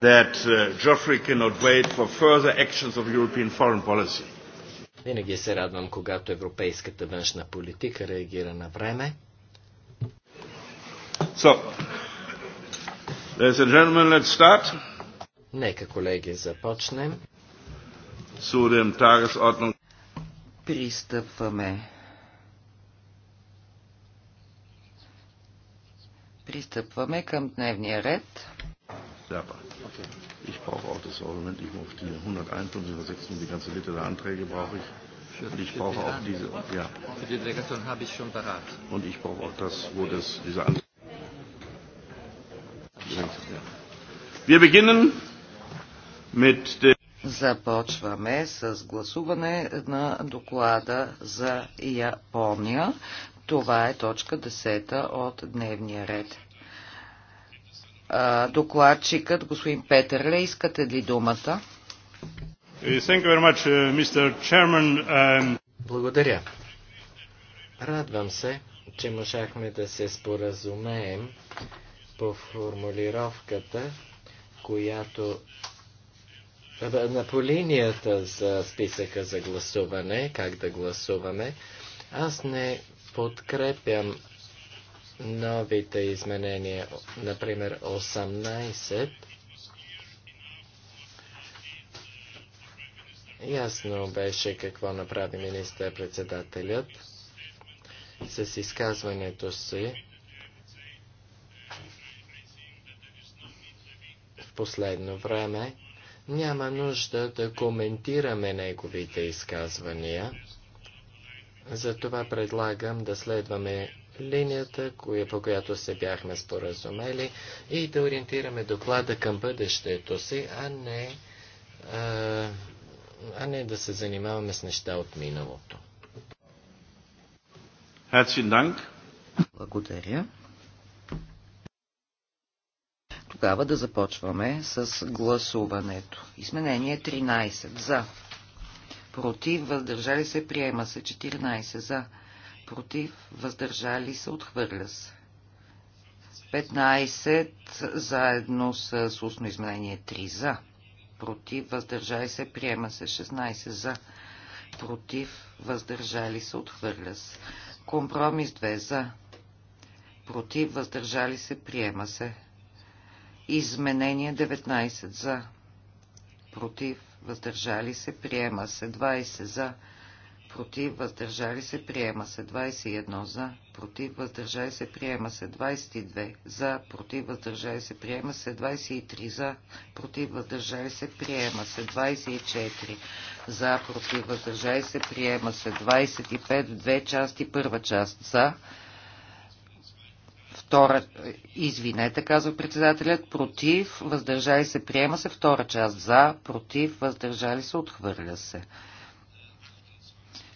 that uh, Geoffrey cannot wait for further actions of European foreign policy. Винаги се радвам, когато европейската външна политика реагира на време. So, ladies and gentlemen, let's start. Нека, колеги, започнем. Судим dem Tagesordnung. Пристъпваме. Пристъпваме към дневния ред. Serpa. Okay. Ich brauche auch das Argument, ich brauche die 151, 106 und die ganze Liste der Anträge brauche ich. Und ich brauche auch diese, ja. Für die Delegation habe ich schon parat. Und ich brauche auch das, wo das, diese Anträge. Wir beginnen mit dem Започваме с гласуване на доклада за Япония. Това е точка 10 от дневния ред докладчикът, господин Петърле. Искате ли думата? Uh, Благодаря. Радвам се, че можахме да се споразумеем по формулировката, която на по линията за списъка за гласуване, как да гласуваме, аз не подкрепям новите изменения, например 18, ясно беше какво направи министър-председателят с изказването си в последно време. Няма нужда да коментираме неговите изказвания. Затова предлагам да следваме линията, по която се бяхме споразумели и да ориентираме доклада към бъдещето си, а не, а, а не да се занимаваме с неща от миналото. Благодаря. Тогава да започваме с гласуването. Изменение 13 за. Против, въздържали се, приема се 14 за против, въздържали се, отхвърля се. 15 заедно с устно изменение 3 за, против, въздържали се, приема се 16 за, против, въздържали се, отхвърля се. Компромис 2 за, против, въздържали се, приема се. Изменение 19 за, против, въздържали се, приема се. 20 за, против, против, въздържали се, приема се 21 за, против, въздържали се, приема се 22 за, против, въздържали се, приема се 23 за, против, въздържали се, приема се 24 за, против, въздържали се, приема се 25 в две части, първа част за, втора, извинете, казва председателят, против, въздържали се, приема се втора част за, против, въздържали се, отхвърля се.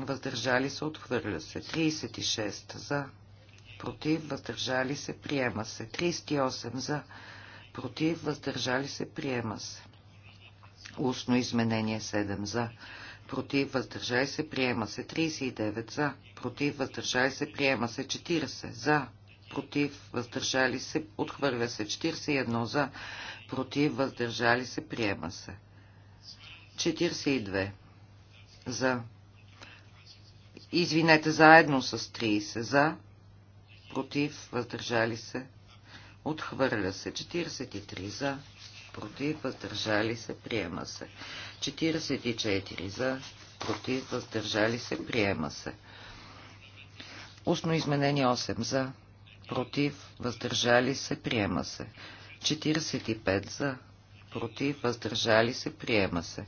въздържали се, отхвърля се. 36 за, против, въздържали се, приема се. 38 за, против, въздържали се, приема се. Устно изменение 7 за, против, въздържали се, приема се. 39 за, против, въздържали се, приема се. 40 за, против, въздържали се, отхвърля се. 41 за, против, въздържали се, приема се. 42 за, Извинете, заедно с 30 за, против, въздържали се, отхвърля се. 43 за, против, въздържали се, приема се. 44 за, против, въздържали се, приема се. Устно изменение 8 за, против, въздържали се, приема се. 45 за, против, въздържали се, приема се.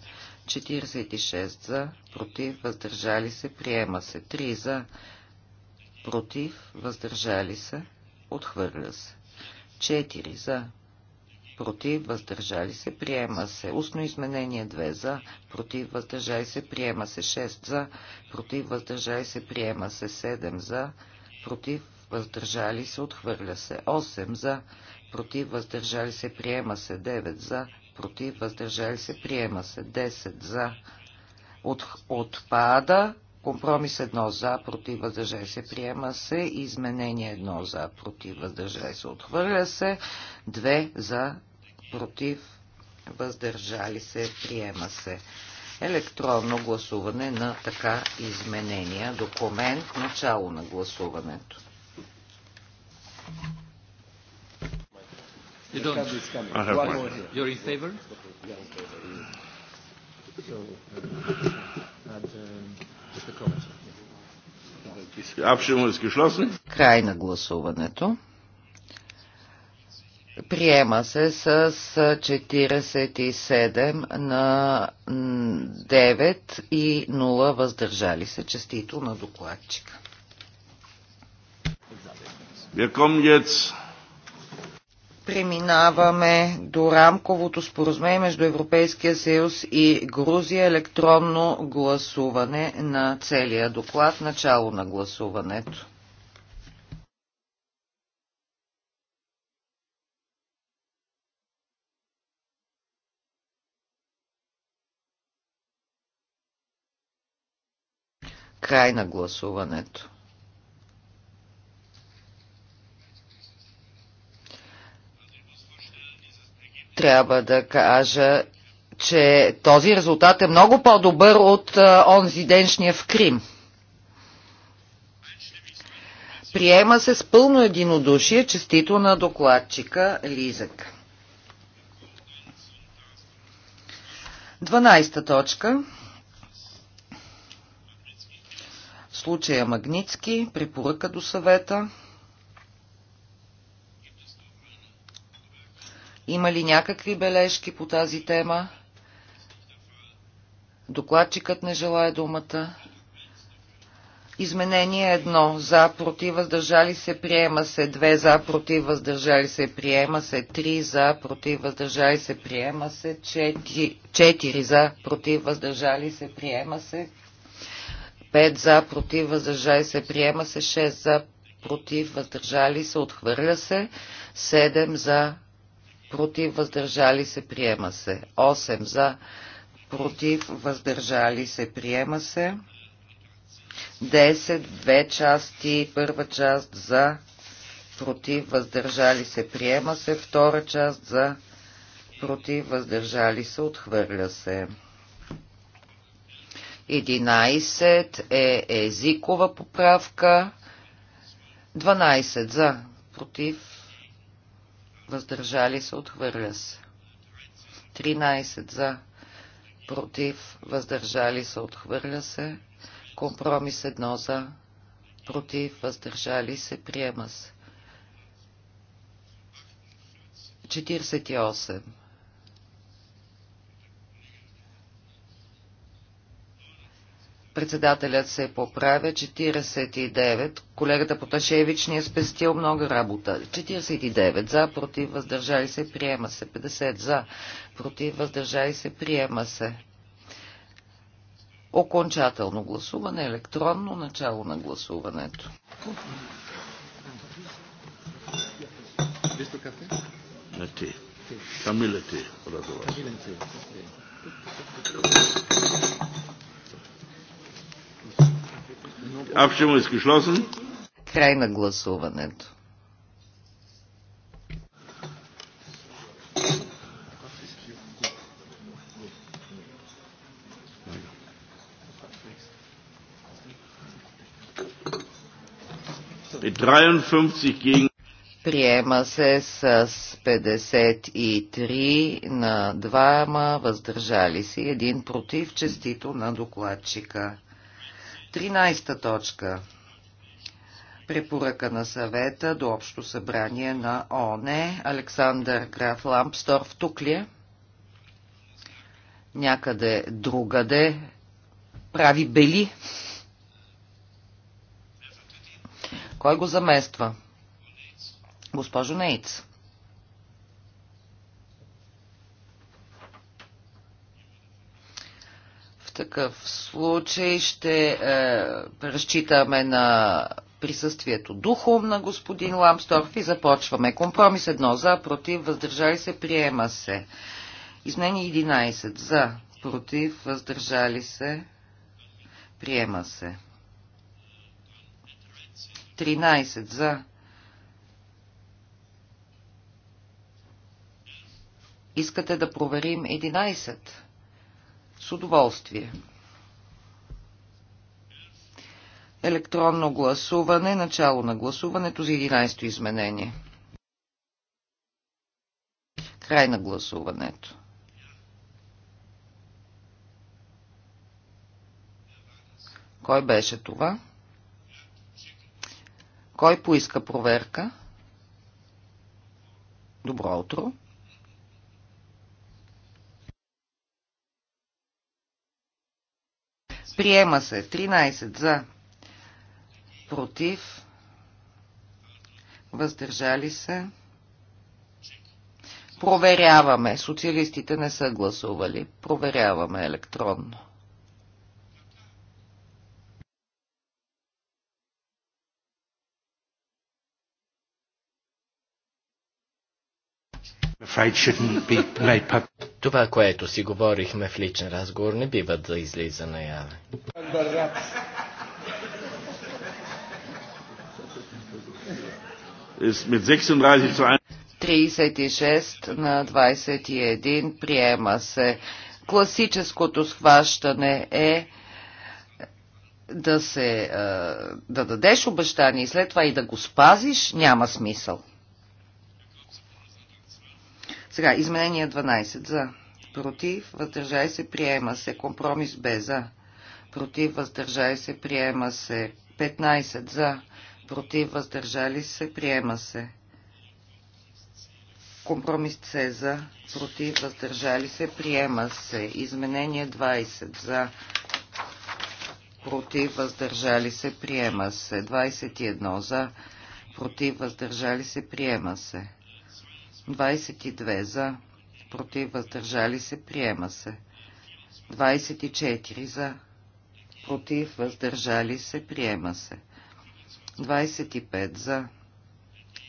46 за, против, въздържали се, приема се. 3 за, против, въздържали се, отхвърля се. 4 за, против, въздържали се, приема се. Устно изменение 2 за, против, въздържали се, приема се. 6 за, против, въздържали се, приема се. 7 за, против, въздържали се, отхвърля се. 8 за, против, въздържали се, приема се. 9 за, против, въздържали се, приема се. 10 за, от, отпада, компромис 1 за, против, въздържали се, приема се, изменение 1 за, против, въздържали се, отхвърля се, 2 за, против, въздържали се, приема се. Електронно гласуване на така изменения. Документ, начало на гласуването. Thank you. You don't. I have one. You're in favor? Край на гласуването. Приема се с 47 на 9 и 0 въздържали се. Честито на докладчика. Wir kommen jetzt Преминаваме до рамковото споразумение между Европейския съюз и Грузия електронно гласуване на целия доклад. Начало на гласуването. Край на гласуването. трябва да кажа, че този резултат е много по-добър от онзи деншния в Крим. Приема се с пълно единодушие честито на докладчика Лизък. 12 точка. В случая Магницки, препоръка до съвета. Има ли някакви бележки по тази тема? Докладчикът не желая думата. Изменение едно. За, против, въздържали се, приема се. Две, за, против, въздържали се, приема се. Три, за, против, въздържали се, приема се. Четири, четири за, против, въздържали се, приема се. Пет, за, против, въздържали се, приема се. Шест, за, против, въздържали се, отхвърля се. Седем, за, против, въздържали се, приема се. 8 за, против, въздържали се, приема се. 10, две части, първа част за, против, въздържали се, приема се, втора част за, против, въздържали се, отхвърля се. 11 е езикова поправка, 12 за, против, въздържали се, отхвърля се. 13 за, против, въздържали се, отхвърля се. Компромис 1 за, против, въздържали се, приема се. 48 Председателят се поправя. 49. Колегата Поташевич ни е спестил много работа. 49. За, против, въздържали се, приема се. 50. За, против, въздържали се, приема се. Окончателно гласуване, електронно начало на гласуването. Вижте ти. Камиле ти, Абшемо е изкишлосен. Край на гласуването. Е, Приема се с 53 на 2, въздържали се един против, честито на докладчика. Тринайста точка. Препоръка на съвета до общо събрание на ОНЕ. Александър Граф Лампсторф тук ли е? Някъде другаде прави бели. Кой го замества? Госпожо Нейц. такъв случай ще е, разчитаме на присъствието духом на господин Ламсторф и започваме. Компромис едно за, против, въздържали се, приема се. Изменение 11 за, против, въздържали се, приема се. 13 за. Искате да проверим 11? С удоволствие. Електронно гласуване. Начало на гласуването за 11-то изменение. Край на гласуването. Кой беше това? Кой поиска проверка? Добро утро. Приема се. 13 за. Против. Въздържали се. Проверяваме. Социалистите не са гласували. Проверяваме електронно. afraid shouldn't be made public това, което си говорихме в личен разговор, не бива да излиза наяве. Тридесет 36 на 21 приема се. Класическото схващане е да, се, да дадеш обещание и след това и да го спазиш, няма смисъл. Сега, изменение 12 за. Против, въздържай се, приема се. Компромис Б за. Против, въздържай се, приема се. 15 за. Против, въздържали се, приема се. Компромис С за. Против, въздържали се, приема се. Изменение 20 за. Против, въздържали се, приема се. 21 за. Против, въздържали се, приема се. 22 за, против, въздържали се, приема се. 24 за, против, въздържали се, приема се. 25 за,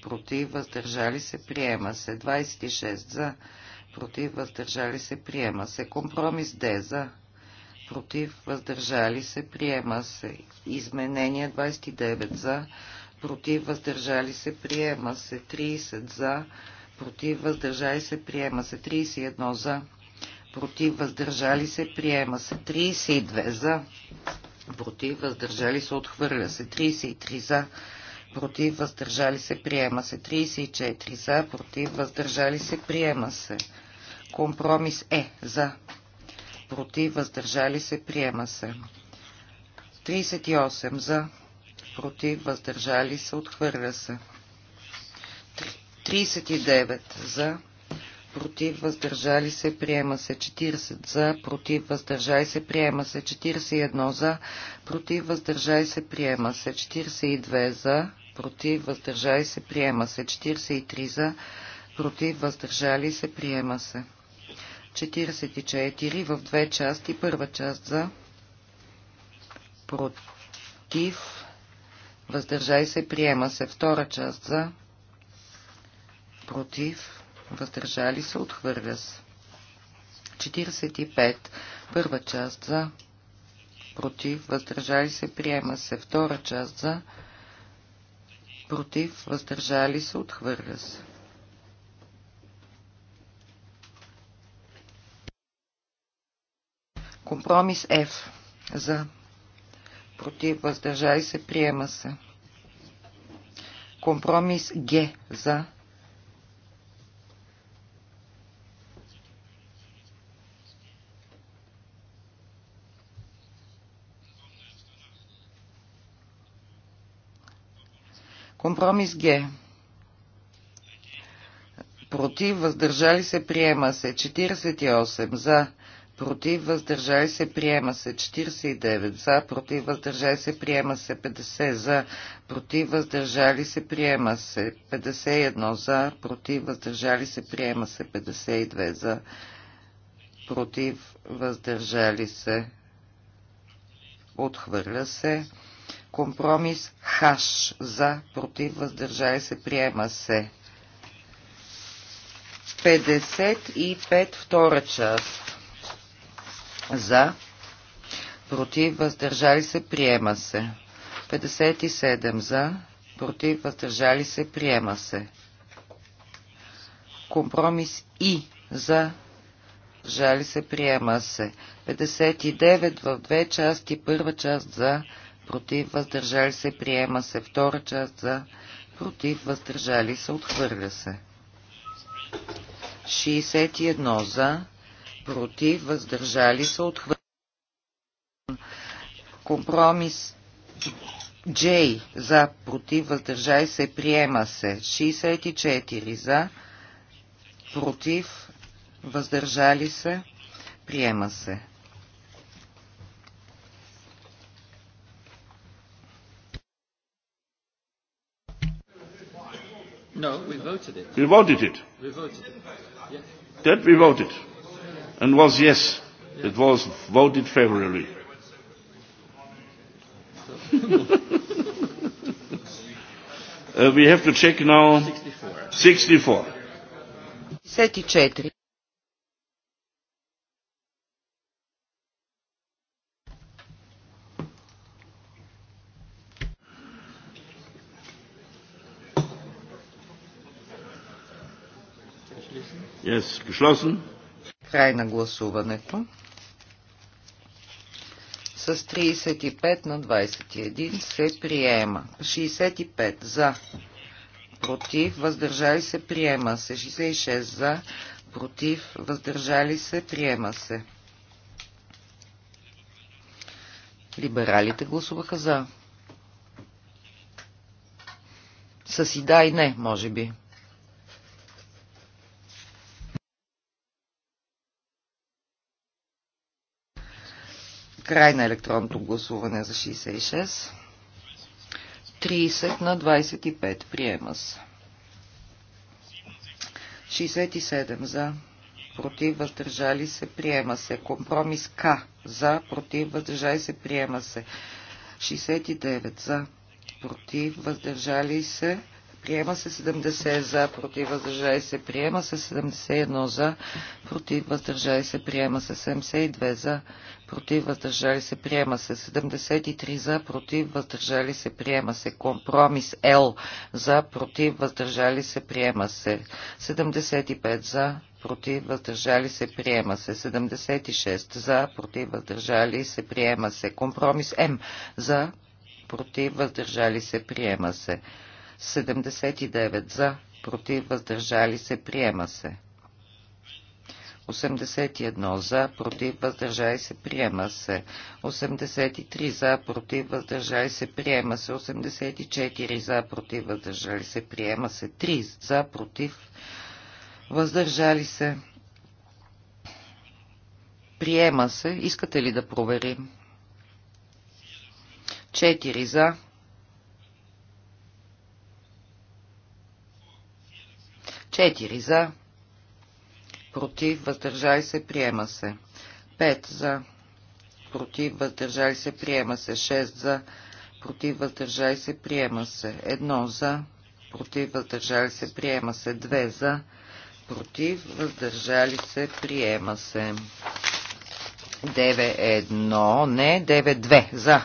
против, въздържали се, приема се. 26 за, против, въздържали се, приема се. Компромис Д за, против, въздържали се, приема се. Изменение 29 за, против, въздържали се, приема се. 30 за, против, против, въздържали се, приема се. 31 за, против, въздържали се, приема се. 32 за, против, въздържали се, отхвърля се. 33 за, против, въздържали се, приема се. 34 за, против, въздържали се, приема се. Компромис е за, против, въздържали се, приема се. 38 за, против, въздържали се, отхвърля се. 39 за, против, въздържали се, приема се 40 за, против, въздържали се, приема се 41 за, против, въздържали се, приема се 42 за, против, въздържали се, приема се 43 за, против, въздържали се, приема се 44 в две части, първа част за, против, въздържай се, приема се втора част за, против, въздържали се, отхвърля се. 45. Първа част за, против, въздържали се, приема се. Втора част за, против, въздържали се, отхвърля се. Компромис F. За. Против, въздържали се, приема се. Компромис Г. За Компромис Г. Против, въздържали се, приема се. 48 за. Против, въздържали се, приема се. 49 за. Против, въздържали се, приема се. 50 за. Против, въздържали се, приема се. 51 за. Против, въздържали се, приема се. 52 за. Против, въздържали се. Отхвърля се. Компромис хаш за, против, въздържали се, приема се. 55 втора част за, против, въздържали се, приема се. 57 за, против, въздържали се, приема се. Компромис и за, жали се, приема се. 59 в две части, първа част за, против, въздържали се, приема се. Втора част за, против, въздържали се, отхвърля се. 61 за, против, въздържали се, отхвърля Компромис J за, против, въздържали се, приема се. 64 за, против, въздържали се, приема се. No, we voted it. We voted it. We voted it. Yeah. That we voted. And was yes. Yeah. It was voted favorably. uh, we have to check now. 64. 64. 64. Край на гласуването. С 35 на 21 се приема. 65 за. Против. Въздържали се. Приема се. 66 за. Против. Въздържали се. Приема се. Либералите гласуваха за. С и да и не, може би. Край на електронното гласуване за 66. 30 на 25. Приема се. 67 за. Против въздържали се. Приема се. Компромис К. За. Против въздържали се. Приема се. 69 за. Против въздържали се. Приема се 70 за, против, въздържали се. Приема се 71 за, против, въздържали се. Приема се 72 за, против, въздържали се. Приема се 73 за, против, въздържали се. Приема се компромис Л за, против, въздържали се. Приема се 75 за, против, въздържали се, приема се. 76 за, против, въздържали се, приема се. Компромис М за, против, въздържали се, приема се. 79 за, против, въздържали се, приема се. 81 за, против, въздържали се, приема се. 83 за, против, въздържали се, приема се. 84 за, против, въздържали се, приема се. 3 за, против, въздържали се. Приема се. Искате ли да проверим? 4 за, 4 за, против, въздържали се, приема се. 5 за, против, въздържали се, приема се. 6 за, против, въздържали се, приема се. 1 за, против, въздържали се, приема се. 2 за, против, въздържали се, приема се. 9-1, не, 9-2 за,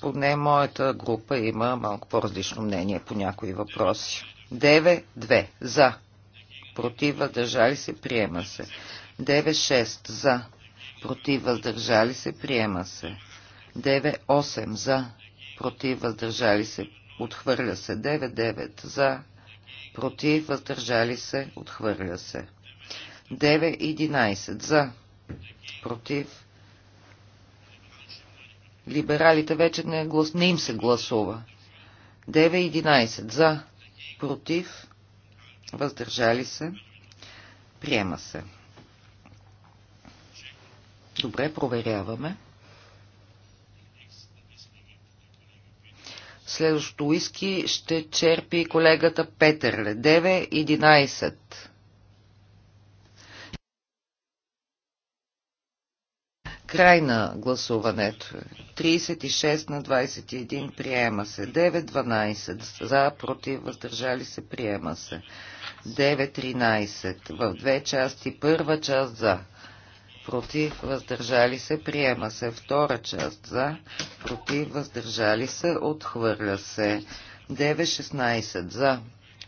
поне моята група има малко по-различно мнение по някои въпроси. 9-2 за. Против въздържали се, приема се. 9-6 за. Против въздържали се, приема се. 9-8 за. Против въздържали се, отхвърля се. 9-9 за. Против въздържали се, отхвърля се. 9-11 за. Против Либералите вече не, глас... не им се гласува. 9-11 за, против, въздържали се, приема се. Добре, проверяваме. Следващото уиски ще черпи колегата Петърле. 9-11. Край на гласуването. 36 е. на 21 приема се. 9-12 за, против, въздържали се, приема се. 9-13 в две части. Първа част за, против, въздържали се, приема се. Втора част за, против, въздържали се, отхвърля се. 9-16 за,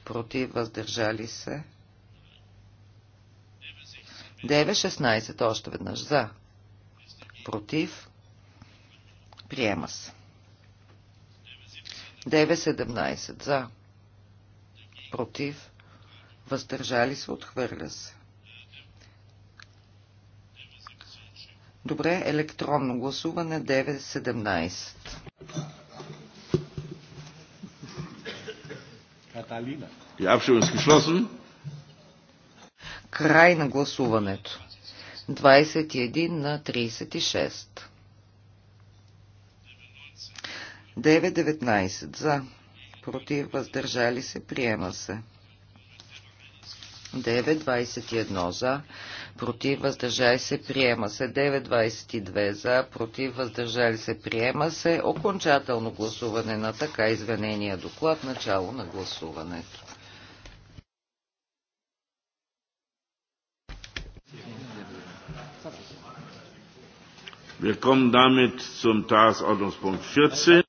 против, въздържали се. 9-16 още веднъж за, против, приема се. 9.17 за, против, въздържали се, отхвърля се. Добре, електронно гласуване 9.17. Каталина. Die Abstimmung ist Край на гласуването. 21 на 36. 9.19 за. Против въздържали се. Приема се. 9.21 за. Против въздържали се. Приема се. 9.22 за. Против въздържали се. Приема се. Окончателно гласуване на така изменения доклад. Начало на гласуването.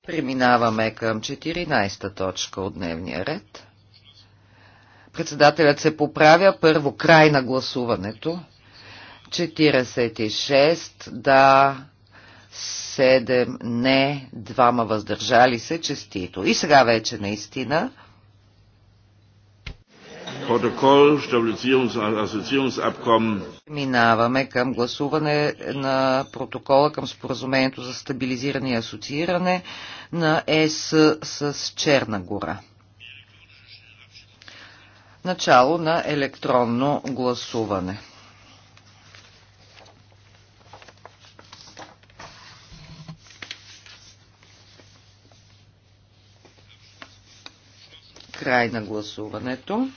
Преминаваме към 14-та точка от дневния ред. Председателят се поправя първо край на гласуването. 46 да, 7 не, двама въздържали се, честито. И сега вече наистина Протокол, Минаваме към гласуване на протокола към споразумението за стабилизиране и асоцииране на ЕС с Черна гора. Начало на електронно гласуване. край на гласуването.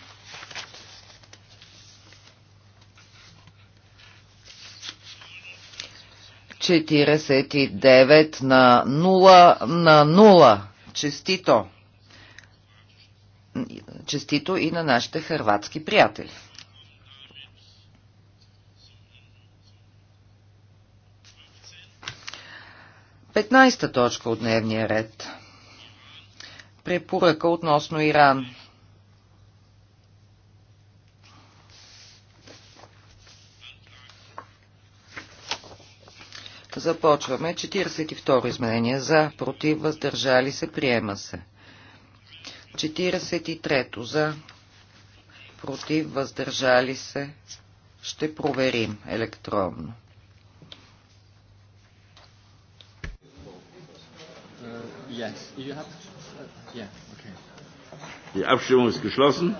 49 на 0 на 0. Честито! Честито и на нашите хърватски приятели. Петнайста точка от дневния ред. Препоръка относно Иран. Започваме. 42 изменение. За, против, въздържали се, приема се. 43 за, против, въздържали се, ще проверим електронно. Uh, uh,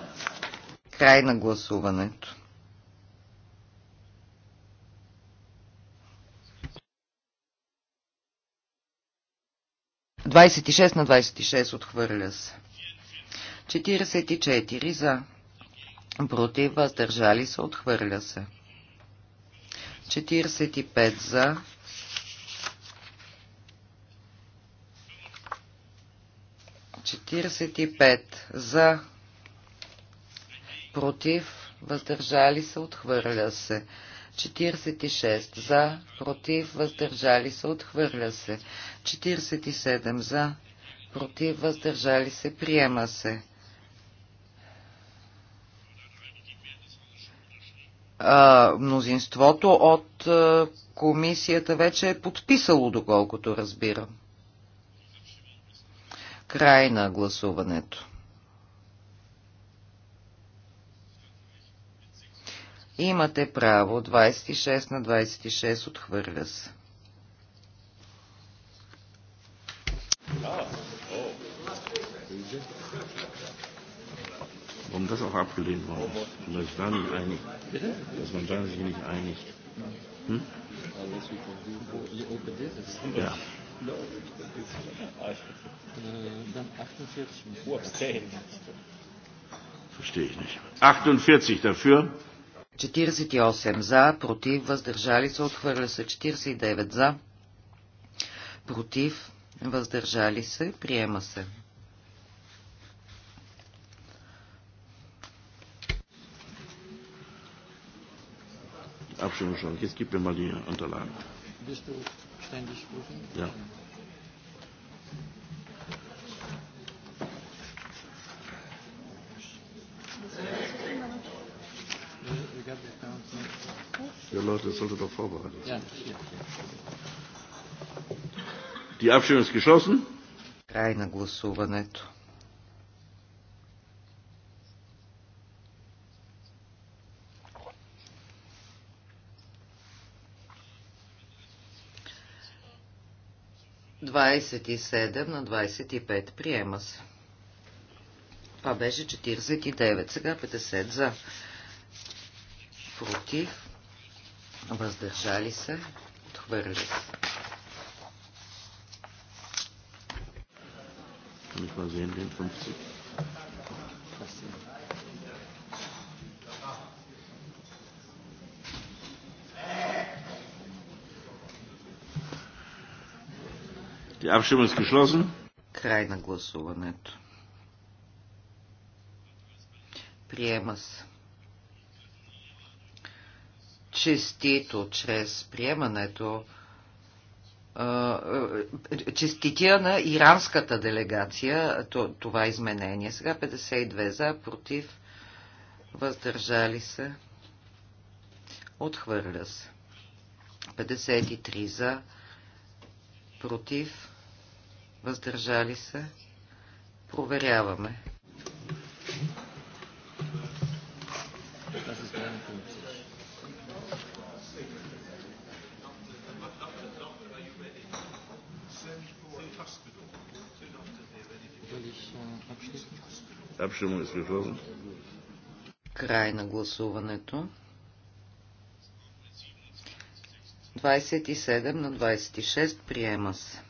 Край на гласуването. 26 на 26 отхвърля се. 44 за. Против, въздържали се, отхвърля се. 45 за. Четиридесет и пет за, против, въздържали се, отхвърля се. 46 за, против, въздържали се, отхвърля се. 47 за, против, въздържали се, приема се. А, мнозинството от а, комисията вече е подписало, доколкото разбирам. Край на гласуването. Имате право. 26 на 26 отхвърля се. Warum das auch abgelehnt worden ist? Und dass da nicht einig, dass man da sich nicht einigt. Hm? Ja. Verstehe ich nicht. 48 dafür. 48 за, против, въздържали се, отхвърля се 49 за, против, въздържали се, приема се. Абсолютно, ще ги Ja, Leute, das sollte doch vorbereitet sein. Die Abstimmung ist geschlossen. Край на гласуването. Двадесет и седем на двадесет и пет. Приема се. Това беше и девет. Сега петесет за против, въздържали се, отхвърли се. Die Abstimmung ist geschlossen. Край на гласуването. Приема се честито чрез приемането честития на иранската делегация това изменение. Сега 52 за, против, въздържали се, отхвърля се. 53 за, против, въздържали се, проверяваме. Abstimmung е geschlossen. Край на гласуването. 27 на 26 приема се.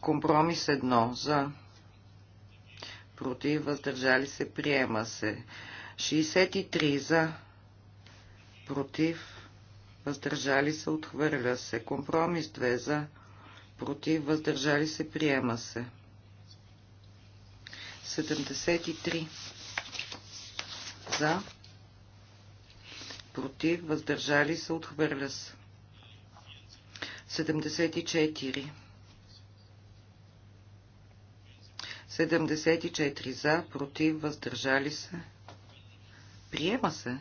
Компромис 1 за против въздържали се приема се. 63 за против въздържали се, отхвърля се. Компромис 2 за, против, въздържали се, приема се. 73 за, против, въздържали се, отхвърля се. 74 74 за, против, въздържали се. Приема се.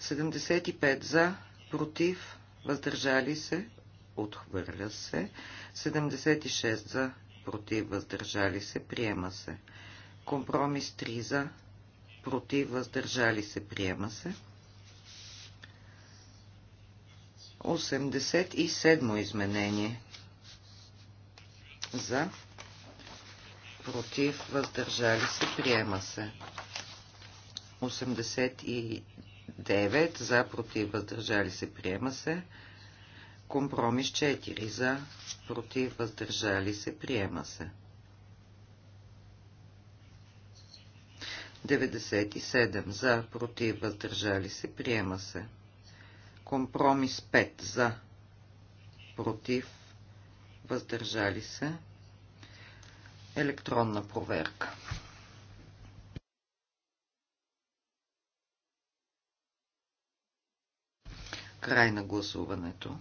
75 за, против, въздържали се, отхвърля се. 76 за, против, въздържали се, приема се. Компромис 3 за, против, въздържали се, приема се. 87 изменение за, против, въздържали се, приема се. 9 за, против, въздържали се, приема се. Компромис 4 за, против, въздържали се, приема се. 97 за, против, въздържали се, приема се. Компромис 5 за, против, въздържали се. Електронна проверка. Край на гласуването.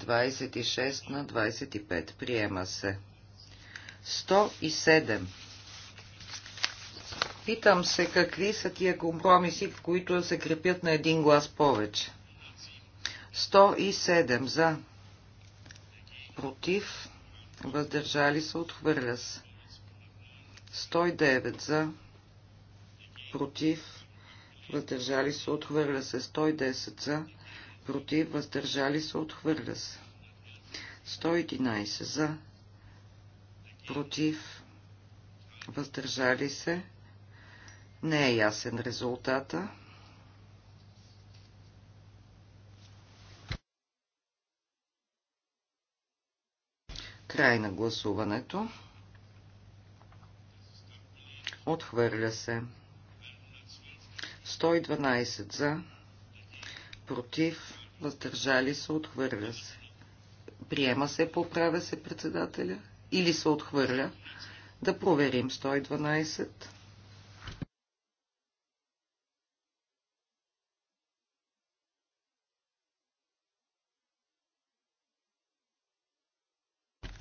26 на 25. Приема се. 107. Питам се какви са тия компромиси, в които се крепят на един глас повече. 107 за. Против. Въздържали се. Отхвърля се. 109 за против, въздържали се, отхвърля се. 110 за, против, въздържали се, отхвърля се. 111 за, против, въздържали се. Не е ясен резултата. Край на гласуването. Отхвърля се. 112 за, против, въздържали се, отхвърля се. Приема се, поправя се председателя или се отхвърля. Да проверим 112.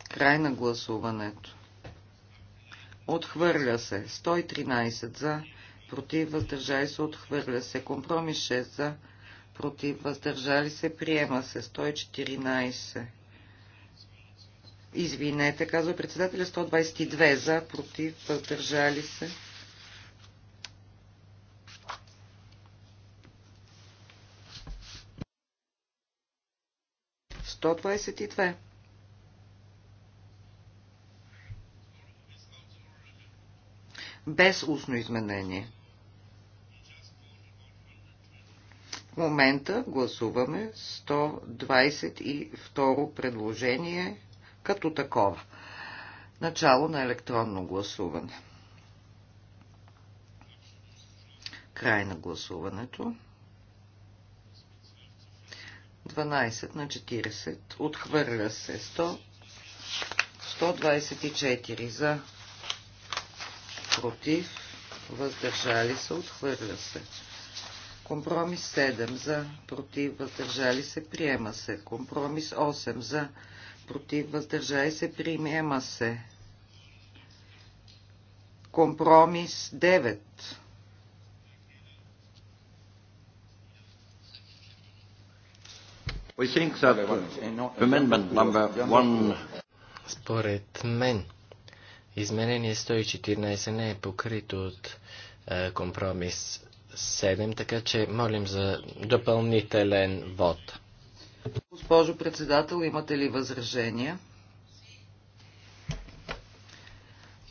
Край на гласуването. Отхвърля се. 113 за, против, въздържали се, отхвърля се. Компромис 6 за, против, въздържали се, приема се. 114. Извинете, казва председателя, 122 за, против, въздържали се. Сто двадесет и две. без устно изменение. В момента гласуваме 122 предложение като такова. Начало на електронно гласуване. Край на гласуването. 12 на 40. Отхвърля се 100. 124 за. Против. Въздържали се. Отхвърля се. Компромис 7 за, против, въздържали се, приема се. Компромис 8 за, против, въздържали се, приема се. Компромис 9. Според мен, изменение 114 не е покрито от е, компромис 7, така че молим за допълнителен вод. Госпожо председател, имате ли възражения?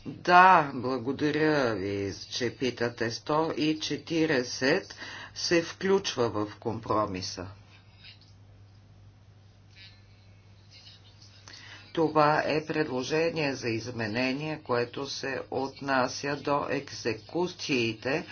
Да, благодаря ви, че питате. 140 се включва в компромиса. Това е предложение за изменение, което се отнася до екзекуциите,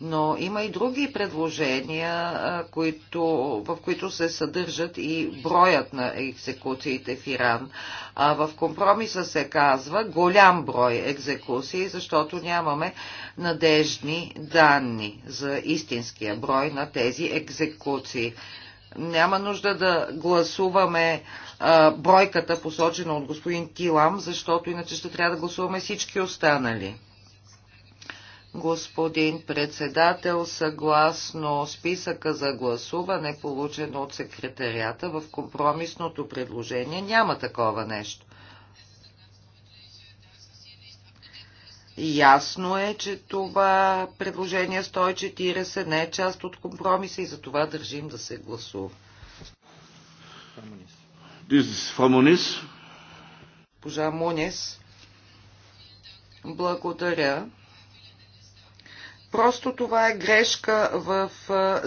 но има и други предложения, които, в които се съдържат и броят на екзекуциите в Иран. А в компромиса се казва голям брой екзекуции, защото нямаме надежни данни за истинския брой на тези екзекуции. Няма нужда да гласуваме а, бройката, посочена от господин Тилам, защото иначе ще трябва да гласуваме всички останали господин председател, съгласно списъка за гласуване, получен от секретарията в компромисното предложение, няма такова нещо. Ясно е, че това предложение 140 не е част от компромиса и за това държим да се гласува. Пожа Мунис, благодаря. Просто това е грешка в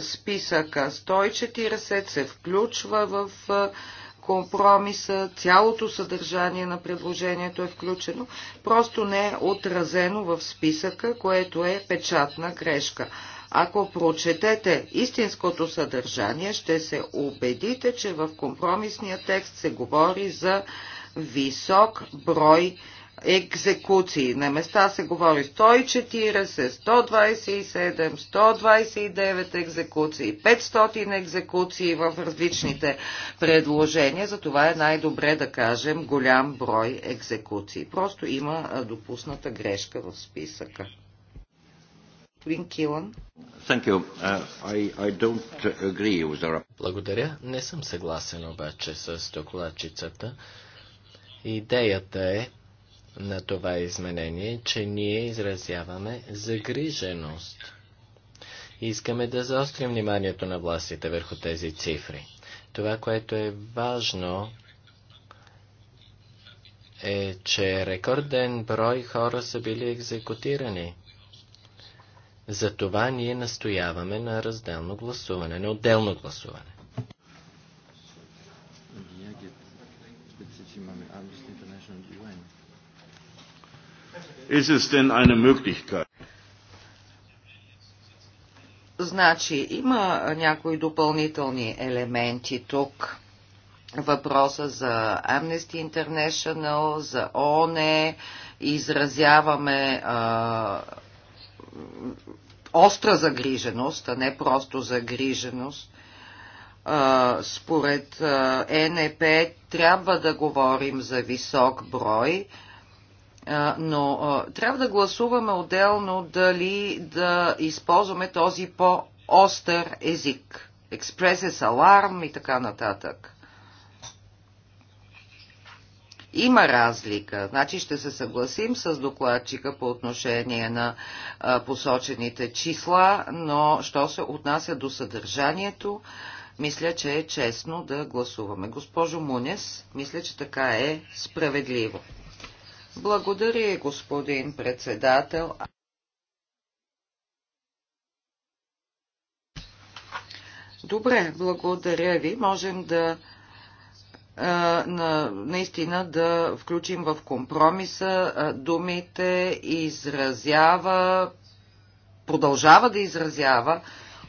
списъка. 140 се включва в компромиса, цялото съдържание на предложението е включено, просто не е отразено в списъка, което е печатна грешка. Ако прочетете истинското съдържание, ще се убедите, че в компромисния текст се говори за висок брой екзекуции. На места се говори 140, 127, 129 екзекуции, 500 екзекуции в различните предложения. За това е най-добре да кажем голям брой екзекуции. Просто има допусната грешка в списъка. Благодаря. Не съм съгласен обаче с докладчицата. Идеята е на това изменение, че ние изразяваме загриженост. Искаме да заострим вниманието на властите върху тези цифри. Това, което е важно, е, че рекорден брой хора са били екзекутирани. Затова ние настояваме на разделно гласуване, на отделно гласуване. ist es denn eine Möglichkeit? Значи, има някои допълнителни елементи тук. Въпроса за Amnesty International, за ОНЕ, изразяваме а, остра загриженост, а не просто загриженост. А, според а, е трябва да говорим за висок брой, но трябва да гласуваме отделно дали да използваме този по-остър език. Експресес, аларм и така нататък. Има разлика. Значи ще се съгласим с докладчика по отношение на а, посочените числа, но що се отнася до съдържанието, мисля, че е честно да гласуваме. Госпожо Мунес, мисля, че така е справедливо. Благодаря, господин председател. Добре, благодаря ви. Можем да наистина да включим в компромиса думите изразява, продължава да изразява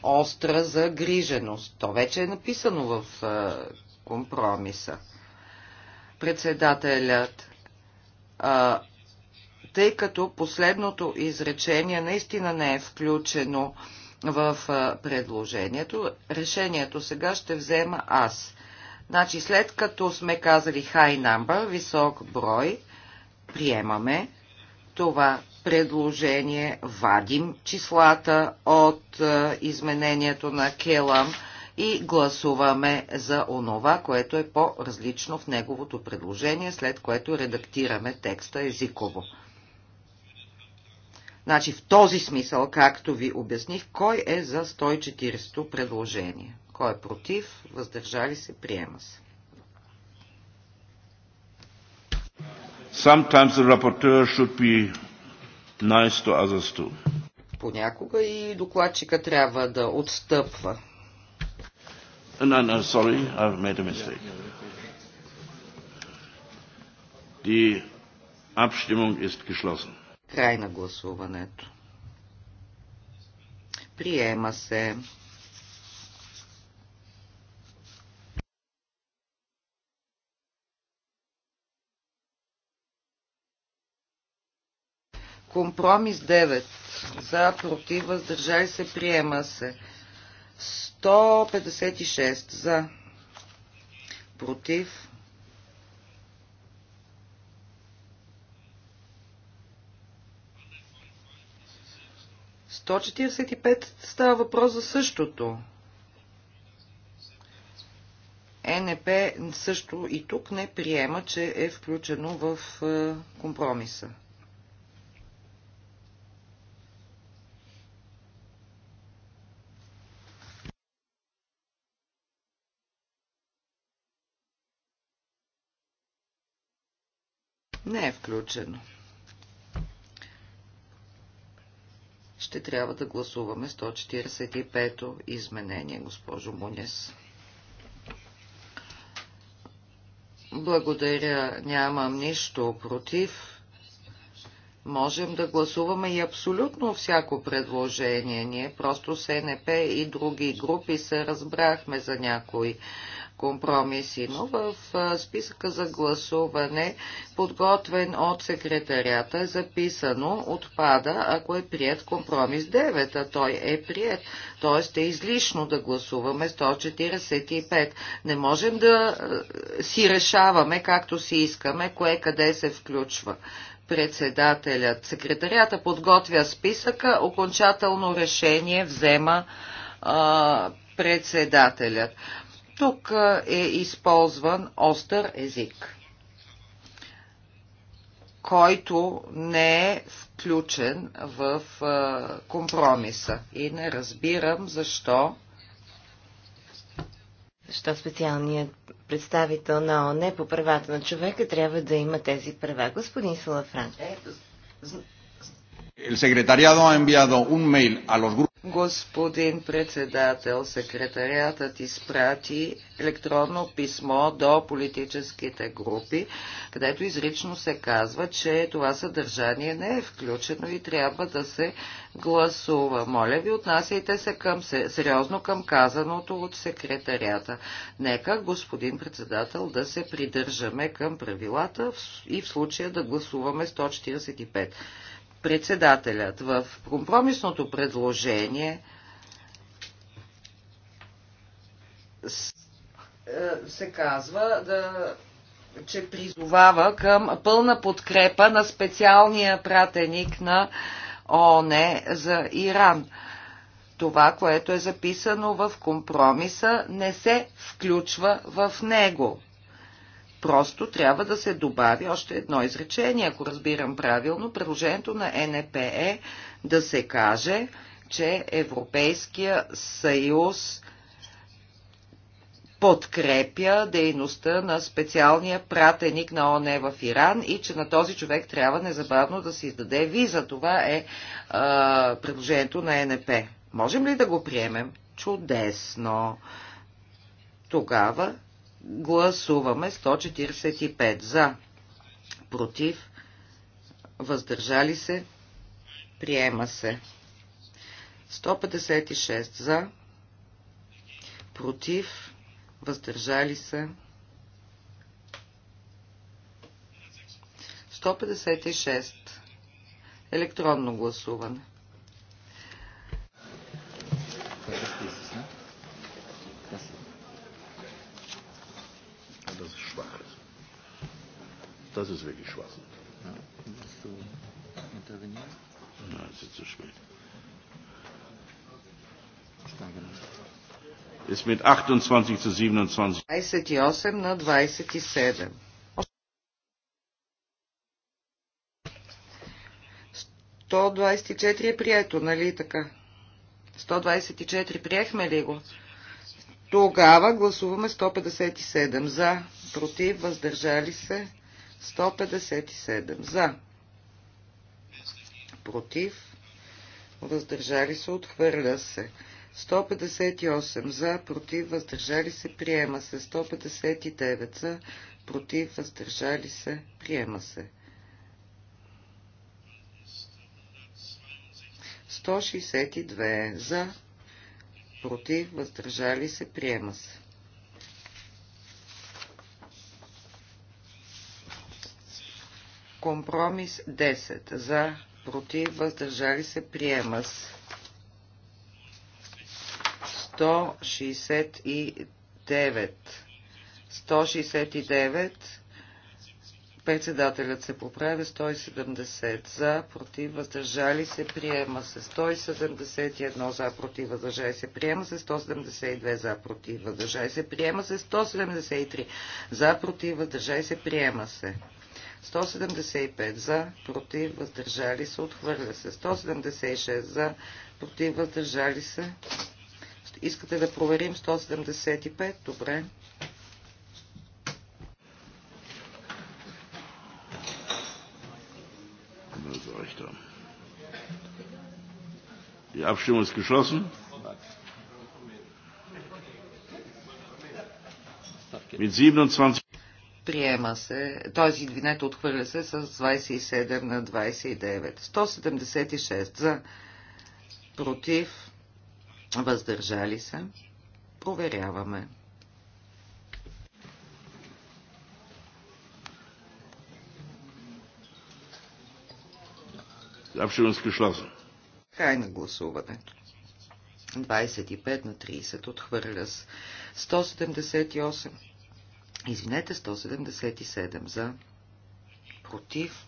остра загриженост. То вече е написано в компромиса. Председателят а, тъй като последното изречение наистина не е включено в а, предложението. Решението сега ще взема аз. Значи след като сме казали high number, висок брой, приемаме това предложение, вадим числата от а, изменението на Келам – и гласуваме за онова, което е по-различно в неговото предложение, след което редактираме текста езиково. Значи в този смисъл, както ви обясних, кой е за 140-то предложение? Кой е против? Въздържали се? Приема се. Sometimes the rapporteur should be nice to others too. Понякога и докладчика трябва да отстъпва. Uh, no, no, sorry, I've made a mistake. Die Abstimmung ist geschlossen. Край на гласуването. Приема се. Компромис 9. За, против, въздържай се, приема се. 156 за, против, 145 става въпрос за същото. НП също и тук не приема, че е включено в е, компромиса. не е включено. Ще трябва да гласуваме 145-то изменение, госпожо Мунес. Благодаря, нямам нищо против. Можем да гласуваме и абсолютно всяко предложение. Ние просто СНП и други групи се разбрахме за някои компромиси, но в списъка за гласуване, подготвен от секретарята, е записано отпада, ако е прият компромис 9, а той е прият. Тоест е излишно да гласуваме 145. Не можем да си решаваме както си искаме, кое къде се включва председателят. Секретарията подготвя списъка, окончателно решение взема а, председателят. Тук е използван остър език, който не е включен в компромиса. И не разбирам защо. Защо специалният представител на ОНЕ по правата на човека трябва да има тези права? Господин Салафран. El secretariado ha enviado un mail a los grupos. Господин председател, секретариатът изпрати електронно писмо до политическите групи, където изрично се казва, че това съдържание не е включено и трябва да се гласува. Моля ви, отнасяйте се към, сериозно към казаното от секретарията. Нека, господин председател, да се придържаме към правилата и в случая да гласуваме 145 председателят. В компромисното предложение е, се казва да че призовава към пълна подкрепа на специалния пратеник на ООН за Иран. Това, което е записано в компромиса, не се включва в него. Просто трябва да се добави още едно изречение, ако разбирам правилно. Предложението на НП е да се каже, че Европейския съюз подкрепя дейността на специалния пратеник на ОНЕ в Иран и че на този човек трябва незабавно да се издаде виза. Това е предложението на НП. Е. Можем ли да го приемем? Чудесно! Тогава Гласуваме 145 за, против, въздържали се, приема се. 156 за, против, въздържали се. 156. Електронно гласуване. Das ist wirklich schwach. Ja. Willst du intervenieren? Nein, es ist zu spät. Ist mit 28 zu 27. 28 на 27. 124 е прието, нали така? 124 приехме ли го? Тогава гласуваме 157 за, против, въздържали се, 157 за, против, въздържали се, отхвърля се. 158 за, против, въздържали се, приема се. 159 за, против, въздържали се, приема се. 162 за, против, въздържали се, приема се. Компромис 10. За, против, въздържали се, приема се. 169. 169. Председателят се поправя 170 за, против, въздържали се, приема се 171 за, против, въздържали се, приема се 172 за, против, въздържали се, приема се 173 за, против, въздържали се, приема се. 175 за, против, въздържали се, отхвърля се. 176 за, против, въздържали се. Искате да проверим 175? Добре. Die Abstimmung ist geschlossen. Mit 27 приема се, т.е. извинете, отхвърля се с 27 на 29. 176 за, против, въздържали се. Проверяваме. Край на гласуването. 25 на 30 отхвърля с 178 Извинете, 177 за, против,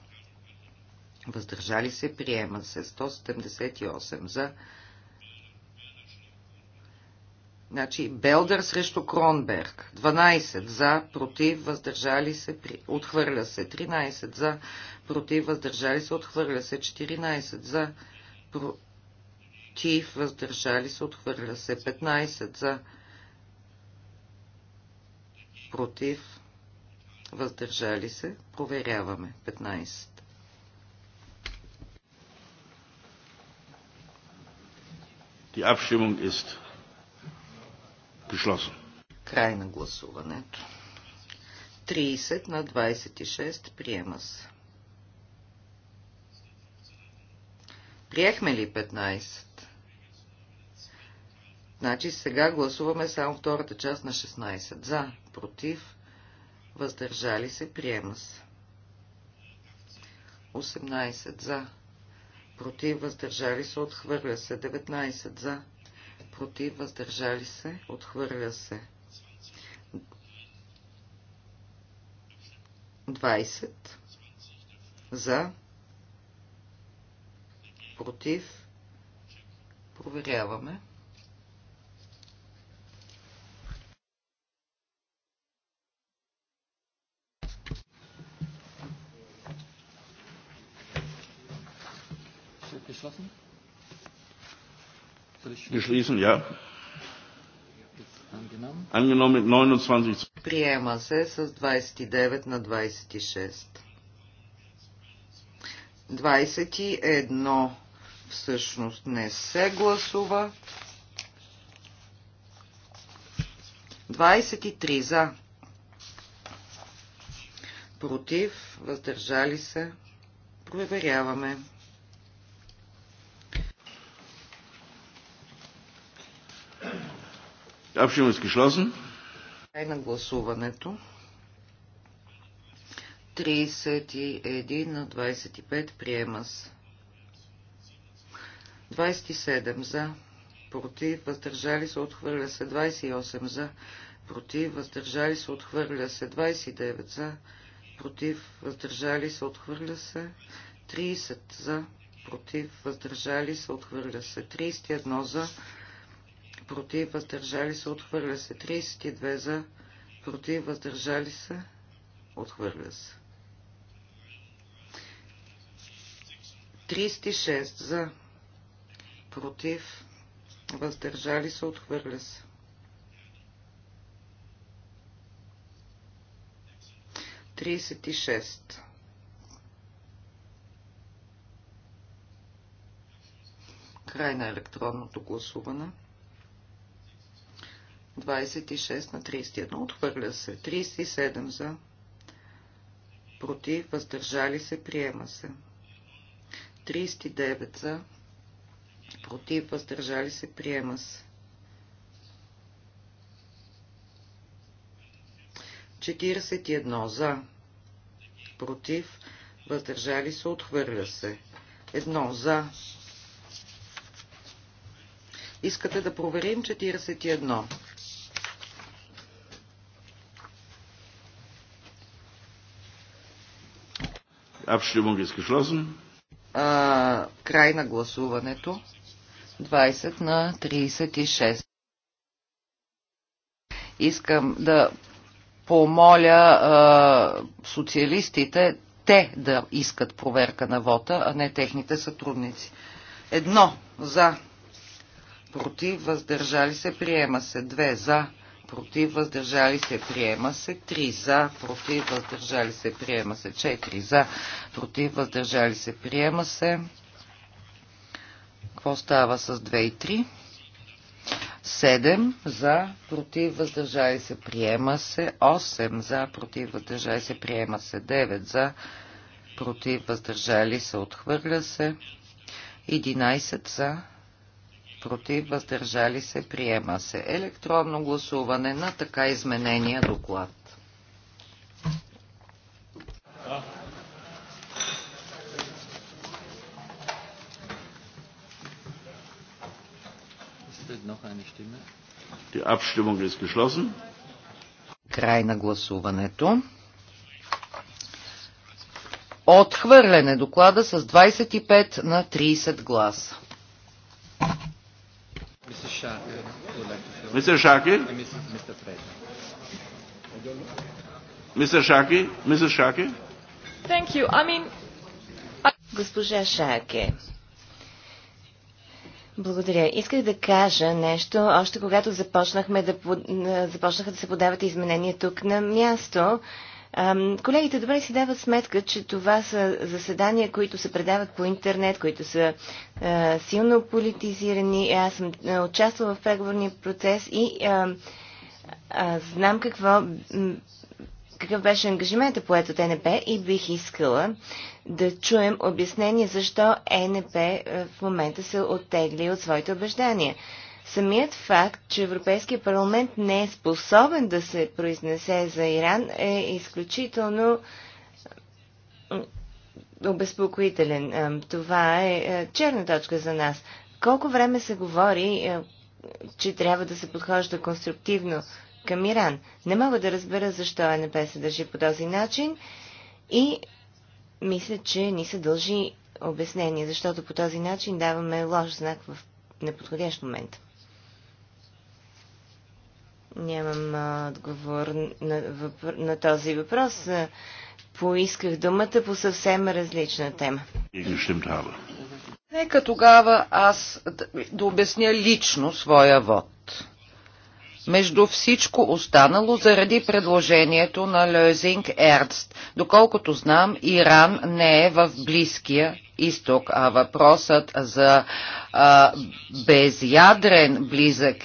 въздържали се, приема се, 178 за. Значи Белдър срещу Кронберг. 12 за, против, въздържали се, при... отхвърля се. 13 за, против, въздържали се, отхвърля се. 14 за, против, въздържали се, отхвърля се. 15 за, против, въздържали се, проверяваме. 15. Die Abstimmung ist geschlossen. Край на гласуването. 30 на 26 приема се. Приехме ли 15? Значи сега гласуваме само втората част на 16. За, против, въздържали се, приема се. 18. За, против, въздържали се, отхвърля се. 19. За, против, въздържали се, отхвърля се. 20. За, против, проверяваме. 21. geschlossen? Geschlossen, ja. Angenommen mit 29. Приема се с 29 на 26. 21 всъщност не се гласува. 23 за. Против, въздържали се. Проверяваме. Abstimmung ist geschlossen. Край на гласуването. 31 на 25 приема с. 27 за, против, въздържали се, отхвърля се, 28 за, против, въздържали се, отхвърля се, 29 за, против, въздържали се, отхвърля се, 30 за, против, въздържали се, отхвърля се, 31 за, против, въздържали се, отхвърля се. 32 за, против, въздържали се, отхвърля се. 36 за, против, въздържали се, отхвърля се. 36. Край на електронното гласуване. 26 на 31. Отхвърля се. 37 за. Против. Въздържали се. Приема се. 39 за. Против. Въздържали се. Приема се. 41 за. Против. Въздържали се. Отхвърля се. 1 за. Искате да проверим 41. Abstimmung ist geschlossen. А, край на гласуването. 20 на 36. Искам да помоля а, социалистите те да искат проверка на вота, а не техните сътрудници. Едно за, против, въздържали се, приема се. Две за, против, въздържали се, приема се. 3 за, против, въздържали се, приема се. 4 за, против, въздържали се, приема се. Какво става с 2 и 3? 7 за, против, въздържали се, приема се. 8 за, против, въздържали се, приема се. 9 за, против, въздържали се, отхвърля се. 11 за, против, въздържали се, приема се. Електронно гласуване на така изменения доклад. Край на гласуването. Отхвърлене доклада с 25 на 30 гласа. Shakir would like to Mr. Shakir? Mr. Fred. Mr. Shakir? Mrs. Shakir? Thank you. I mean... Госпожа Шаке. Благодаря. Исках да кажа нещо, още когато започнахме да, започнаха да се подават изменения тук на място. Колегите добре си дават сметка, че това са заседания, които се предават по интернет, които са силно политизирани. Аз съм участвала в преговорния процес и а, знам какво, какъв беше ангажимента по от НП и бих искала да чуем обяснение защо ЕНП в момента се оттегли от своите обеждания. Самият факт, че Европейския парламент не е способен да се произнесе за Иран е изключително обезпокоителен. Това е, е черна точка за нас. Колко време се говори, е, че трябва да се подхожда конструктивно към Иран? Не мога да разбера защо НП се държи по този начин и мисля, че ни се дължи обяснение, защото по този начин даваме лош знак в неподходящ момент. Нямам отговор на, въпр... на този въпрос. Поисках думата по съвсем различна тема. Нека тогава аз да обясня лично своя вод между всичко останало заради предложението на Лезинг Ерст, Доколкото знам, Иран не е в Близкия изток, а въпросът за а, безядрен близък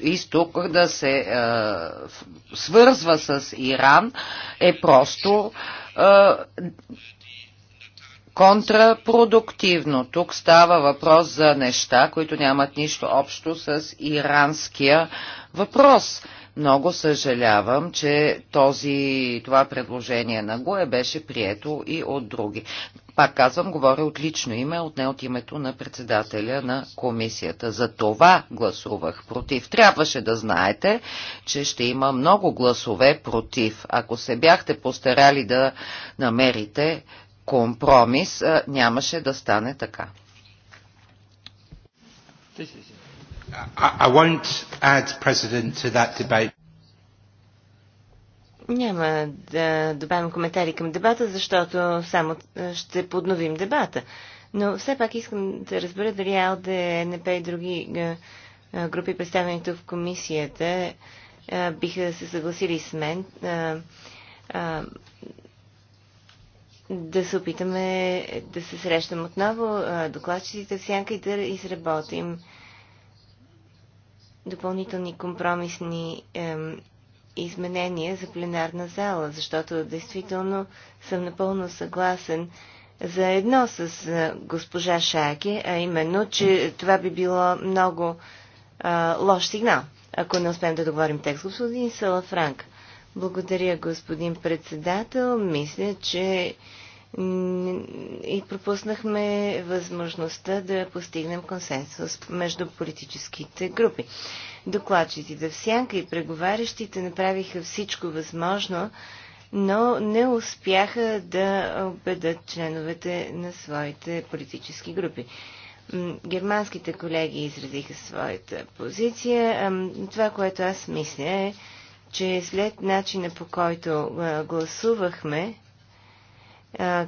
изток да се а, свързва с Иран е просто контрапродуктивно. Тук става въпрос за неща, които нямат нищо общо с иранския въпрос. Много съжалявам, че този, това предложение на ГОЕ беше прието и от други. Пак казвам, говоря от лично име, от не от името на председателя на комисията. За това гласувах против. Трябваше да знаете, че ще има много гласове против. Ако се бяхте постарали да намерите компромис нямаше да стане така. I won't add, President, to that debate. Няма да добавям коментари към дебата, защото само ще подновим дебата. Но все пак искам да разбера дали АЛДЕ, НП и други групи, представени тук в комисията, биха се съгласили с мен да се опитаме да се срещам отново, докладчиците в сянка и да изработим допълнителни компромисни ем, изменения за пленарна зала, защото действително съм напълно съгласен за едно с госпожа Шаке, а именно, че това би било много а, лош сигнал, ако не успеем да договорим текст. Господин Салафранк, благодаря, господин председател. Мисля, че и пропуснахме възможността да постигнем консенсус между политическите групи. Докладчиците в сянка и преговарящите направиха всичко възможно, но не успяха да убедат членовете на своите политически групи. Германските колеги изразиха своята позиция. Това, което аз мисля е, че след начина по който гласувахме,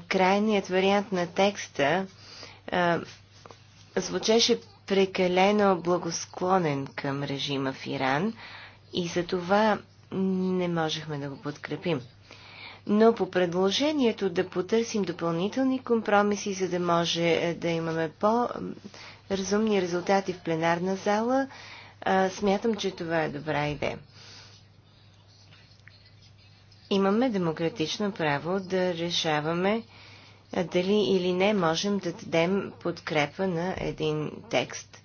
крайният вариант на текста звучеше прекалено благосклонен към режима в Иран и за това не можехме да го подкрепим. Но по предложението да потърсим допълнителни компромиси, за да може да имаме по-разумни резултати в пленарна зала, смятам, че това е добра идея имаме демократично право да решаваме дали или не можем да дадем подкрепа на един текст.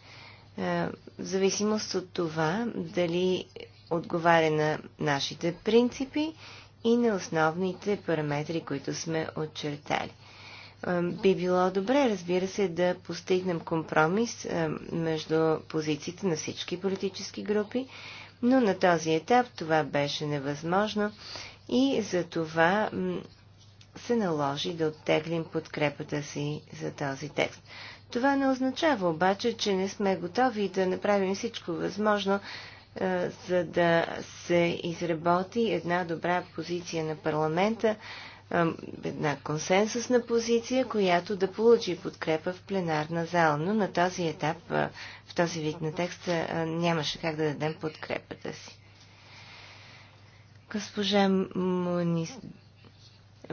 В зависимост от това дали отговаря на нашите принципи и на основните параметри, които сме отчертали. Би било добре, разбира се, да постигнем компромис между позициите на всички политически групи, но на този етап това беше невъзможно и за това се наложи да оттеглим подкрепата си за този текст. Това не означава обаче, че не сме готови да направим всичко възможно, за да се изработи една добра позиция на парламента, една консенсусна позиция, която да получи подкрепа в пленарна зала. Но на този етап, в този вид на текста, нямаше как да дадем подкрепата си. Госпожа Мунис,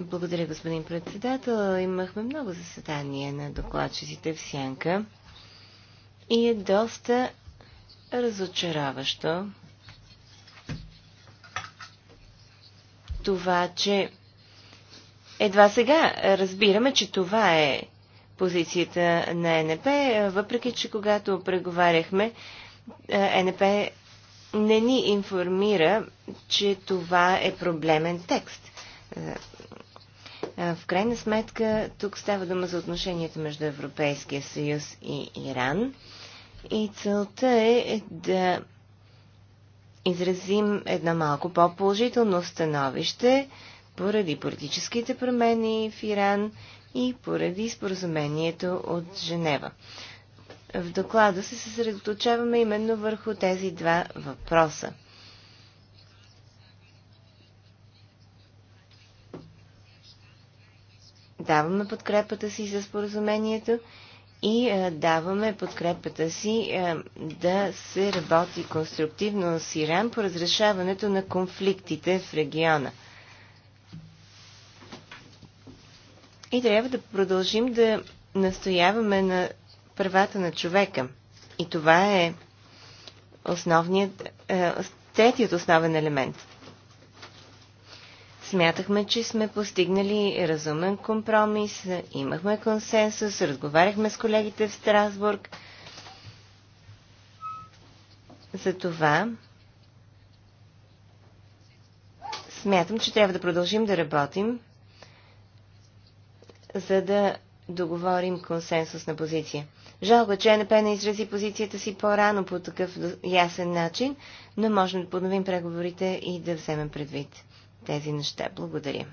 благодаря господин председател. Имахме много заседания на докладчиците в Сянка и е доста разочароващо това, че едва сега разбираме, че това е позицията на НП, въпреки че когато преговаряхме, НП не ни информира, че това е проблемен текст. Е, е, в крайна сметка, тук става дума за отношението между Европейския съюз и Иран. И целта е, е да изразим едно малко по-положително становище поради политическите промени в Иран и поради споразумението от Женева в доклада се съсредоточаваме именно върху тези два въпроса. Даваме подкрепата си за споразумението и е, даваме подкрепата си е, да се работи конструктивно с Иран по разрешаването на конфликтите в региона. И трябва да продължим да настояваме на правата на човека. И това е основният, е, третият основен елемент. Смятахме, че сме постигнали разумен компромис, имахме консенсус, разговаряхме с колегите в Страсбург. Затова смятам, че трябва да продължим да работим, за да договорим консенсус на позиция. Жалко, че НП не изрази позицията си по-рано по такъв ясен начин, но можем да подновим преговорите и да вземем предвид тези неща. Благодаря.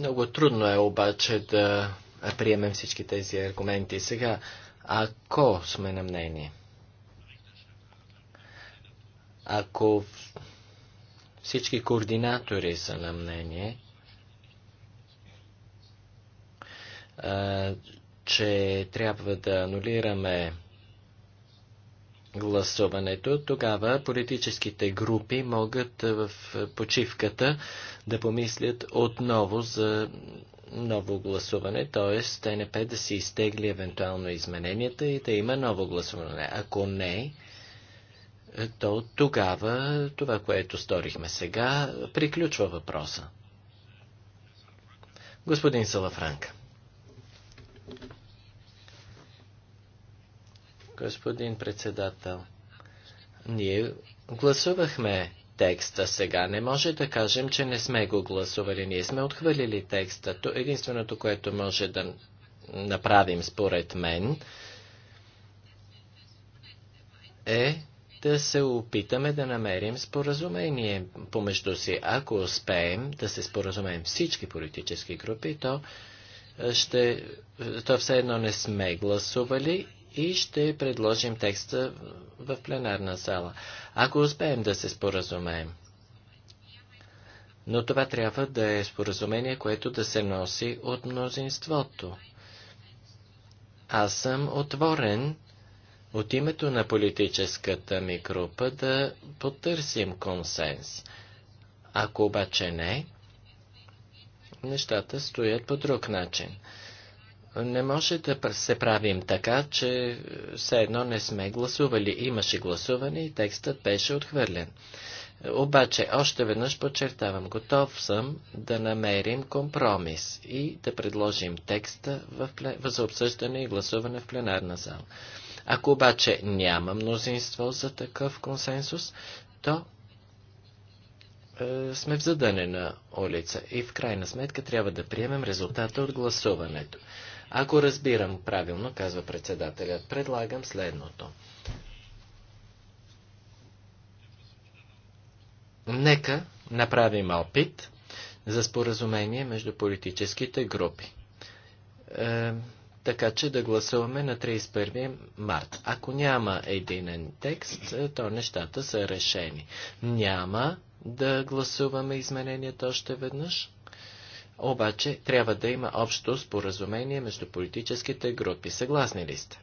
много трудно е обаче да приемем всички тези аргументи. Сега, ако сме на мнение, ако всички координатори са на мнение, че трябва да анулираме гласуването, тогава политическите групи могат в почивката да помислят отново за ново гласуване, т.е. ТНП да си изтегли евентуално измененията и да има ново гласуване. Ако не, е, то тогава това, което сторихме сега, приключва въпроса. Господин Салафранка. Господин председател, ние гласувахме текста сега. Не може да кажем, че не сме го гласували. Ние сме отхвърлили текста. Единственото, което може да направим, според мен, е да се опитаме да намерим споразумение помежду си. Ако успеем да се споразумеем всички политически групи, то, ще, то все едно не сме гласували и ще предложим текста в пленарна зала. Ако успеем да се споразумеем. Но това трябва да е споразумение, което да се носи от мнозинството. Аз съм отворен от името на политическата ми група да потърсим консенс. Ако обаче не, нещата стоят по друг начин. Не може да се правим така, че все едно не сме гласували. Имаше гласуване и текстът беше отхвърлен. Обаче, още веднъж подчертавам, готов съм да намерим компромис и да предложим текста в за обсъждане и гласуване в пленарна зала. Ако обаче няма мнозинство за такъв консенсус, то е, сме в задънена улица и в крайна сметка трябва да приемем резултата от гласуването. Ако разбирам правилно, казва председателят, предлагам следното. Нека направим опит за споразумение между политическите групи. Е, така че да гласуваме на 31 март. Ако няма единен текст, е, то нещата са решени. Няма да гласуваме изменението още веднъж. Обаче трябва да има общо споразумение между политическите групи. Съгласни ли сте?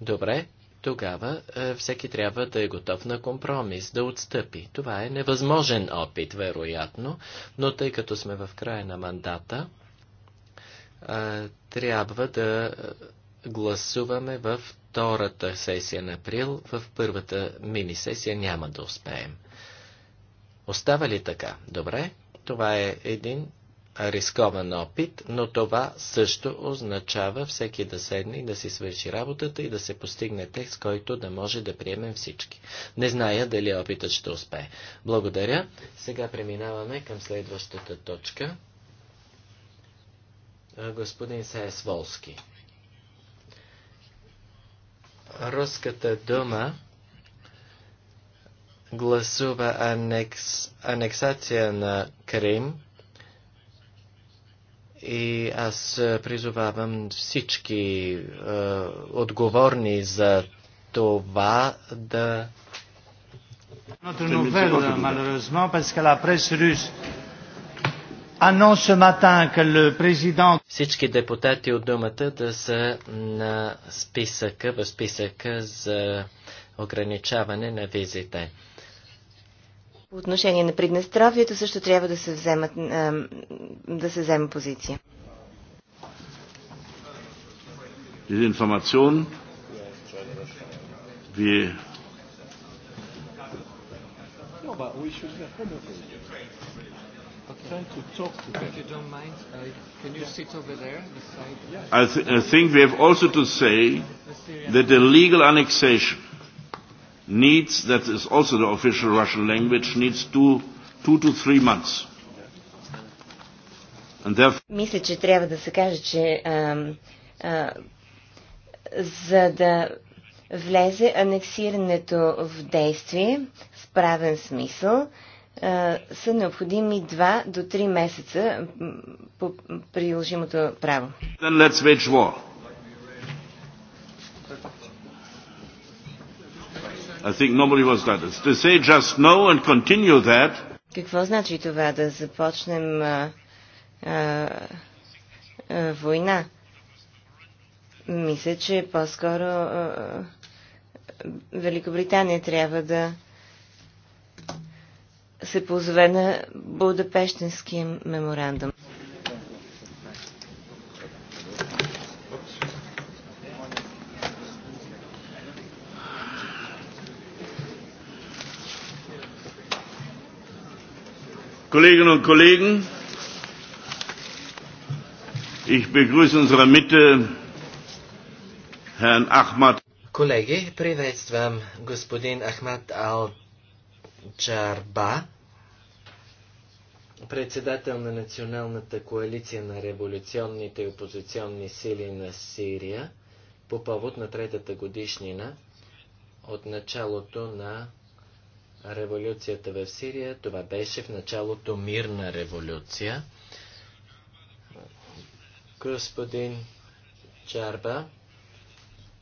Добре, тогава е, всеки трябва да е готов на компромис, да отстъпи. Това е невъзможен опит, вероятно, но тъй като сме в края на мандата, трябва да гласуваме във втората сесия на април, в първата мини-сесия няма да успеем. Остава ли така? Добре, това е един рискован опит, но това също означава всеки да седне и да си свърши работата и да се постигне текст, който да може да приемем всички. Не зная дали опитът ще успее. Благодаря. Сега преминаваме към следващата точка господин Саес Волски. Руската дума гласува анекс, анексация на Крим и аз призовавам всички е, отговорни за това да... Това е malheureusement, parce que Ah Всички депутати от думата да са на списъка, в списъка за ограничаване на визите. По отношение на Приднестровието също трябва да се, вземат, да се взема позиция. Diese Information, I, th- I think we have also to say that the legal annexation needs, that is also the official Russian language, needs two, two to three months. And therefore... Мисля, че трябва да се каже, че ам, а, за да влезе анексирането в действие в правен смисъл, е, са необходими 2 до 3 месеца по приложимото право. I think nobody was that. To say just no and continue that. Какво значи това да започнем а, а, а, война? Мисля, че по-скоро е, е, Великобритания трябва да се позове на Будапештинския меморандум. Kolleginnen и колеги, ich begrüße unsere Mitte Herrn Ahmad. Kollege, приветствам господин Ахмад Ал Чарба, председател на Националната коалиция на революционните и опозиционни сили на Сирия, по повод на третата годишнина от началото на революцията в Сирия. Това беше в началото мирна революция. Господин Чарба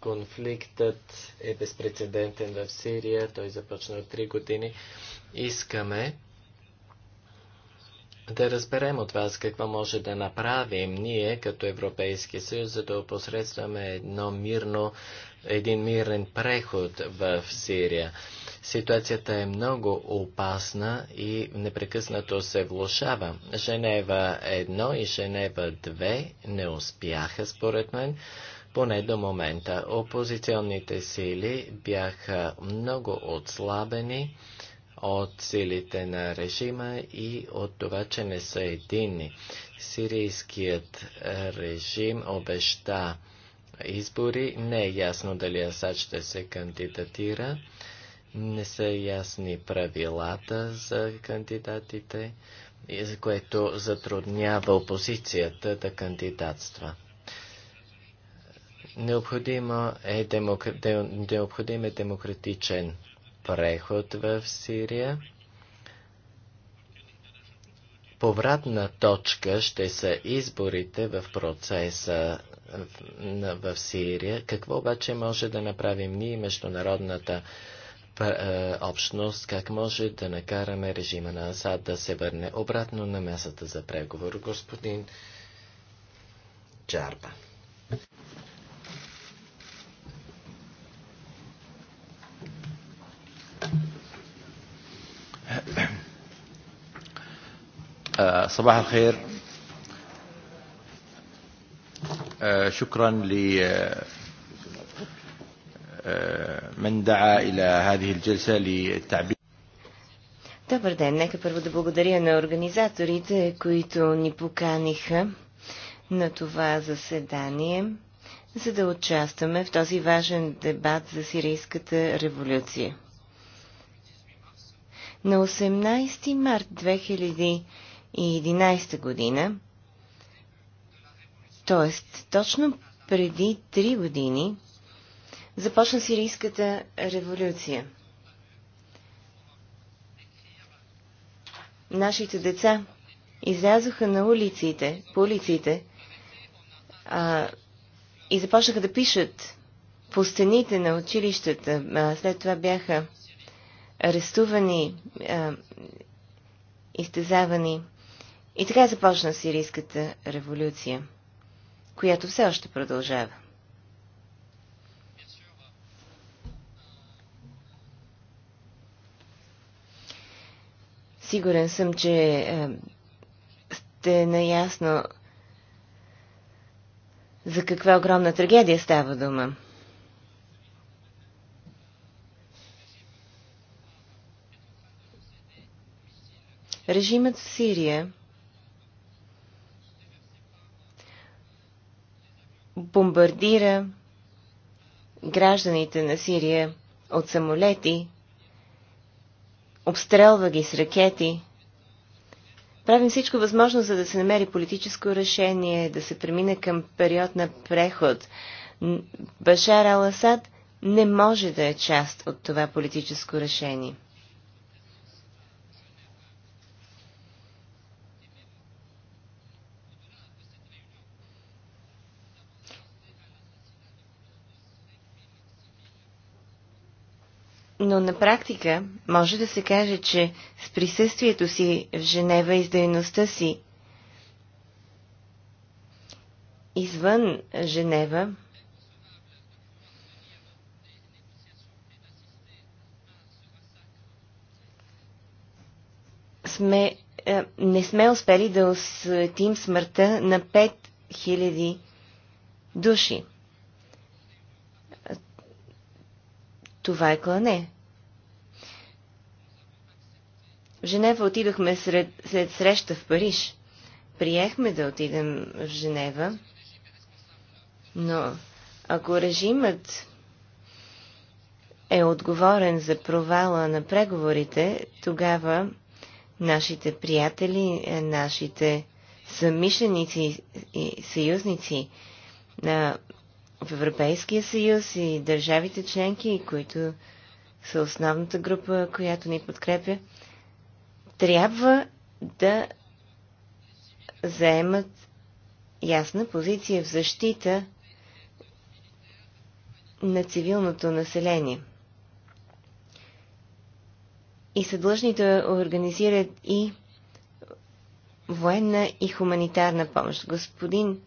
Конфликтът е безпредседентен в Сирия. Той започна от 3 години. Искаме да разберем от вас какво може да направим ние като Европейски съюз, за да опосредстваме едно мирно, един мирен преход в Сирия. Ситуацията е много опасна и непрекъснато се влушава. Женева 1 и Женева 2 не успяха, според мен. Поне до момента опозиционните сили бяха много отслабени от силите на режима и от това, че не са едини. Сирийският режим обеща избори. Не е ясно дали Асад ще се кандидатира. Не са ясни правилата за кандидатите, което затруднява опозицията да кандидатства. Необходимо е, демокра... Необходим е демократичен преход в Сирия. Повратна точка ще са изборите в процеса в, Сирия. Какво обаче може да направим ние, международната е, общност, как може да накараме режима на Асад да се върне обратно на месата за преговор, господин Джарба. صباح الخير شكرا لمن دعا إلى هذه الجلسة للتعبير Добър ден! Нека първо да благодаря на организаторите, които ни поканиха на това заседание, за да участваме в този важен дебат за сирийската революция. На 18 март 2000 2011 година, т.е. точно преди три години, започна сирийската революция. Нашите деца излязоха на улиците, по улиците а, и започнаха да пишат по стените на училищата. А, след това бяха арестувани, а, изтезавани и така започна сирийската революция, която все още продължава. Сигурен съм, че е, сте наясно за каква огромна трагедия става дума. Режимът в Сирия бомбардира гражданите на Сирия от самолети, обстрелва ги с ракети. Правим всичко възможно, за да се намери политическо решение, да се премине към период на преход. Башар Ал-Асад не може да е част от това политическо решение. Но на практика може да се каже, че с присъствието си в Женева и с дейността си извън Женева, сме, е, не сме успели да осветим смъртта на 5000 души. Това е клане. В Женева отидохме сред, след среща в Париж. Приехме да отидем в Женева, но ако режимът е отговорен за провала на преговорите, тогава нашите приятели, е, нашите съмишленици и съюзници на, в Европейския съюз и държавите членки, които са основната група, която ни подкрепя, трябва да заемат ясна позиция в защита на цивилното население. И са длъжни да организират и военна и хуманитарна помощ. Господин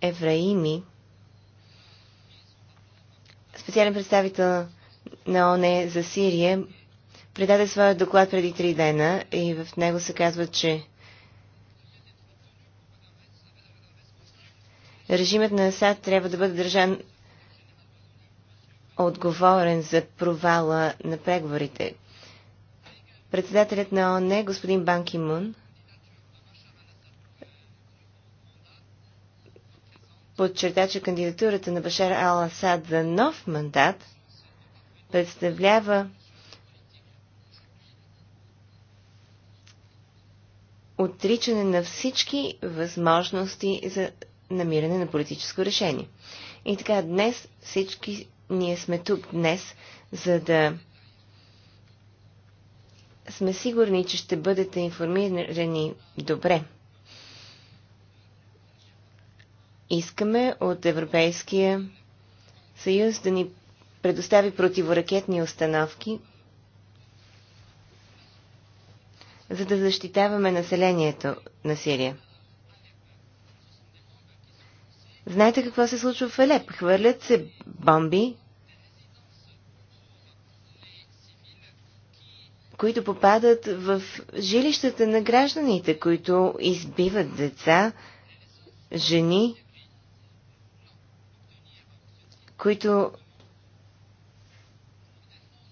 Евраими, специален представител на ОНЕ за Сирия, предаде своя доклад преди три дена и в него се казва, че режимът на Асад трябва да бъде държан отговорен за провала на преговорите. Председателят на ОНЕ господин Бан Ки Мун, подчерта, че кандидатурата на Башар Ал-Асад за нов мандат представлява отричане на всички възможности за намиране на политическо решение. И така, днес всички ние сме тук днес, за да сме сигурни, че ще бъдете информирани добре. Искаме от Европейския съюз да ни предостави противоракетни установки, за да защитаваме населението на Сирия. Знаете какво се случва в АЛЕП? Хвърлят се бомби, които попадат в жилищата на гражданите, които избиват деца, жени, които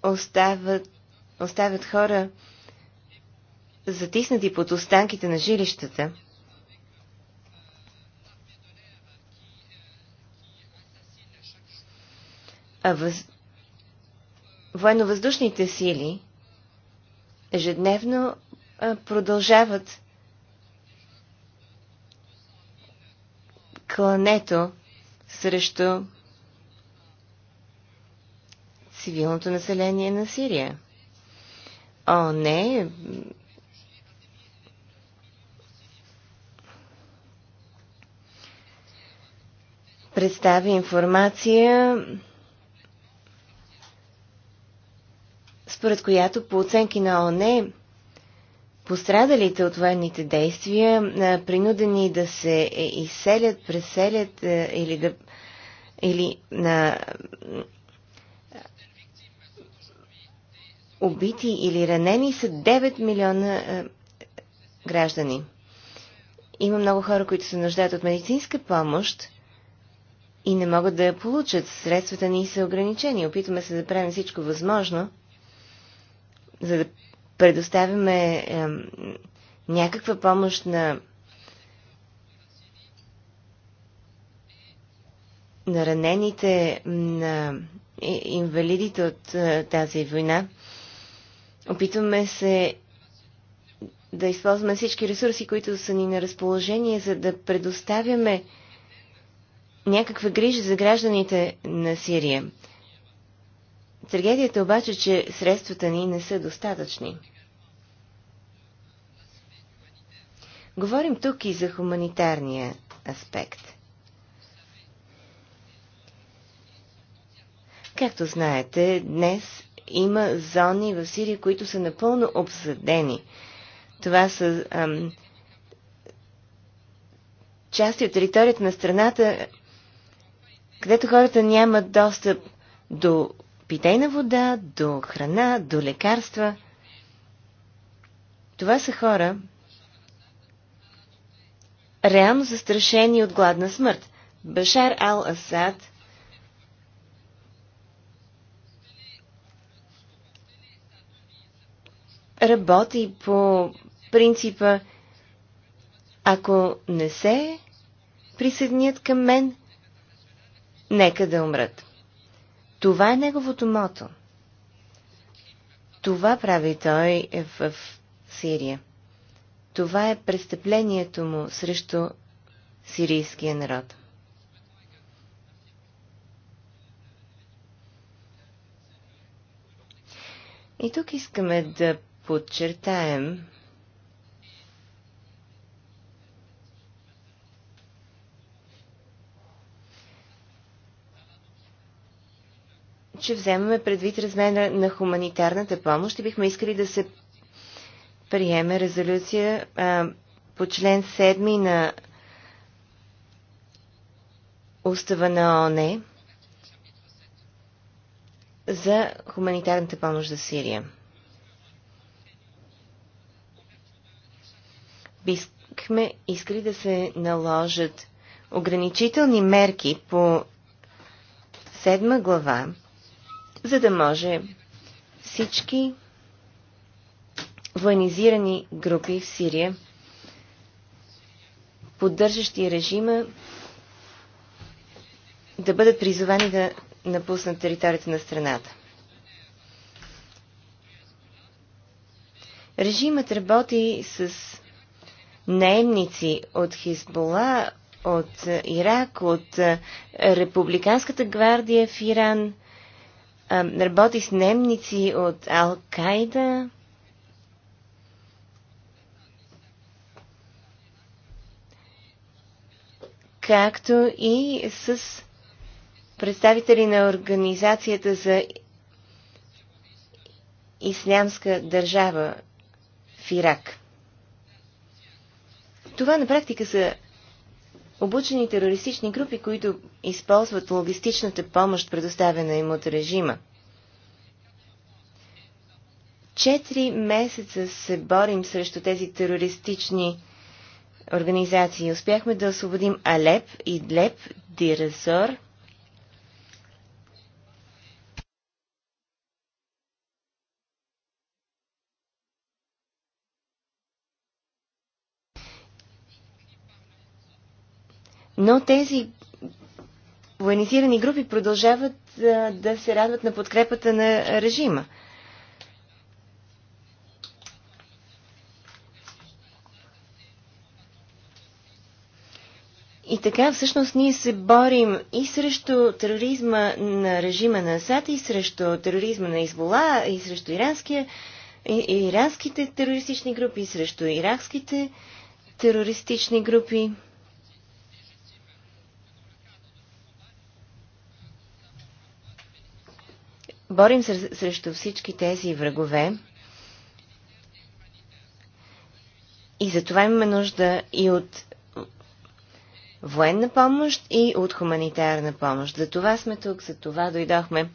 остават, оставят хора затиснати под останките на жилищата. А въз... военновъздушните сили ежедневно продължават клането срещу цивилното население на Сирия. О, не, представи информация, според която по оценки на ООН пострадалите от военните действия, принудени да се е, изселят, преселят или да или на убити или ранени са 9 милиона граждани. Има много хора, които се нуждаят от медицинска помощ и не могат да я получат. Средствата ни са ограничени. Опитваме се да правим всичко възможно, за да предоставяме е, някаква помощ на на ранените, на инвалидите от е, тази война. Опитваме се да използваме всички ресурси, които са ни на разположение, за да предоставяме някаква грижа за гражданите на Сирия. Трагедията обаче, че средствата ни не са достатъчни. Говорим тук и за хуманитарния аспект. Както знаете, днес има зони в Сирия, които са напълно обсъдени. Това са ам, части от територията на страната, където хората нямат достъп до питейна вода, до храна, до лекарства. Това са хора, реално застрашени от гладна смърт. Башар Ал-Асад работи по принципа ако не се присъединят към мен, Нека да умрат. Това е неговото мото. Това прави той в, Сирия. Това е престъплението му срещу сирийския народ. И тук искаме да подчертаем, че вземаме предвид размера на хуманитарната помощ и бихме искали да се приеме резолюция а, по член 7 на Устава на ОНЕ за хуманитарната помощ за Сирия. Бихме искали да се наложат ограничителни мерки по седма глава за да може всички военизирани групи в Сирия, поддържащи режима, да бъдат призовани да напуснат територията на страната. Режимът работи с наемници от Хизбола, от Ирак, от Републиканската гвардия в Иран – Работи с немници от Ал-Кайда. както и с представители на Организацията за Ислямска държава в Ирак. Това на практика са обучени терористични групи, които използват логистичната помощ, предоставена им от режима. Четири месеца се борим срещу тези терористични организации. Успяхме да освободим Алеп, Идлеп, Диразор – Но тези военизирани групи продължават да, да се радват на подкрепата на режима. И така всъщност ние се борим и срещу тероризма на режима на Асад, и срещу тероризма на Избола, и срещу иранския, и, и иранските терористични групи, и срещу иракските терористични групи. борим срещу всички тези врагове. И за това имаме нужда и от военна помощ, и от хуманитарна помощ. За това сме тук, за това дойдохме.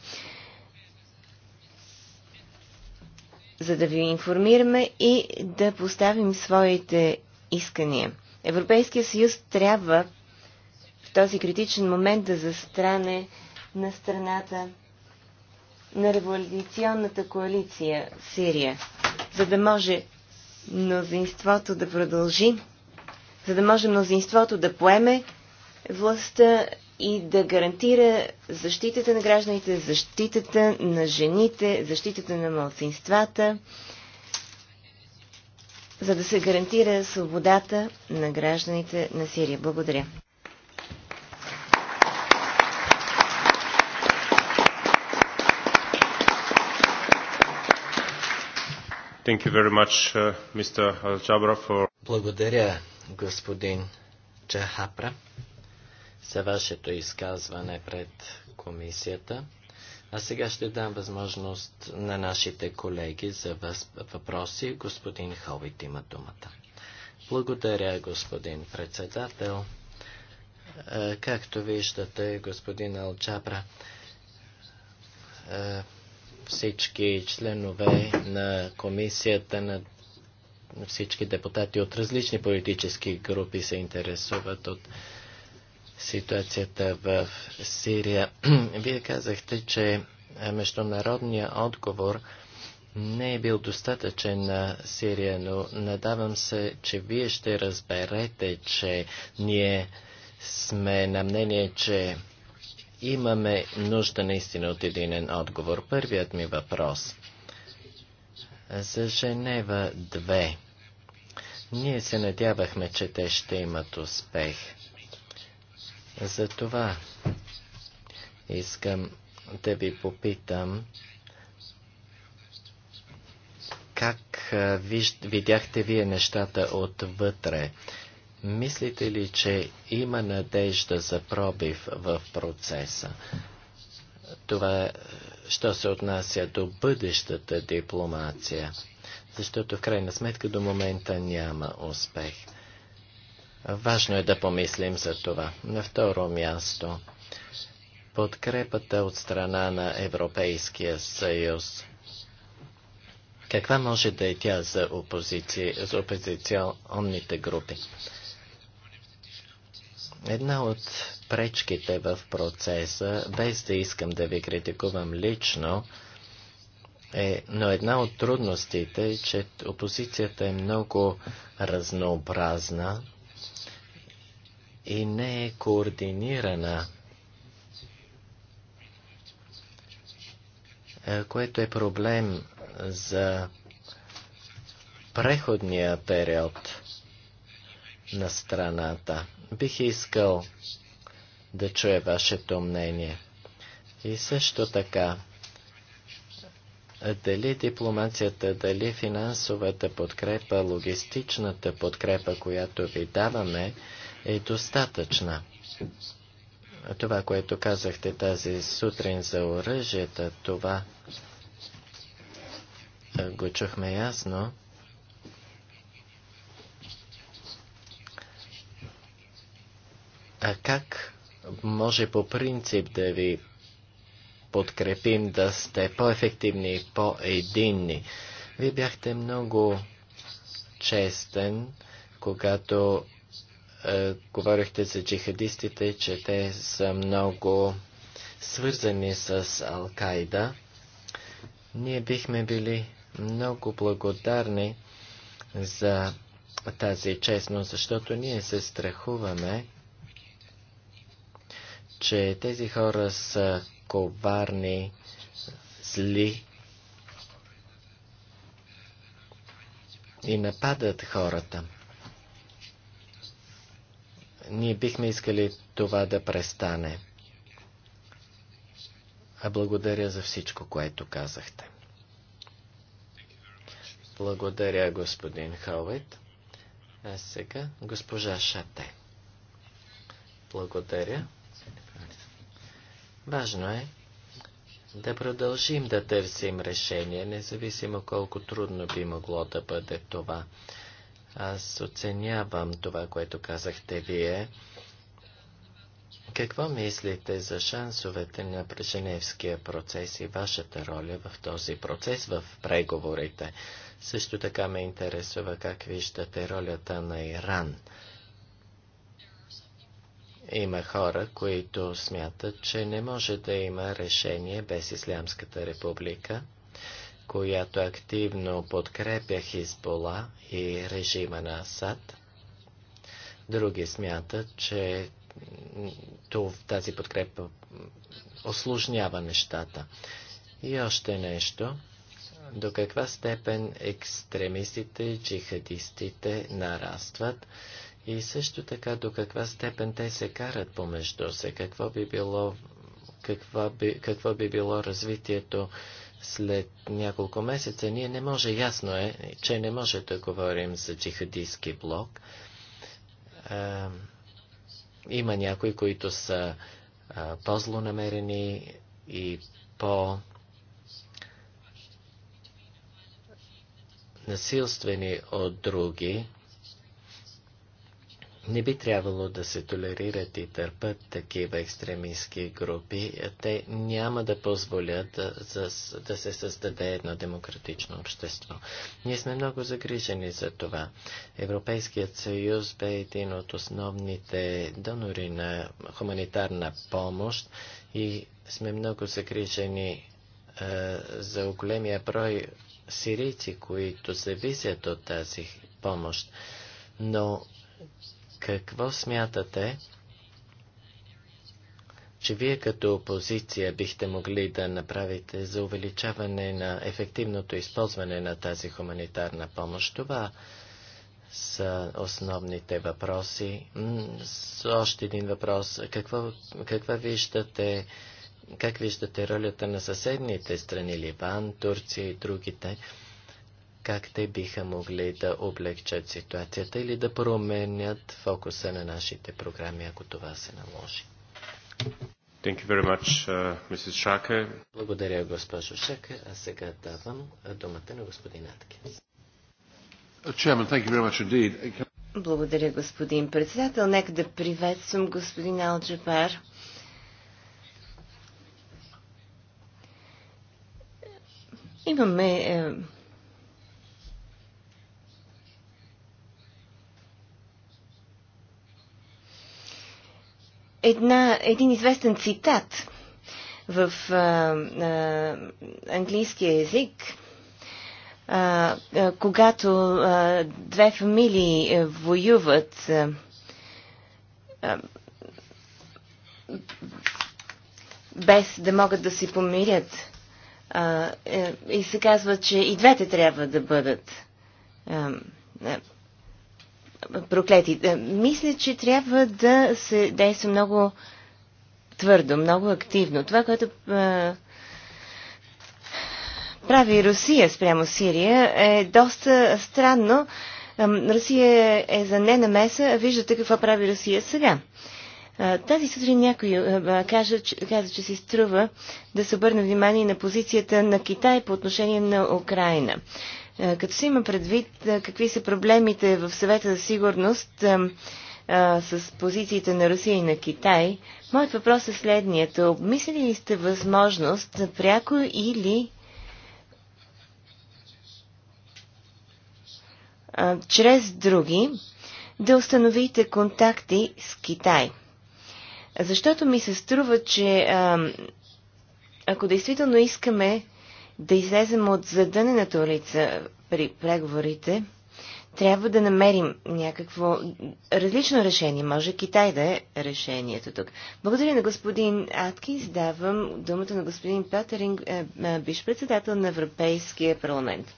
За да ви информираме и да поставим своите искания. Европейския съюз трябва в този критичен момент да застране на страната на революционната коалиция в Сирия, за да може мнозинството да продължи, за да може мнозинството да поеме властта и да гарантира защитата на гражданите, защитата на жените, защитата на младсинствата, за да се гарантира свободата на гражданите на Сирия. Благодаря. Thank you very much, uh, Mr. Jabra, for... Благодаря, господин Чахапра, за вашето изказване пред комисията. А сега ще дам възможност на нашите колеги за въпроси. Господин Ховит има думата. Благодаря, господин председател. Е, както виждате, господин Алчабра, е, всички членове на комисията, на всички депутати от различни политически групи се интересуват от ситуацията в Сирия. Вие казахте, че международният отговор не е бил достатъчен на Сирия, но надавам се, че вие ще разберете, че ние сме на мнение, че Имаме нужда наистина от единен отговор. Първият ми въпрос за Женева 2. Ние се надявахме, че те ще имат успех. Затова искам да ви попитам как видяхте вие нещата отвътре. Мислите ли, че има надежда за пробив в процеса? Това, що се отнася до бъдещата дипломация, защото в крайна сметка до момента няма успех. Важно е да помислим за това. На второ място, подкрепата от страна на Европейския съюз. Каква може да е тя за, опозиция, за опозиционните групи? Една от пречките в процеса, без да искам да ви критикувам лично, е, но една от трудностите е, че опозицията е много разнообразна и не е координирана, е, което е проблем за преходния период на страната. Бих искал да чуя вашето мнение. И също така, дали дипломацията, дали финансовата подкрепа, логистичната подкрепа, която ви даваме, е достатъчна. Това, което казахте тази сутрин за оръжията, това го чухме ясно. как може по принцип да ви подкрепим да сте по-ефективни и по-единни. Вие бяхте много честен, когато е, говорихте за джихадистите, че те са много свързани с Алкайда. Ние бихме били много благодарни за тази честност, защото ние се страхуваме, че тези хора са коварни, зли и нападат хората. Ние бихме искали това да престане. А благодаря за всичко, което казахте. Благодаря, господин Хауит. А сега госпожа Шате. Благодаря. Важно е да продължим да търсим решение, независимо колко трудно би могло да бъде това. Аз оценявам това, което казахте вие. Какво мислите за шансовете на Женевския процес и вашата роля в този процес, в преговорите? Също така ме интересува как виждате ролята на Иран има хора, които смятат, че не може да има решение без Ислямската република, която активно подкрепя Хизбола и режима на Асад. Други смятат, че тази подкрепа осложнява нещата. И още нещо. До каква степен екстремистите, и джихадистите нарастват? И също така до каква степен те се карат помежду се, какво би било, каква би, какво би било развитието след няколко месеца. Ние не може, ясно е, че не може да говорим за джихадистски блок. А, има някои, които са по-злонамерени и по- насилствени от други. Не би трябвало да се толерират и търпят такива екстремистски групи. Те няма да позволят да, да, се създаде едно демократично общество. Ние сме много загрижени за това. Европейският съюз бе един от основните донори на хуманитарна помощ и сме много загрижени е, за големия брой сирийци, които зависят от тази помощ. Но какво смятате, че вие като опозиция бихте могли да направите за увеличаване на ефективното използване на тази хуманитарна помощ? Това са основните въпроси. С още един въпрос. Какво, каква виждате, как виждате ролята на съседните страни, Ливан, Турция и другите? как те биха могли да облегчат ситуацията или да променят фокуса на нашите програми, ако това се наложи. Thank you very much, uh, Mrs. Shaka. Благодаря, госпожо Шаке. А сега давам думата на господин Аткинс. Uh, Chairman, thank you very much indeed. Благодаря, господин председател. Нека да приветствам господин Алджабар. Имаме е, една, един известен цитат в а, а, английския език, а, а, когато а, две фамилии а, воюват. А, без да могат да си помирят. А, е, и се казва, че и двете трябва да бъдат проклети. Е, мисля, че трябва да се действа много твърдо, много активно. Това, което е, прави Русия спрямо Сирия е доста странно. Русия е за ненамеса, а виждате какво прави Русия сега. Е, тази сутрин някой каза, че, каза, че си струва да се обърне внимание на позицията на Китай по отношение на Украина. Е, като си има предвид е, какви са проблемите в съвета за сигурност е, с позициите на Русия и на Китай, моят въпрос е следният. Обмислили ли сте възможност пряко или чрез други да установите контакти с Китай. Защото ми се струва, че а, ако действително искаме да излезем от задънената улица при преговорите, трябва да намерим някакво различно решение. Може Китай да е решението тук. Благодаря на господин Аткинс. Давам думата на господин Патеринг, е, е, биш председател на Европейския парламент.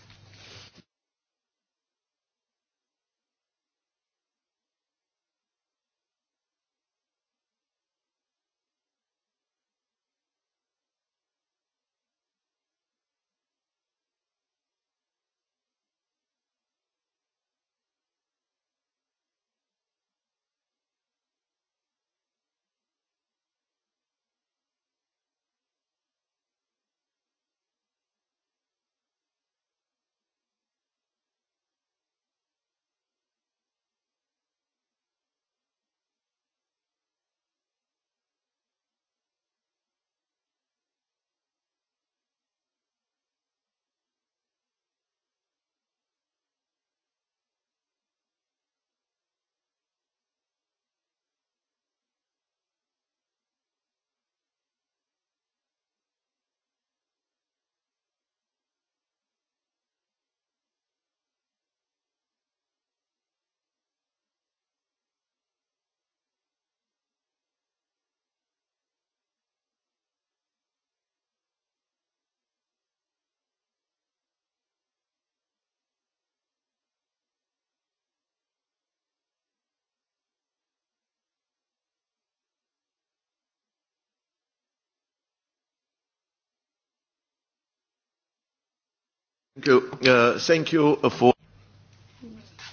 Uh,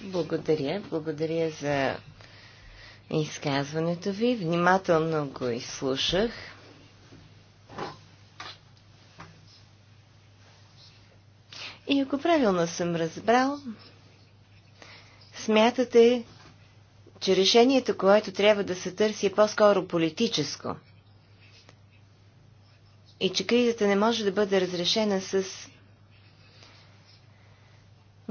Благодаря. Благодаря за изказването ви. Внимателно го изслушах. И ако правилно съм разбрал, смятате, че решението, което трябва да се търси е по-скоро политическо и че кризата не може да бъде разрешена с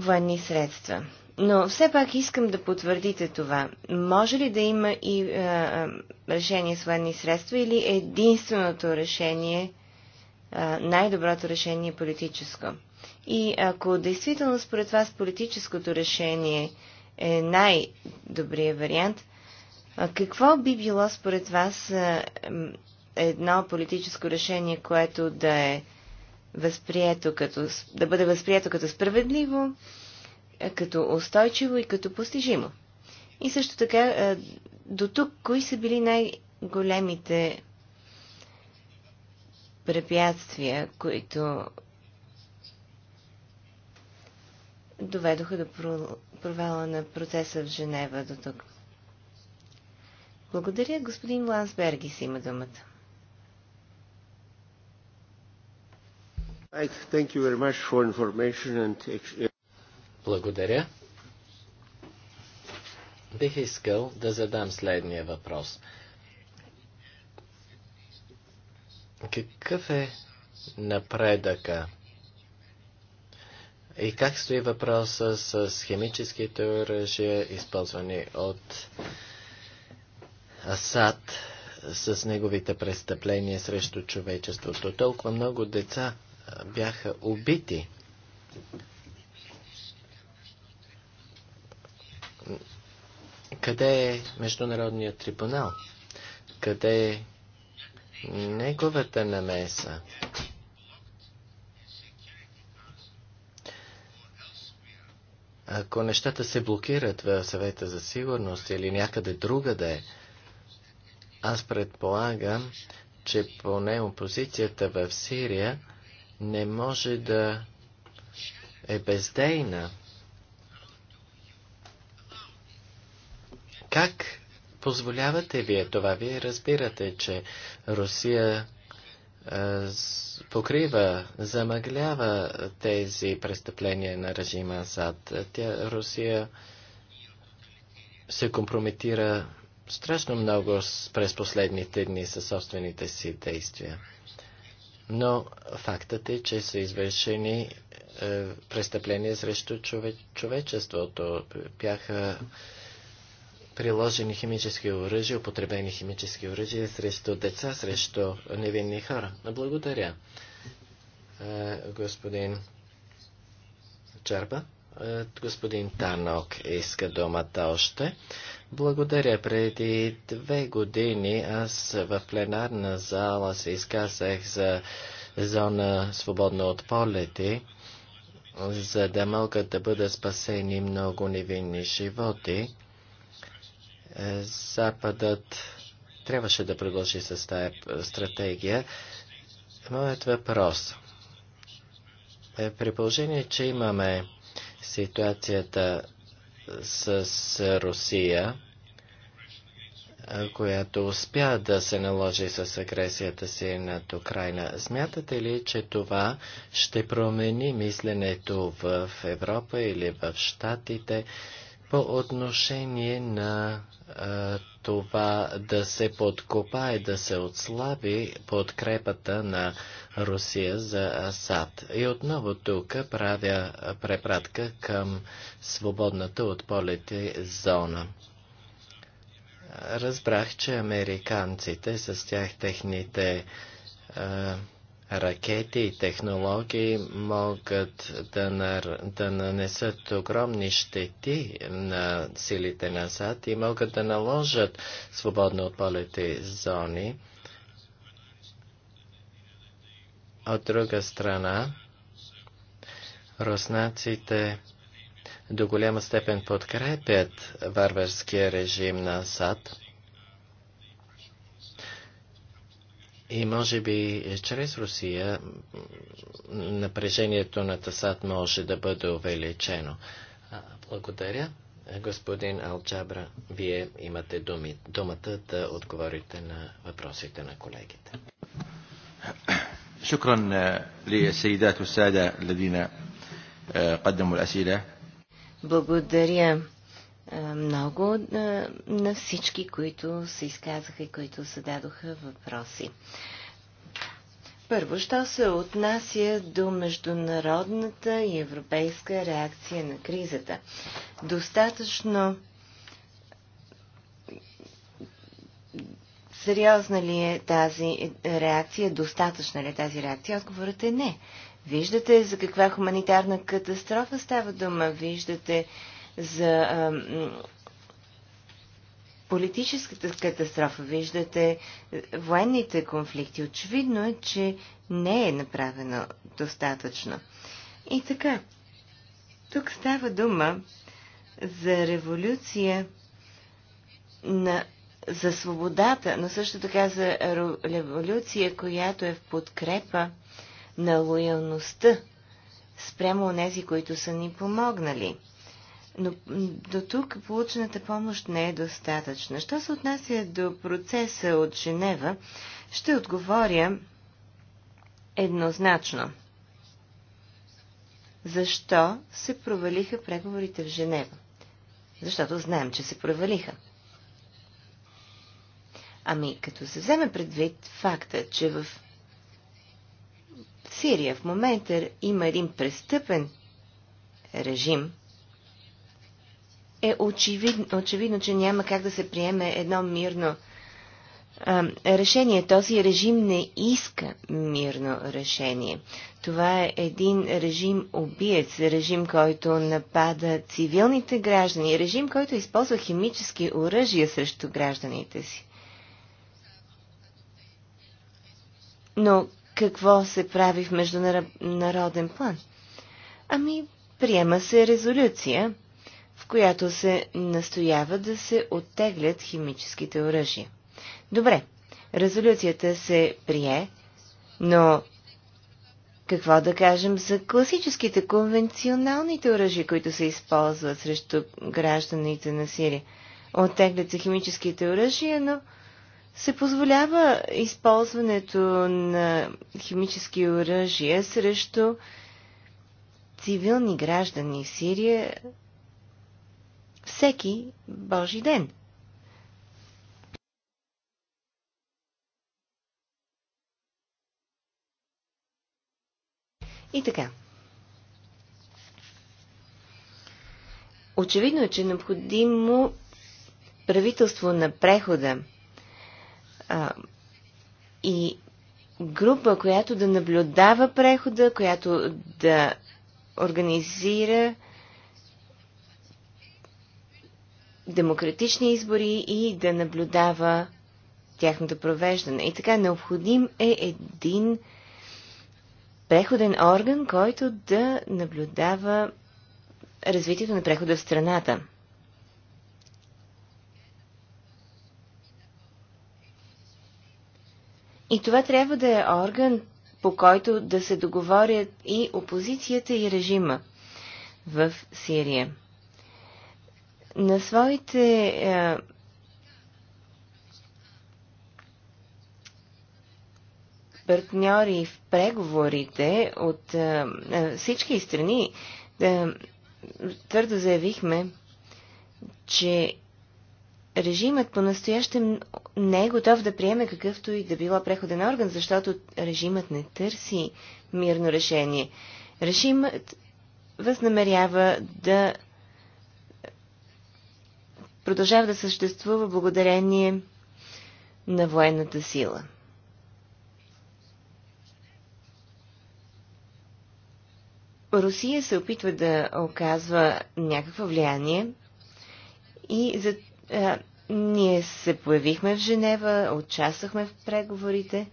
военни средства. Но все пак искам да потвърдите това. Може ли да има и а, решение с военни средства или единственото решение, най-доброто решение е политическо? И ако действително според вас политическото решение е най-добрият вариант, какво би било според вас едно политическо решение, което да е възприето като, да бъде възприето като справедливо, е, като устойчиво и като постижимо. И също така, е, до тук, кои са били най-големите препятствия, които доведоха до провала на процеса в Женева до тук? Благодаря, господин Лансбергис има думата. Благодаря. Бих искал да задам следния въпрос. Какъв е напредъка и как стои въпроса с химическите оръжия, използвани от Асад с неговите престъпления срещу човечеството? Толкова много деца бяха убити. Къде е Международният трибунал? Къде е неговата намеса? Ако нещата се блокират в съвета за сигурност или някъде другаде, аз предполагам, че поне опозицията в Сирия не може да е бездейна. Как позволявате вие това? Вие разбирате, че Русия е, покрива, замъглява тези престъпления на режима Асад. Тя, Русия се компрометира страшно много през последните дни със собствените си действия. Но фактът е, че са извършени е, престъпления срещу чове, човечеството. Бяха приложени химически оръжия, употребени химически оръжия срещу деца, срещу невинни хора. Благодаря, е, господин Чарба. Е, господин Танок иска думата още. Благодаря. Преди две години аз в пленарна зала се изказах за зона свободна от полети, за да могат да бъдат спасени много невинни животи. Е, Западът трябваше да продължи с тази стратегия. Моят въпрос е, при положение, че имаме ситуацията с Русия, която успя да се наложи с агресията си над Украина. Смятате ли, че това ще промени мисленето в Европа или в Штатите? По отношение на а, това да се подкопае, да се отслаби подкрепата на Русия за Асад. И отново тук правя препратка към свободната от полети зона. Разбрах, че американците с тях техните а, ракети и технологии могат да, нар... да нанесат огромни щети на силите назад и могат да наложат свободно от полети зони. От друга страна, руснаците до голяма степен подкрепят варварския режим на САД – И може би е, чрез Русия напрежението на ТАСАД може да бъде увеличено. Благодаря. Господин Алчабра, вие имате думи, думата да отговорите на въпросите на колегите. شكرا للسيدات والسادة الذين قدموا الأسئلة. Благодаря е, много е, на всички, които се изказаха и които се дадоха въпроси. Първо, що се отнася до международната и европейска реакция на кризата? Достатъчно сериозна ли е тази реакция? Достатъчна ли е тази реакция? Отговорът е не. Виждате за каква хуманитарна катастрофа става дума. Виждате за политическата катастрофа, виждате е, военните конфликти. Очевидно е, че не е направено достатъчно. И така, тук става дума за революция на, за свободата, но също така за революция, която е в подкрепа на лоялността спрямо онези, които са ни помогнали – но до тук получената помощ не е достатъчна. Що се отнася до процеса от Женева, ще отговоря еднозначно. Защо се провалиха преговорите в Женева? Защото знаем, че се провалиха. Ами, като се вземе предвид факта, че в Сирия в момента има един престъпен режим, е очевидно, очевидно, че няма как да се приеме едно мирно а, решение. Този режим не иска мирно решение. Това е един режим убиец, режим, който напада цивилните граждани, режим, който използва химически оръжия срещу гражданите си. Но какво се прави в международен план? Ами, приема се резолюция – в която се настоява да се оттеглят химическите оръжия. Добре, резолюцията се прие, но какво да кажем за класическите, конвенционалните оръжия, които се използват срещу гражданите на Сирия? Оттеглят се химическите оръжия, но се позволява използването на химически оръжия срещу цивилни граждани в Сирия всеки Божи ден. И така. Очевидно е, че е необходимо правителство на прехода а, и група, която да наблюдава прехода, която да организира демократични избори и да наблюдава тяхното провеждане. И така необходим е един преходен орган, който да наблюдава развитието на прехода в страната. И това трябва да е орган, по който да се договорят и опозицията и режима в Сирия на своите е, партньори в преговорите от е, е, всички страни да, твърдо заявихме, че режимът по-настоящем не е готов да приеме какъвто и да било преходен орган, защото режимът не търси мирно решение. Режимът възнамерява да продължава да съществува благодарение на военната сила. Русия се опитва да оказва някакво влияние и за, а, ние се появихме в Женева, участвахме в преговорите,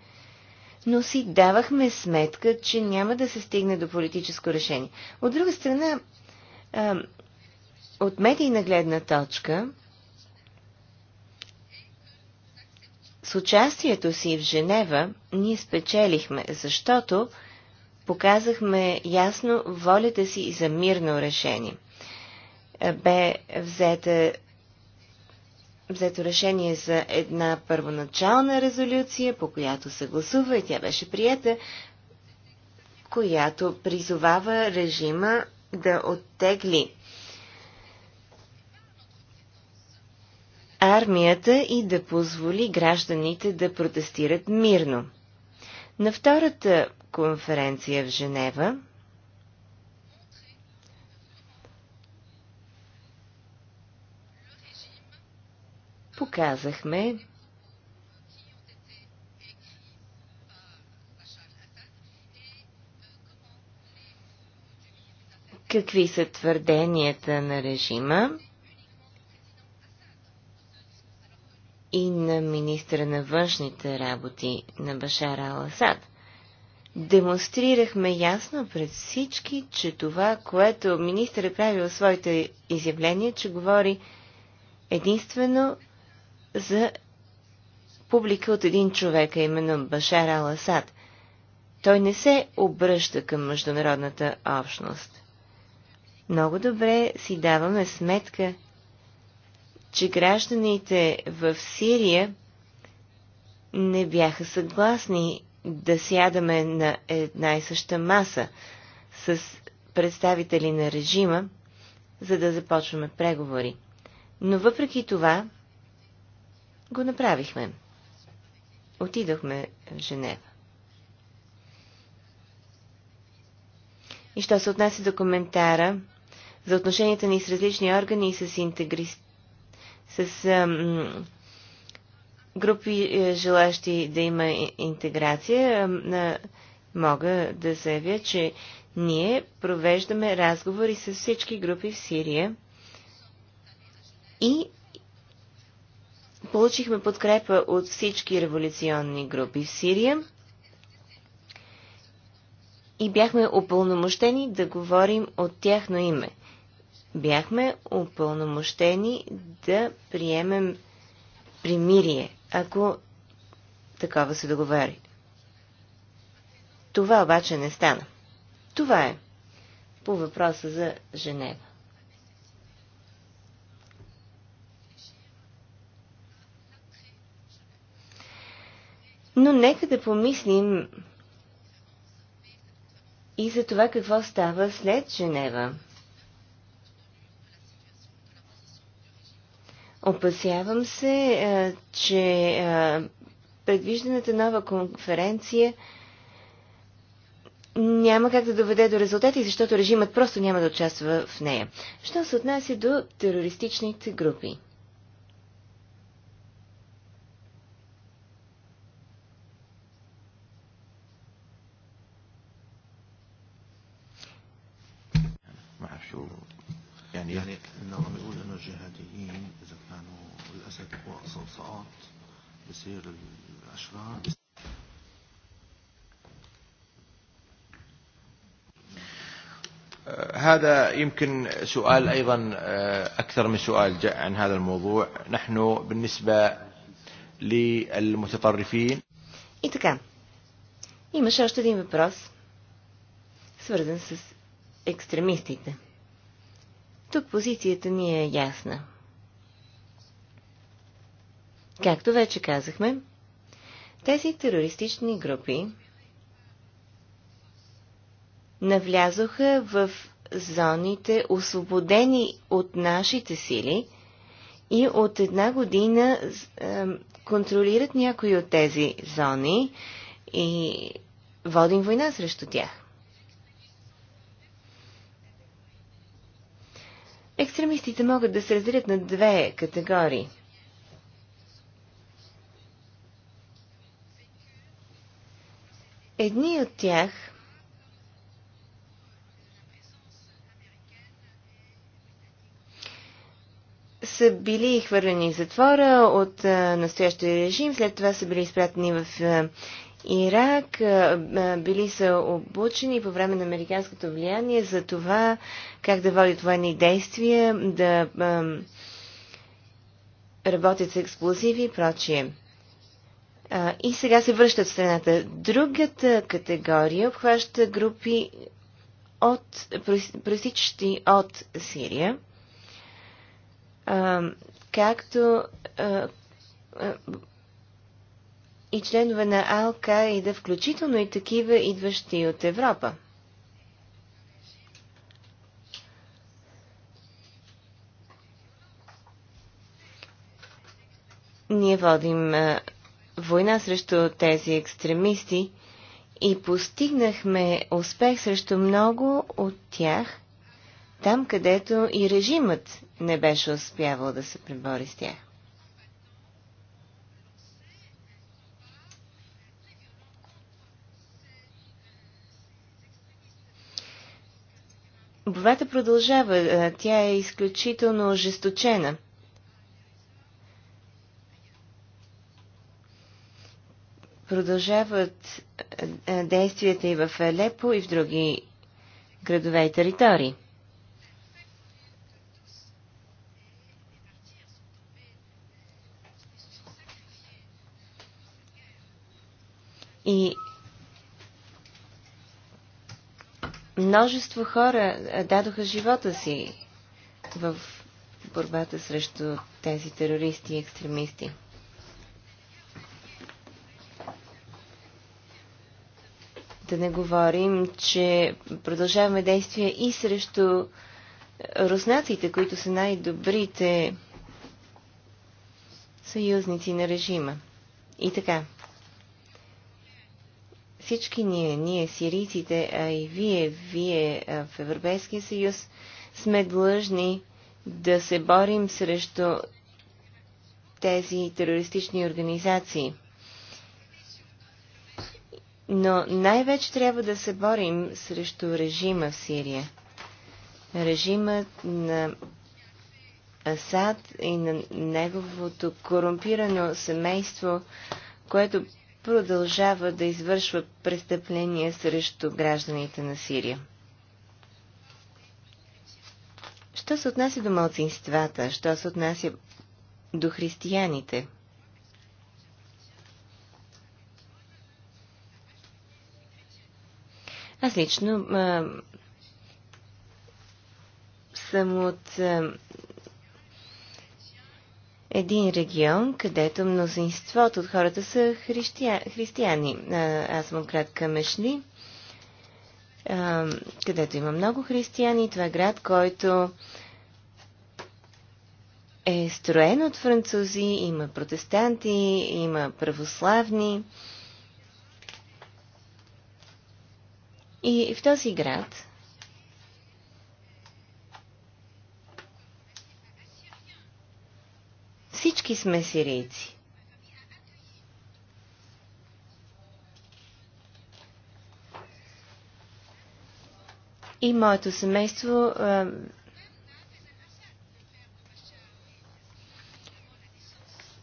но си давахме сметка, че няма да се стигне до политическо решение. От друга страна, а, от медийна гледна точка, С участието си в Женева ние спечелихме, защото показахме ясно волята си за мирно решение. Е, бе взета, взето решение за една първоначална резолюция, по която се гласува и тя беше приета, която призовава режима да оттегли армията и да позволи гражданите да протестират мирно. На втората конференция в Женева показахме какви са твърденията на режима и на министра на външните работи на Башар Ал-Асад. Демонстрирахме ясно пред всички, че това, което министър е правил в своите изявления, че говори единствено за публика от един човек, а именно Башар Ал-Асад. Той не се обръща към международната общност. Много добре си даваме сметка – че гражданите в Сирия не бяха съгласни да сядаме на една и съща маса с представители на режима, за да започваме преговори. Но въпреки това го направихме. Отидохме в Женева. И що се отнася до коментара за отношенията ни с различни органи и с интегристи с ам, групи, е, желащи да има интеграция, ам, на, мога да заявя, че ние провеждаме разговори с всички групи в Сирия и получихме подкрепа от всички революционни групи в Сирия и бяхме упълномощени да говорим от тяхно име бяхме упълномощени да приемем примирие, ако такова се договори. Това обаче не стана. Това е по въпроса за Женева. Но нека да помислим и за това какво става след Женева. Опасявам се, е, че е, предвижданата нова конференция няма как да доведе до резултати, защото режимът просто няма да участва в нея. Що се отнася до терористичните групи? بصير الأشرار هذا يمكن سؤال أيضا أكثر من سؤال جاء عن هذا الموضوع نحن بالنسبة للمتطرفين إتكام така, имаше دين ببراس въпрос, свързан с екстремистите. Тук позицията ни е ясна. Както вече казахме, тези терористични групи навлязоха в зоните, освободени от нашите сили, и от една година е, контролират някои от тези зони и водим война срещу тях. Екстремистите могат да се разделят на две категории. Едни от тях са били хвърлени в затвора от настоящия режим, след това са били изпратени в Ирак, били са обучени по време на американското влияние за това как да водят военни действия, да работят с експлозиви и прочие. А, и сега се връщат в страната. Другата категория обхваща групи от, пресичащи от Сирия, а, както а, а, и членове на Ал-Каида, включително и такива, идващи от Европа. Ние водим а, война срещу тези екстремисти и постигнахме успех срещу много от тях, там където и режимът не беше успявал да се пребори с тях. Бовата продължава. Тя е изключително ожесточена – продължават е, е, действията и в Алепо, и в други градове и територии. И множество хора е, дадоха живота си в борбата срещу тези терористи и екстремисти. Да не говорим, че продължаваме действия и срещу руснаците, които са най-добрите съюзници на режима. И така. Всички ние, ние сирийците, а и вие, вие в Европейския съюз, сме длъжни да се борим срещу тези терористични организации – но най-вече трябва да се борим срещу режима в Сирия. Режимът на Асад и на неговото корумпирано семейство, което продължава да извършва престъпления срещу гражданите на Сирия. Що се отнася до малцинствата, що се отнася до християните – Аз лично а, съм от а, един регион, където мнозинството от хората са христия, християни. А, аз съм от град Камешли, а, където има много християни. Това е град, който е строен от французи, има протестанти, има православни. А, И в този град всички сме сирийци. И моето семейство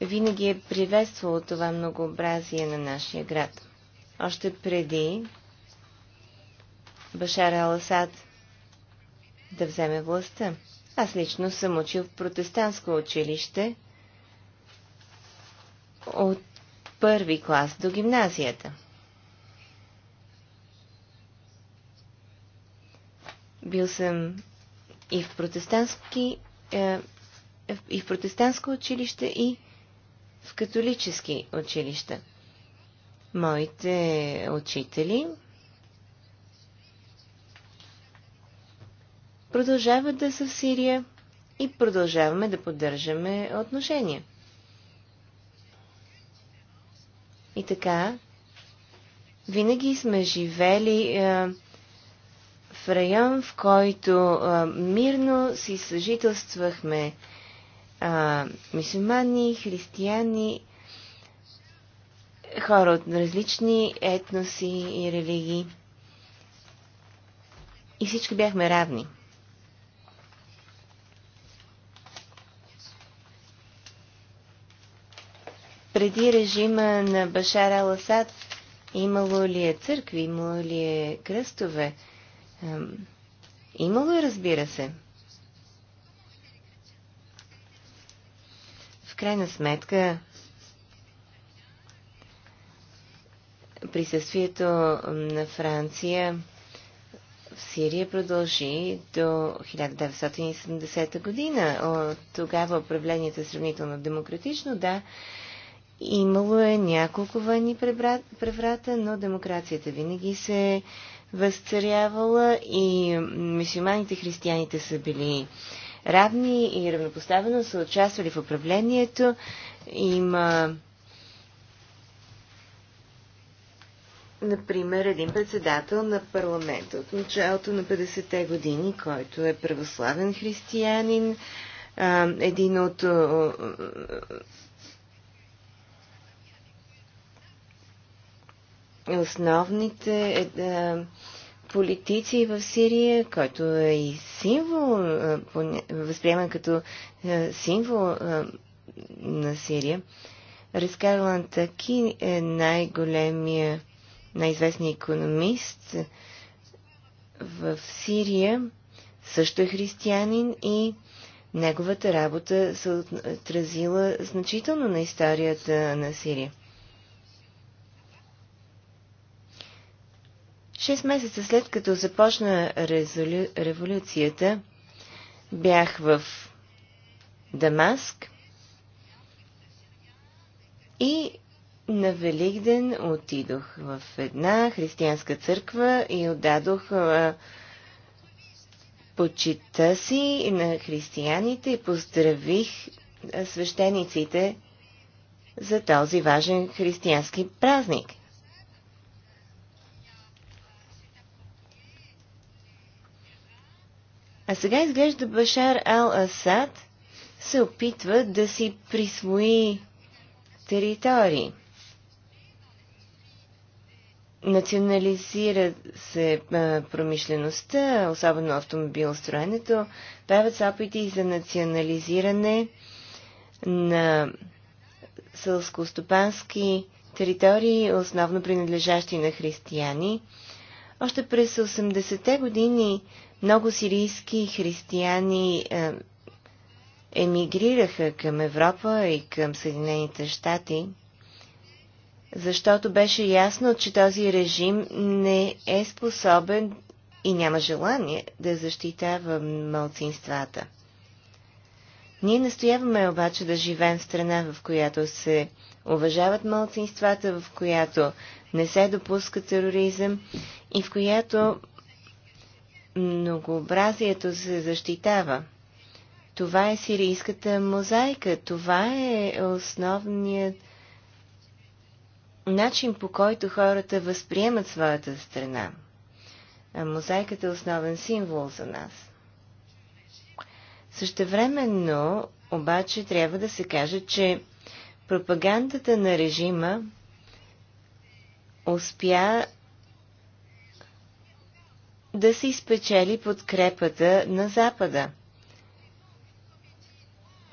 винаги е приветствало това многообразие на нашия град. Още преди Башар Аласад, да вземе властта. Аз лично съм учил в протестантско училище от първи клас до гимназията. Бил съм и в протестантски е, и в протестантско училище, и в католически училища. Моите учители продължават да са в Сирия и продължаваме да поддържаме отношения. И така, винаги сме живели е, в район, в който е, мирно си съжителствахме е, мисюмани, християни, хора от различни етноси и религии. И всички бяхме равни. преди режима на Башар Аласад имало ли е църкви, имало ли е кръстове? Имало е, разбира се. В крайна сметка, присъствието на Франция в Сирия продължи до 1970 година. От тогава управлението е сравнително демократично, да, Имало е няколко военни преврата, но демокрацията винаги се е възцарявала и мисюманите и християните са били равни и равнопоставено са участвали в управлението. Има например, един председател на парламента от началото на 50-те години, който е православен християнин, един от основните е, е, политици в Сирия, който е и символ, е, възприеман като символ на Сирия. Рискарлан Таки е най-големия, най-известният економист в Сирия, също е християнин и неговата работа се отразила значително на историята на Сирия. Шест месеца след като започна резолю... революцията, бях в Дамаск и на Великден отидох в една християнска църква и отдадох почита си на християните и поздравих свещениците за този важен християнски празник – А сега изглежда Башар Ал-Асад се опитва да си присвои територии. Национализира се промишлеността, особено автомобилостроенето, правят се опити за национализиране на сълскостопански територии, основно принадлежащи на християни. Още през 80-те години много сирийски християни е, емигрираха към Европа и към Съединените щати, защото беше ясно, че този режим не е способен и няма желание да защитава малцинствата. Ние настояваме обаче да живеем в страна, в която се уважават малцинствата, в която не се допуска тероризъм и в която многообразието се защитава. Това е сирийската мозайка, това е основният начин по който хората възприемат своята страна. А мозайката е основен символ за нас. Същевременно, обаче, трябва да се каже, че пропагандата на режима успя да се изпечели подкрепата на Запада.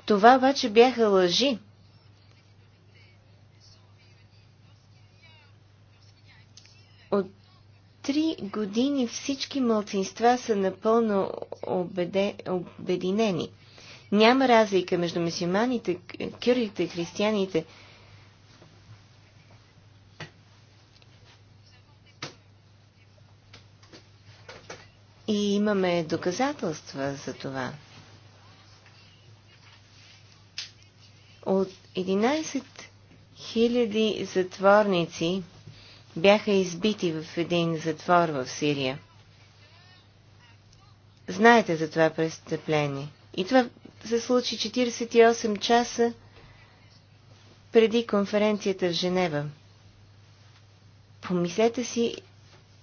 Това обаче бяха лъжи. От три години всички мълцинства са напълно обеде, обединени. Няма разлика между мусулманите, кюрдите, християните – И имаме доказателства за това. От 11 000 затворници бяха избити в един затвор в Сирия. Знаете за това престъпление. И това се случи 48 часа преди конференцията в Женева. Помислете си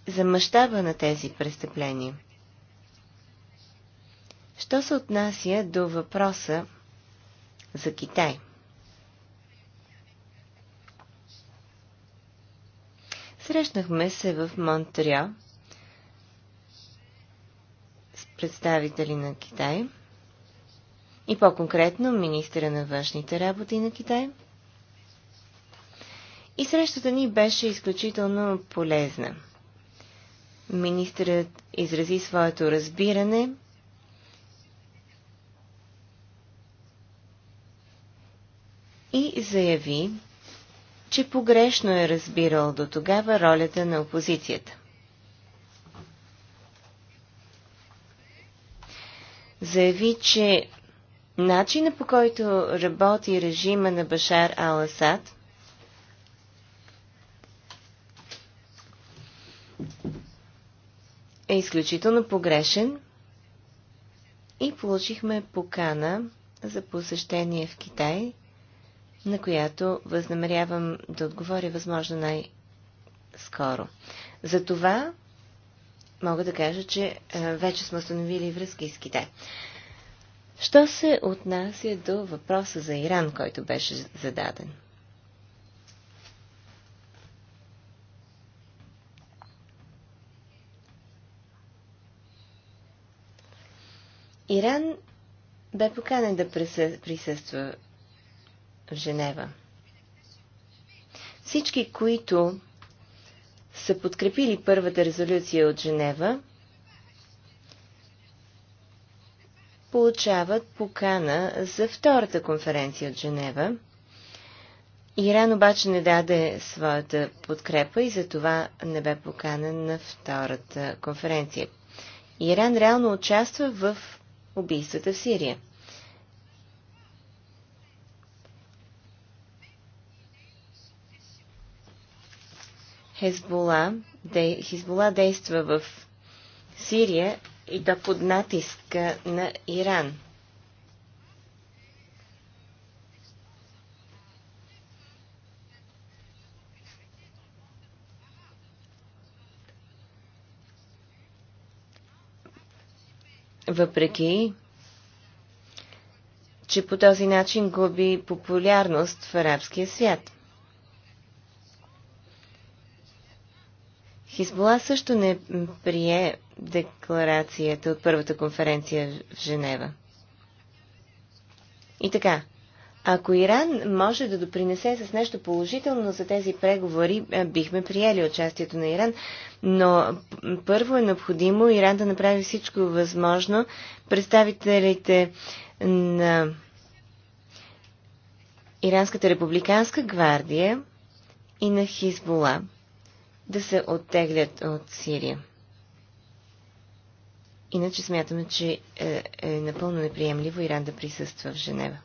за мащаба на тези престъпления. Що се отнася до въпроса за Китай? Срещнахме се в Монтрео с представители на Китай и по-конкретно министра на външните работи на Китай. И срещата ни беше изключително полезна. Министърът изрази своето разбиране заяви, че погрешно е разбирал до тогава ролята на опозицията. Заяви, че начина по който работи режима на Башар Ал-Асад е изключително погрешен и получихме покана за посещение в Китай на която възнамерявам да отговоря възможно най-скоро. За това мога да кажа, че е, вече сме установили връзки с Китай. Що се отнася до въпроса за Иран, който беше зададен? Иран бе поканен да присъства в Женева. Всички, които са подкрепили първата резолюция от Женева, получават покана за втората конференция от Женева. Иран обаче не даде своята подкрепа и за това не бе поканен на втората конференция. Иран реално участва в убийствата в Сирия. Хезбола, де, Хезбола действа в Сирия и да под натиска на Иран. Въпреки, че по този начин губи популярност в арабския свят – Хизбола също не прие декларацията от първата конференция в Женева. И така, ако Иран може да допринесе с нещо положително за тези преговори, бихме приели участието на Иран, но първо е необходимо Иран да направи всичко възможно. Представителите на Иранската републиканска гвардия и на Хизбола да се оттеглят от Сирия. Иначе смятаме, че е, е напълно неприемливо Иран да присъства в Женева.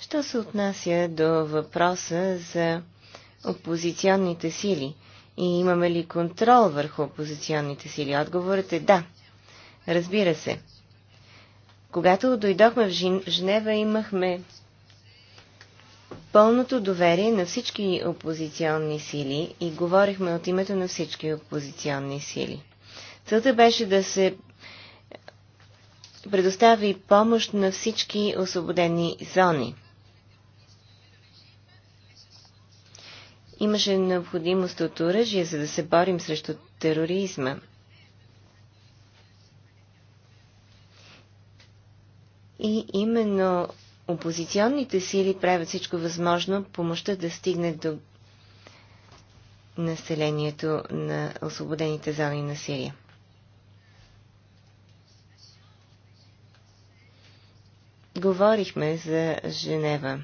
Що се отнася до въпроса за опозиционните сили и имаме ли контрол върху опозиционните сили? Отговорът е да. Разбира се. Когато дойдохме в Женева, имахме пълното доверие на всички опозиционни сили и говорихме от името на всички опозиционни сили. Целта беше да се предостави помощ на всички освободени зони. Имаше необходимост от оръжие, за да се борим срещу тероризма. И именно опозиционните сили правят всичко възможно помощта да стигне до населението на освободените зони на Сирия. Говорихме за Женева.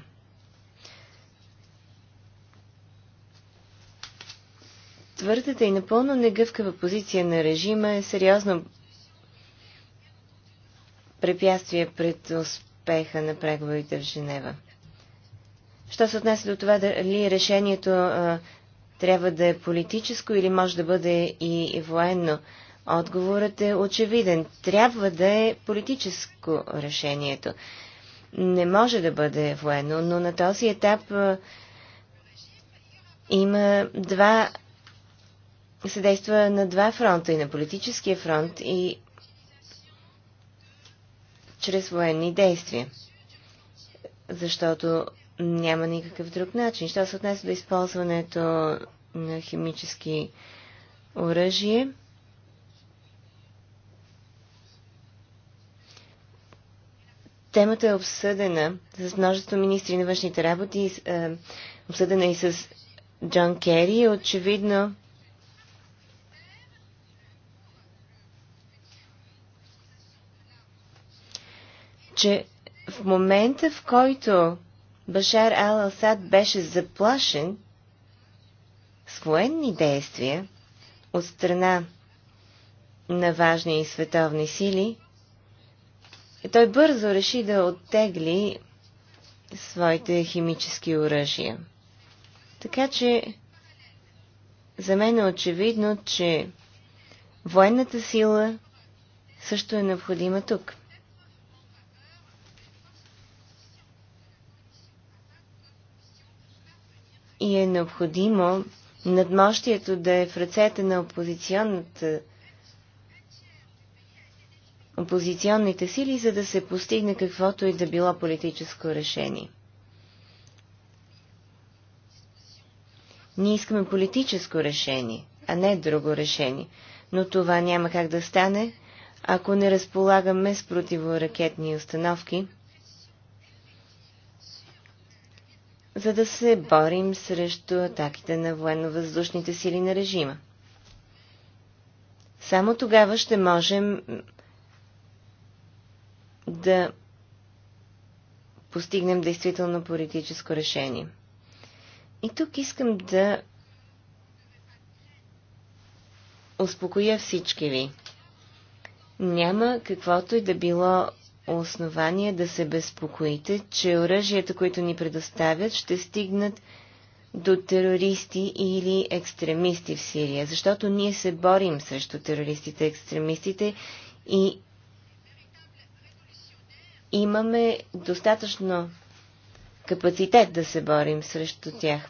Твърдата и напълно негъвкава позиция на режима е сериозно препятствие пред успеха на преговорите в Женева. Що се отнася до това дали решението а, трябва да е политическо или може да бъде и военно, отговорът е очевиден. Трябва да е политическо решението. Не може да бъде военно, но на този етап а, има два съдейства на два фронта и на политическия фронт и чрез военни действия. Защото няма никакъв друг начин. Що се отнесе до използването на химически оръжие, темата е обсъдена с множество министри на външните работи, е, обсъдена и с Джон Кери. Очевидно, че в момента, в който Башар Ал-Асад беше заплашен с военни действия от страна на важни и световни сили, той бързо реши да оттегли своите химически оръжия. Така че за мен е очевидно, че военната сила също е необходима тук. и е необходимо надмощието да е в ръцете на опозиционната опозиционните сили, за да се постигне каквото и да било политическо решение. Ние искаме политическо решение, а не друго решение. Но това няма как да стане, ако не разполагаме с противоракетни установки – за да се борим срещу атаките на военно-въздушните сили на режима. Само тогава ще можем да постигнем действително политическо решение. И тук искам да успокоя всички ви. Няма каквото и да било основание да се безпокоите, че оръжията, които ни предоставят, ще стигнат до терористи или екстремисти в Сирия, защото ние се борим срещу терористите, екстремистите и имаме достатъчно капацитет да се борим срещу тях.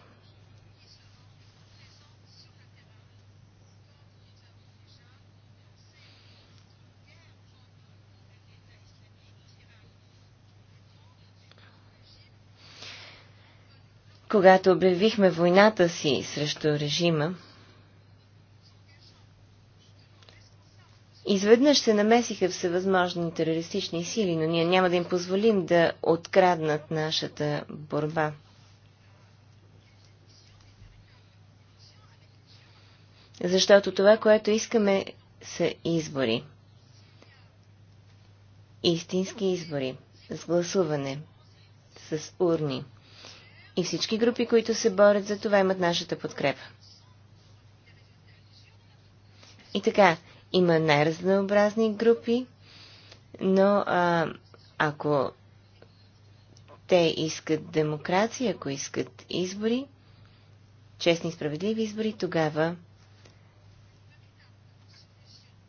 когато обявихме войната си срещу режима, изведнъж се намесиха всевъзможни терористични сили, но ние няма да им позволим да откраднат нашата борба. Защото това, което искаме, са избори. Истински избори. С гласуване. С урни. И всички групи, които се борят за това, имат нашата подкрепа. И така, има най-разнообразни групи, но а, ако те искат демокрация, ако искат избори, честни и справедливи избори, тогава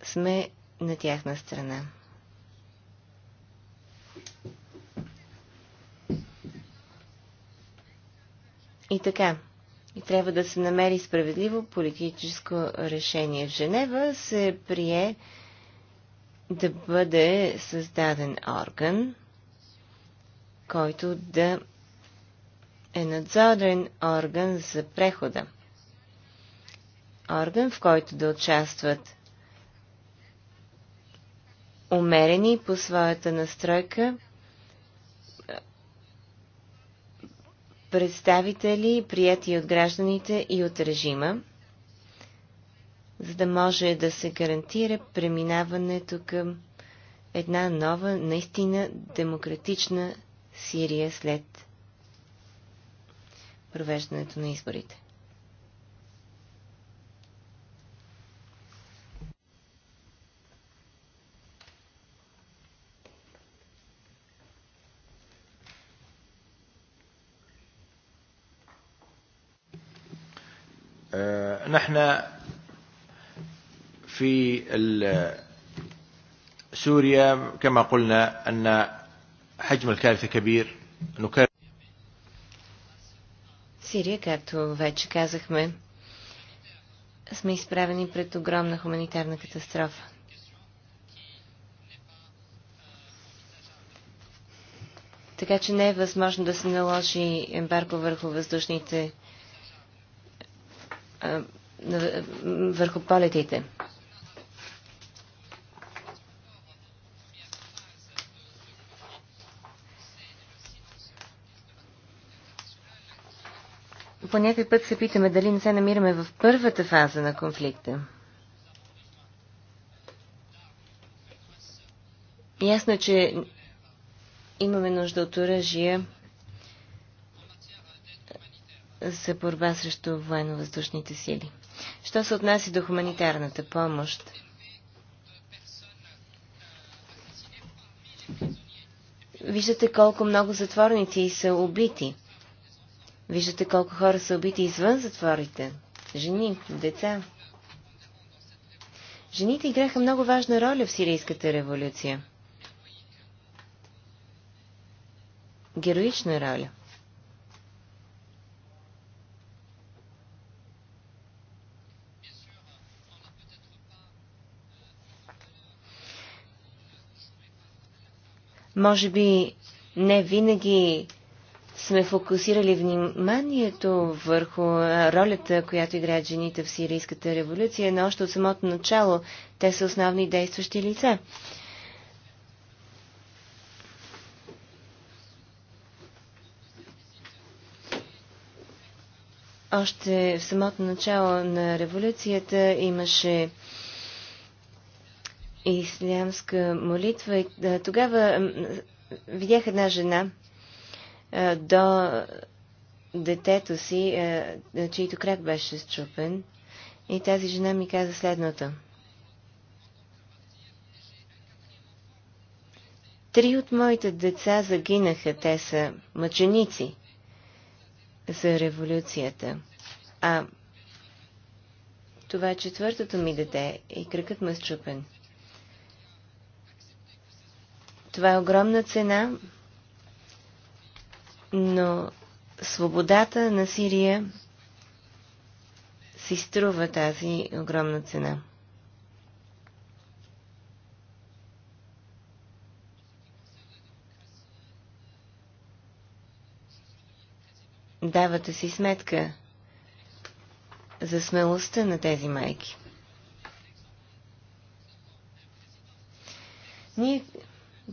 сме на тяхна страна. И така, и трябва да се намери справедливо политическо решение. В Женева се прие да бъде създаден орган, който да е надзорен орган за прехода. Орган, в който да участват умерени по своята настройка представители, прияти от гражданите и от режима, за да може да се гарантира преминаването към една нова, наистина демократична Сирия след провеждането на изборите. نحن في سوريا كما قلنا أن حجم الكارثة كبير نكرر Сирия, както вече казахме, сме изправени пред огромна хуманитарна катастрофа. Така че не е възможно да се наложи ембарго върху въздушните върху полетите. по някой път се питаме дали не се намираме в първата фаза на конфликта. Ясно, е, че имаме нужда от оръжия за борба срещу военно-въздушните сили. Що се отнася до хуманитарната помощ? Виждате колко много затворници са убити. Виждате колко хора са убити извън затворите. Жени, деца. Жените играха много важна роля в сирийската революция. Героична роля. Може би не винаги сме фокусирали вниманието върху ролята, която играят жените в сирийската революция, но още от самото начало те са основни действащи лица. Още в самото начало на революцията имаше ислямска молитва. И, тогава видях една жена до детето си, чийто крак беше счупен. И тази жена ми каза следното. Три от моите деца загинаха. Те са мъченици за революцията. А това е четвъртото ми дете и кръкът ме счупен. Това е огромна цена, но свободата на Сирия си струва тази огромна цена. Давате си сметка за смелостта на тези майки. Ние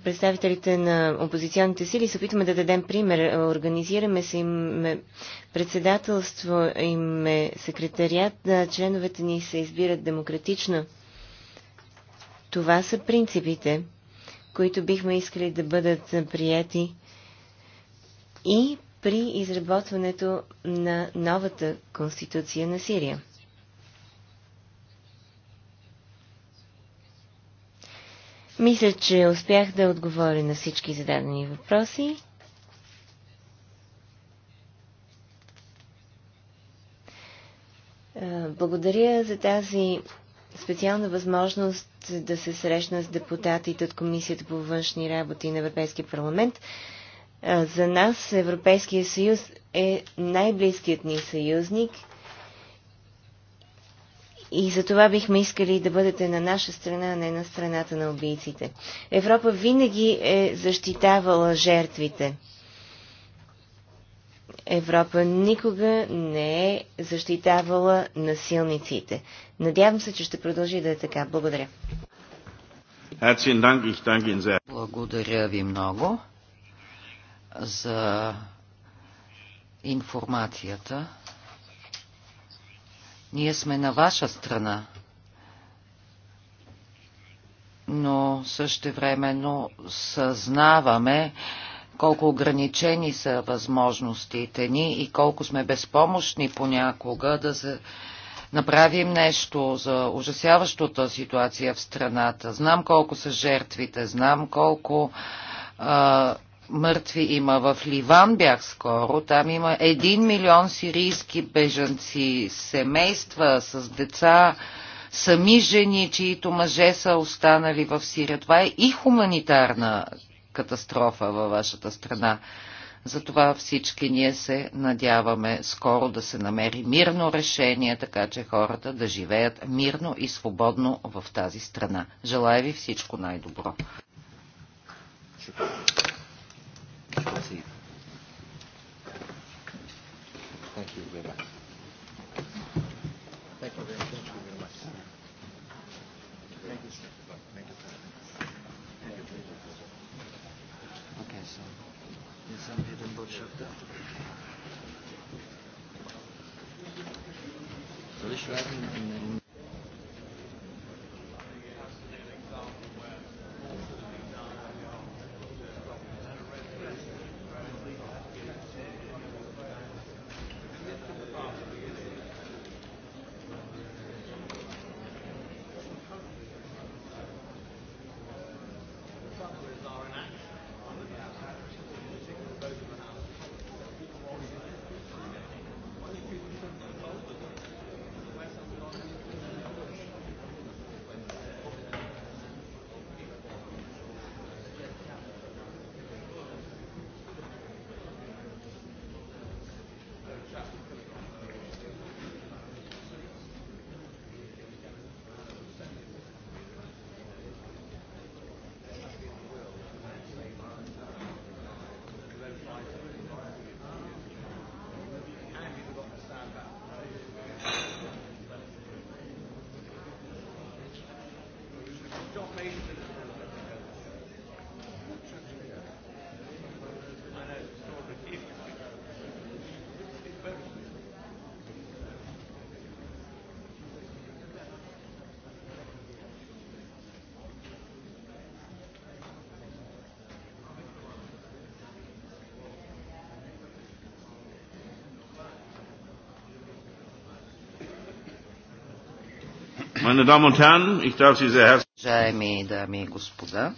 представителите на опозиционните сили се опитваме да дадем пример. Организираме се им председателство, им секретариат, членовете ни се избират демократично. Това са принципите, които бихме искали да бъдат прияти и при изработването на новата конституция на Сирия. Мисля, че успях да отговоря на всички зададени въпроси. Благодаря за тази специална възможност да се срещна с депутатите от Комисията по външни работи на Европейския парламент. За нас Европейския съюз е най-близкият ни съюзник – и за това бихме искали да бъдете на наша страна, а не на страната на убийците. Европа винаги е защитавала жертвите. Европа никога не е защитавала насилниците. Надявам се, че ще продължи да е така. Благодаря. Благодаря ви много за информацията. Ние сме на ваша страна, но същевременно съзнаваме колко ограничени са възможностите ни и колко сме безпомощни понякога да се направим нещо за ужасяващата ситуация в страната. Знам колко са жертвите, знам колко а, мъртви има. В Ливан бях скоро. Там има 1 милион сирийски бежанци, семейства с деца, сами жени, чието мъже са останали в Сирия. Това е и хуманитарна катастрофа във вашата страна. Затова всички ние се надяваме скоро да се намери мирно решение, така че хората да живеят мирно и свободно в тази страна. Желая ви всичко най-добро. Sì. Thank you very much. Thank you very much. Thank you very much. Thank you. sir. Thank you. Thank you. Okay, so jetzt haben wir den Botschafter. Soll ich schreiben? Meine Damen und Herren, ich darf Sie sehr herzlich. дами и господа,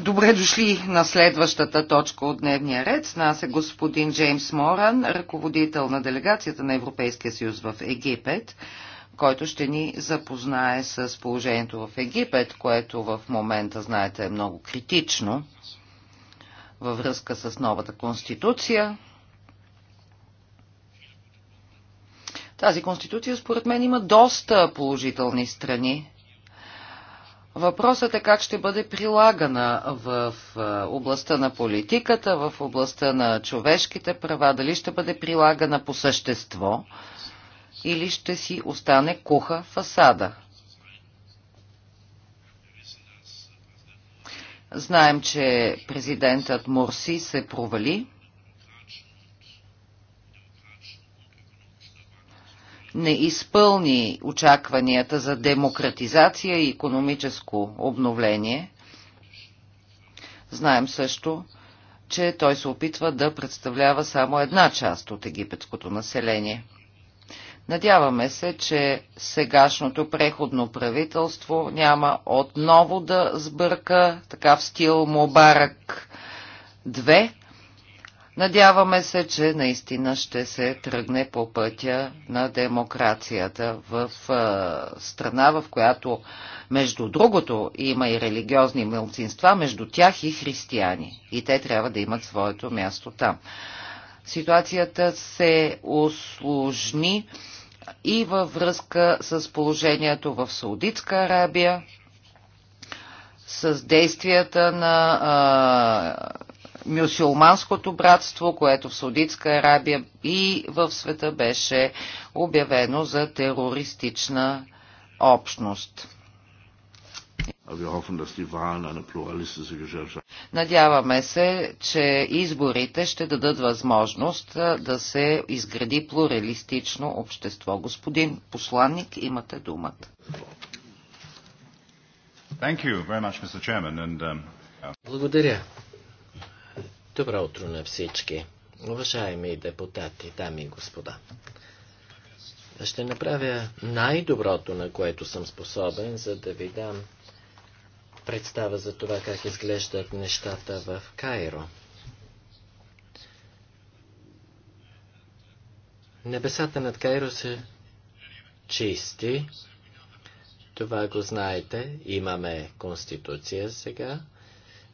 добре дошли на следващата точка от дневния ред. С нас е господин Джеймс Моран, ръководител на делегацията на Европейския съюз в Египет, който ще ни запознае с положението в Египет, което в момента, знаете, е много критично във връзка с новата конституция. Тази конституция, според мен, има доста положителни страни. Въпросът е как ще бъде прилагана в областта на политиката, в областта на човешките права, дали ще бъде прилагана по същество или ще си остане куха фасада. Знаем, че президентът Мурси се провали не изпълни очакванията за демократизация и економическо обновление. Знаем също, че той се опитва да представлява само една част от египетското население. Надяваме се, че сегашното преходно правителство няма отново да сбърка така в стил Мобарък 2 Надяваме се, че наистина ще се тръгне по пътя на демокрацията в страна, в която, между другото, има и религиозни мълцинства, между тях и християни. И те трябва да имат своето място там. Ситуацията се осложни и във връзка с положението в Саудитска Арабия, с действията на мюсюлманското братство, което в Саудитска Арабия и в света беше обявено за терористична общност. Надяваме се, че изборите ще дадат възможност да се изгради плуралистично общество. Господин посланник, имате думата. Um, Благодаря, Добро утро на всички! Уважаеми депутати, дами и господа! Ще направя най-доброто, на което съм способен, за да ви дам представа за това как изглеждат нещата в Кайро. Небесата над Кайро са чисти. Това го знаете. Имаме конституция сега.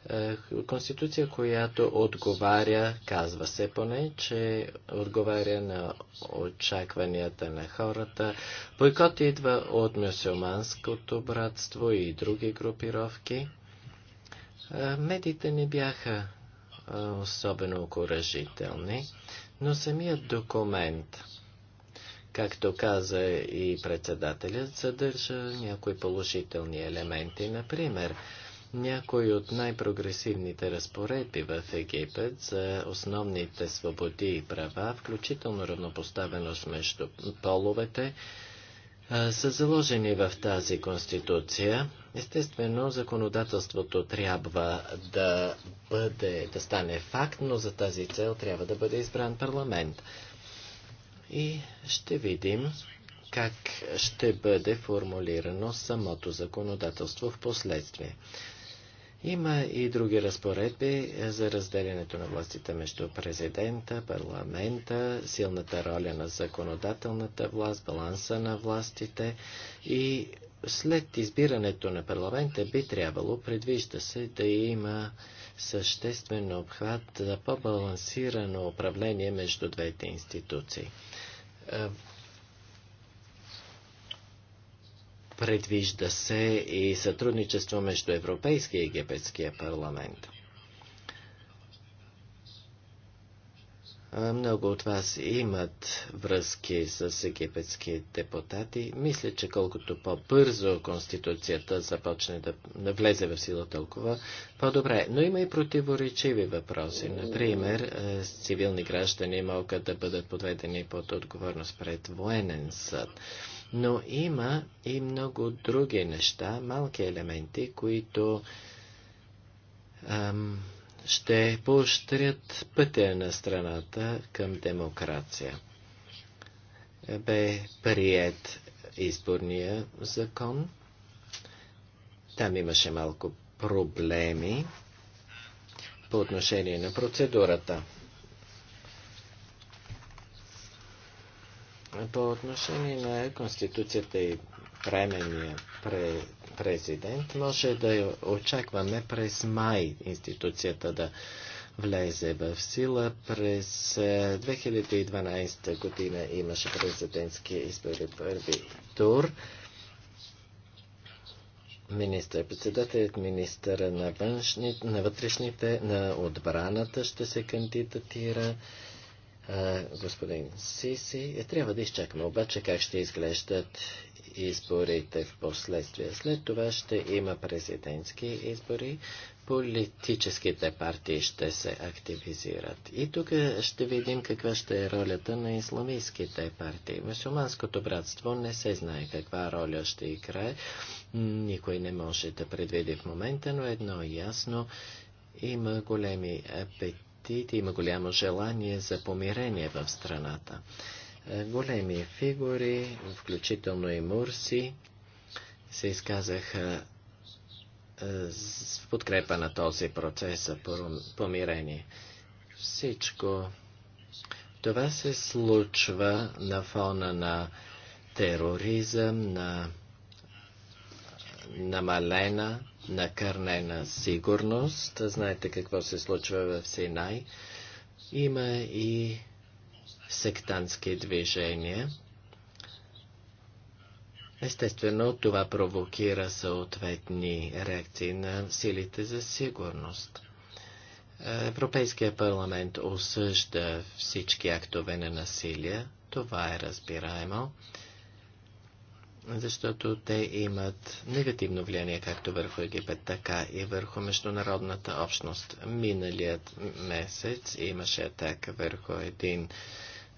Е, конституция, която отговаря, казва се поне, че отговаря на очакванията на хората. Бойкот идва от мюсюлманското братство и други групировки. Е, медиите не бяха е, особено окоръжителни, но самият документ, както каза и председателят, съдържа някои положителни елементи. Например, някои от най-прогресивните разпоредби в Египет за основните свободи и права, включително равнопоставеност между половете, са заложени в тази конституция. Естествено, законодателството трябва да бъде, да стане факт, но за тази цел трябва да бъде избран парламент. И ще видим как ще бъде формулирано самото законодателство в последствие. Има и други разпоредби за разделянето на властите между президента, парламента, силната роля на законодателната власт, баланса на властите и след избирането на парламента би трябвало, предвижда се, да има съществен обхват за по-балансирано управление между двете институции. Е, Предвижда се и сътрудничество между Европейския и Египетския парламент. Много от вас имат връзки с египетски депутати. Мисля, че колкото по-бързо Конституцията започне да влезе в сила толкова, по-добре. Но има и противоречиви въпроси. Например, цивилни граждани могат да бъдат подведени под отговорност пред военен съд. Но има и много други неща, малки елементи, които ам, ще поощрят пътя на страната към демокрация. Бе прият изборния закон. Там имаше малко проблеми по отношение на процедурата. По отношение на Конституцията и премения пре, президент, може да очакваме през май институцията да влезе в сила. През 2012 е, година имаше президентски избори първи тур. Министър-председателят, министъра на, външни, на вътрешните, на отбраната ще се кандидатира господин Сиси. Е, трябва да изчакаме обаче как ще изглеждат изборите в последствие. След това ще има президентски избори, политическите партии ще се активизират. И тук ще видим каква ще е ролята на исламистските партии. Мусулманското братство не се знае каква роля ще играе. Никой не може да предвиди в момента, но едно ясно. Има големи апетит партиите има голямо желание за помирение в страната. Е, големи фигури, включително и Мурси, се изказаха в е, подкрепа на този процес за помирение. Всичко това се случва на фона на тероризъм, на намалена, накърнена сигурност. Знаете какво се случва в Синай. Има и сектантски движения. Естествено, това провокира съответни реакции на силите за сигурност. Европейския парламент осъжда всички актове на насилие. Това е разбираемо защото те имат негативно влияние както върху Египет, така и върху международната общност. Миналият месец имаше атака върху един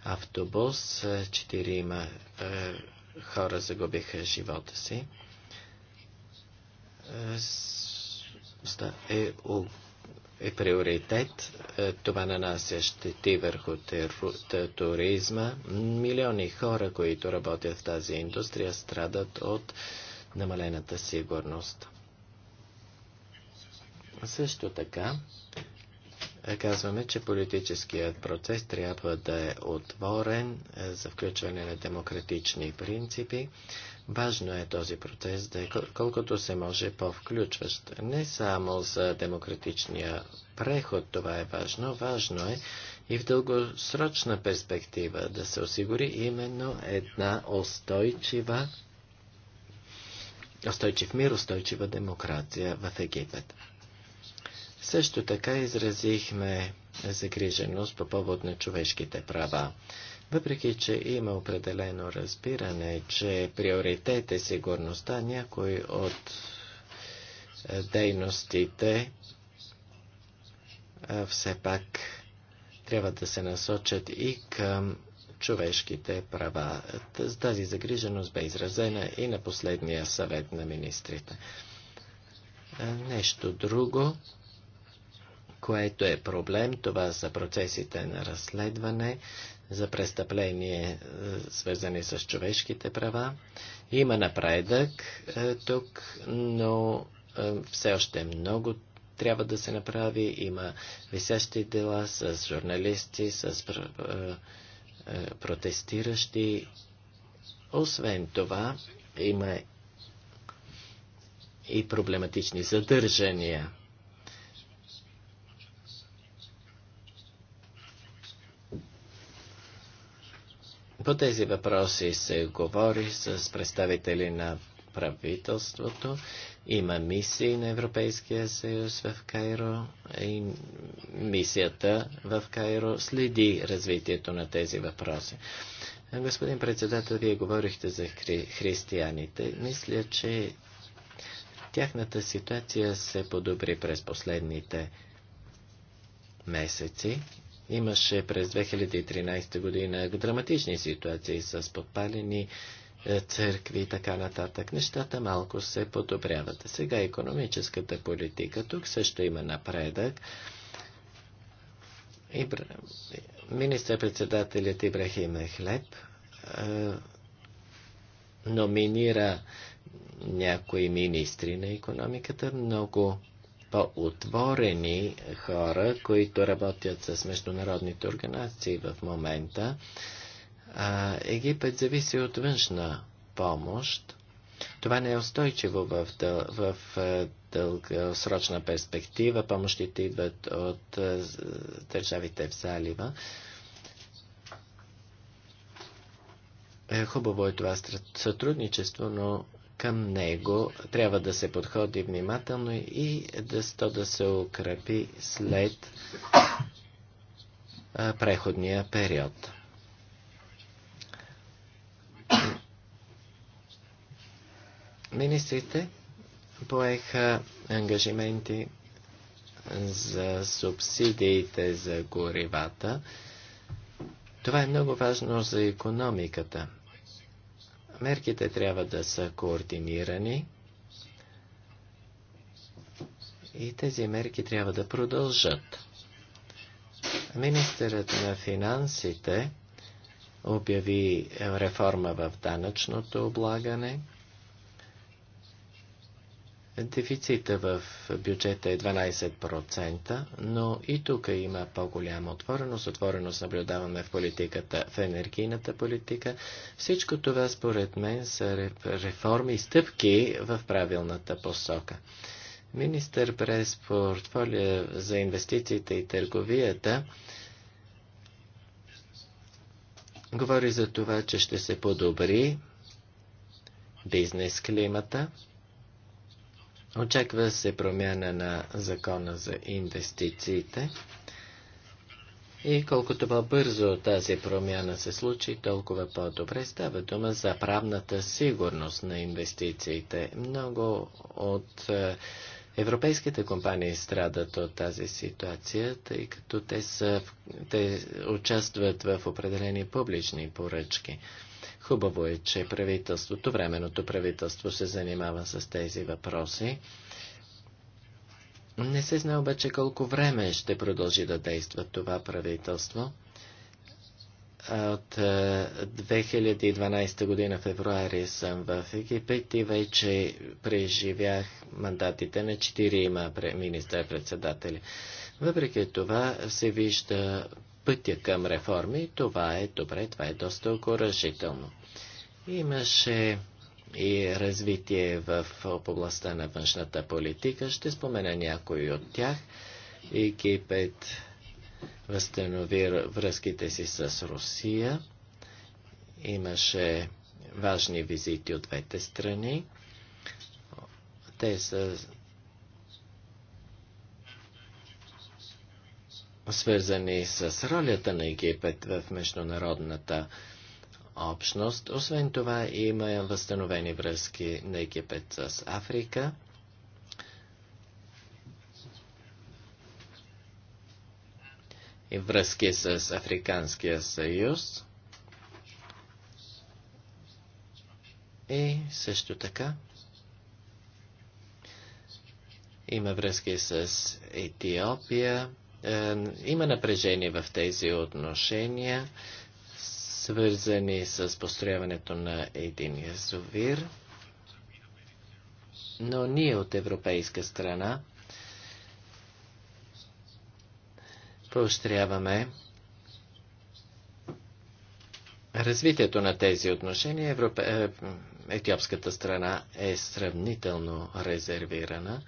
автобус. Четири има е, хора загубиха живота си. е, е е приоритет. Е, това нанася щети върху туризма. Милиони хора, които работят в тази индустрия, страдат от намалената сигурност. Също така, е, казваме, че политическият процес трябва да е отворен е, за включване на демократични принципи. Важно е този процес да е колкото се може по-включващ. Не само за демократичния преход това е важно, важно е и в дългосрочна перспектива да се осигури именно една устойчива устойчив мир, устойчива демокрация в Египет. Също така изразихме загриженост по повод на човешките права. Въпреки, че има определено разбиране, че приоритет е сигурността, някои от е, дейностите е, все пак трябва да се насочат и към човешките права. С тази загриженост бе изразена и на последния съвет на министрите. Е, нещо друго, което е проблем, това са процесите на разследване за престъпление, е, свързани с човешките права. Има напредък е, тук, но е, все още много трябва да се направи. Има висящи дела с журналисти, с протестиращи. Освен това, има и проблематични задържания. По тези въпроси се говори с представители на правителството. Има мисии на Европейския съюз в Кайро и мисията в Кайро следи развитието на тези въпроси. Господин председател, вие говорихте за хри- християните. Мисля, че тяхната ситуация се подобри през последните месеци. Имаше през 2013 година драматични ситуации с подпалени е, църкви и така нататък. Нещата малко се подобряват. Сега економическата политика. Тук също има напредък. Ибра... Министър-председателят Ибрахим Хлеб е, номинира някои министри на економиката. Много по-отворени хора, които работят с международните организации в момента. А, Египет зависи от външна помощ. Това не е устойчиво в, дъл... в е, дългосрочна перспектива. Помощите идват от е, държавите в залива. Е, хубаво е това сътрудничество, но към него трябва да се подходи внимателно и да, то да се укрепи след преходния период. Министрите поеха ангажименти за субсидиите за горивата. Това е много важно за економиката. Мерките трябва да са координирани и тези мерки трябва да продължат. Министърът на финансите обяви реформа в данъчното облагане – Дефицита в бюджета е 12%, но и тук има по-голяма отвореност. Отвореност наблюдаваме в политиката, в енергийната политика. Всичко това, според мен, са реформи и стъпки в правилната посока. Министър през портфолио за инвестициите и търговията говори за това, че ще се подобри бизнес климата. Очаква се промяна на закона за инвестициите. И колкото по-бързо тази промяна се случи, толкова по-добре става дума за правната сигурност на инвестициите. Много от е, европейските компании страдат от тази ситуация, тъй като те, са, те участват в определени публични поръчки. Хубаво е, че правителството, временното правителство се занимава с тези въпроси. Не се знае обаче колко време ще продължи да действа това правителство. От 2012 е, година февруари съм в Египет и вече преживях мандатите на 4 има министър-председатели. Въпреки това се вижда пътя към реформи, това е добре, това е доста окоръжително. Имаше и развитие в областта на външната политика. Ще спомена някои от тях. Египет възстанови връзките си с Русия. Имаше важни визити от двете страни. Те са свързани с ролята на Египет в международната общност. Освен това има възстановени връзки на Египет с Африка. И връзки с Африканския съюз. И също така има връзки с Етиопия е, има напрежение в тези отношения, свързани с построяването на един язовир. Но ние от европейска страна поощряваме развитието на тези отношения. Европе... Е, етиопската страна е сравнително резервирана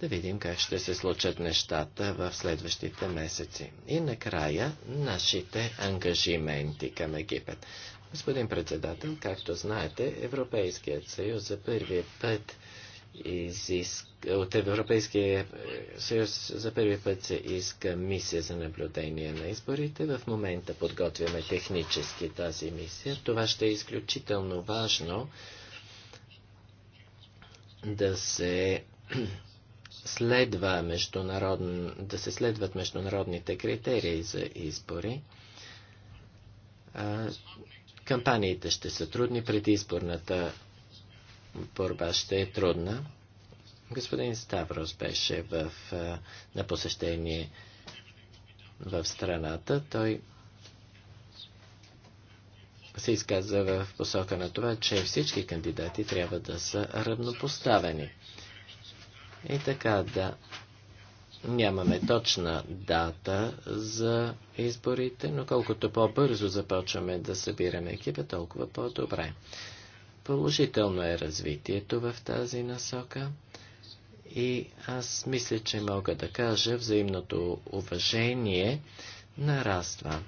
да видим как ще се случат нещата в следващите месеци. И накрая нашите ангажименти към Египет. Господин председател, както знаете, Европейският съюз за първи път изиск... от Европейския е, съюз за първи път се иска мисия за наблюдение на изборите. В момента подготвяме технически тази мисия. Това ще е изключително важно да се следва международн... да се следват международните критерии за избори. кампаниите ще са трудни, предизборната борба ще е трудна. Господин Ставрос беше в, на посещение в страната. Той се изказа в посока на това, че всички кандидати трябва да са равнопоставени. И така да нямаме точна дата за изборите, но колкото по-бързо започваме да събираме екипа, толкова по-добре. Положително е развитието в тази насока и аз мисля, че мога да кажа, взаимното уважение нараства.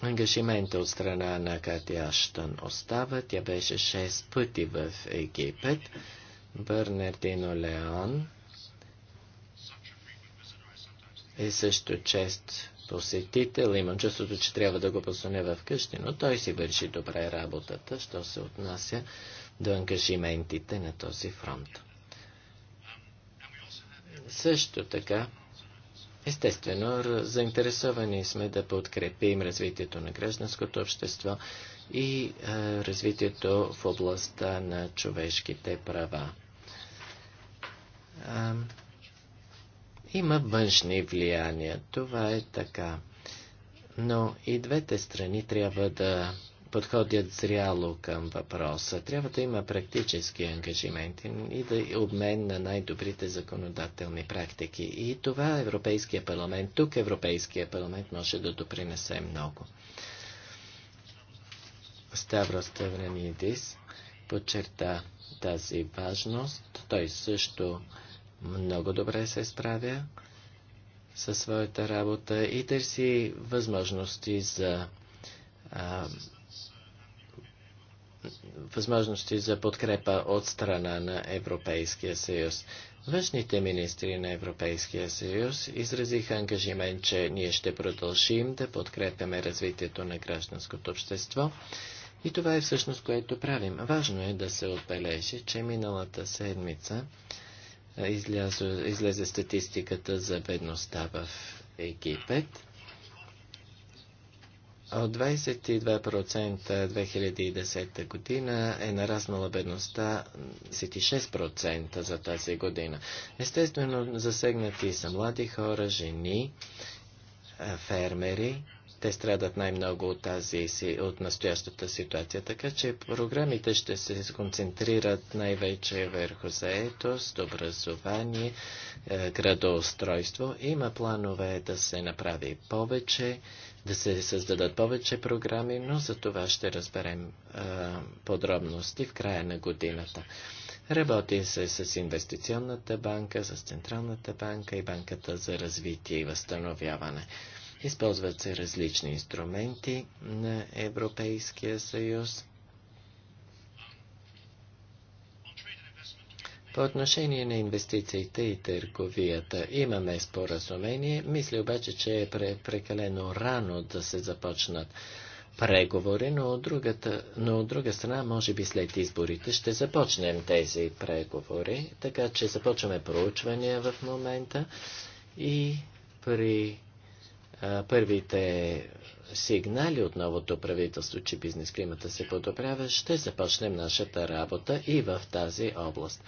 Ангажимента от страна на Катя Аштън остава. Тя беше 6 пъти в Египет. Бернардино Леон е също чест посетител. Имам чувството, че трябва да го посуня вкъщи, но той си върши добре работата, що се отнася до ангажиментите на този фронт. Също така, естествено, заинтересовани сме да подкрепим развитието на гражданското общество и а, е, развитието в областта на човешките права. А, е, има външни влияния, това е така. Но и двете страни трябва да подходят зряло към въпроса. Трябва да има практически ангажименти и да обмен на най-добрите законодателни практики. И това Европейския парламент, тук Европейския парламент може да допринесе много. Ставрос Ставранидис подчерта тази важност. Той също много добре се справя със своята работа и търси възможности за а, възможности за подкрепа от страна на Европейския съюз. Външните министри на Европейския съюз изразиха ангажимент, че ние ще продължим да подкрепяме развитието на гражданското общество и това е всъщност, което правим. Важно е да се отбележи, че миналата седмица излязо, излезе статистиката за бедността в Египет. От 22% 2010 година е нараснала бедността 16% за тази година. Естествено, засегнати са млади хора, жени, фермери, те страдат най-много от, тази, от настоящата ситуация, така че програмите ще се концентрират най-вече върху заетост, образование, е, градоустройство. Има планове да се направи повече, да се създадат повече програми, но за това ще разберем а, е, подробности в края на годината. Работи се с инвестиционната банка, с Централната банка и банката за развитие и възстановяване. Използват се различни инструменти на Европейския съюз. По отношение на инвестициите и търговията имаме споразумение. Мисля обаче, че е прекалено рано да се започнат преговори, но от, другата, но от друга страна, може би след изборите ще започнем тези преговори, така че започваме проучвания в момента и при първите сигнали от новото правителство, че бизнес климата се подобрява, ще започнем нашата работа и в тази област.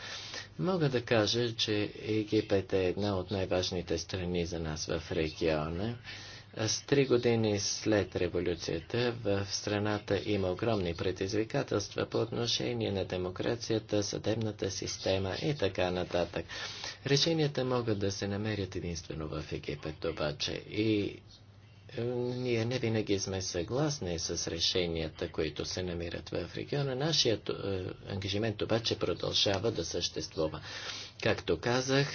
Мога да кажа, че Египет е една от най-важните страни за нас в региона. С три години след революцията в страната има огромни предизвикателства по отношение на демокрацията, съдебната система и така нататък. Решенията могат да се намерят единствено в Египет обаче и е, ние не винаги сме съгласни с решенията, които се намират в региона. Нашият е, ангажимент обаче продължава да съществува. Както казах,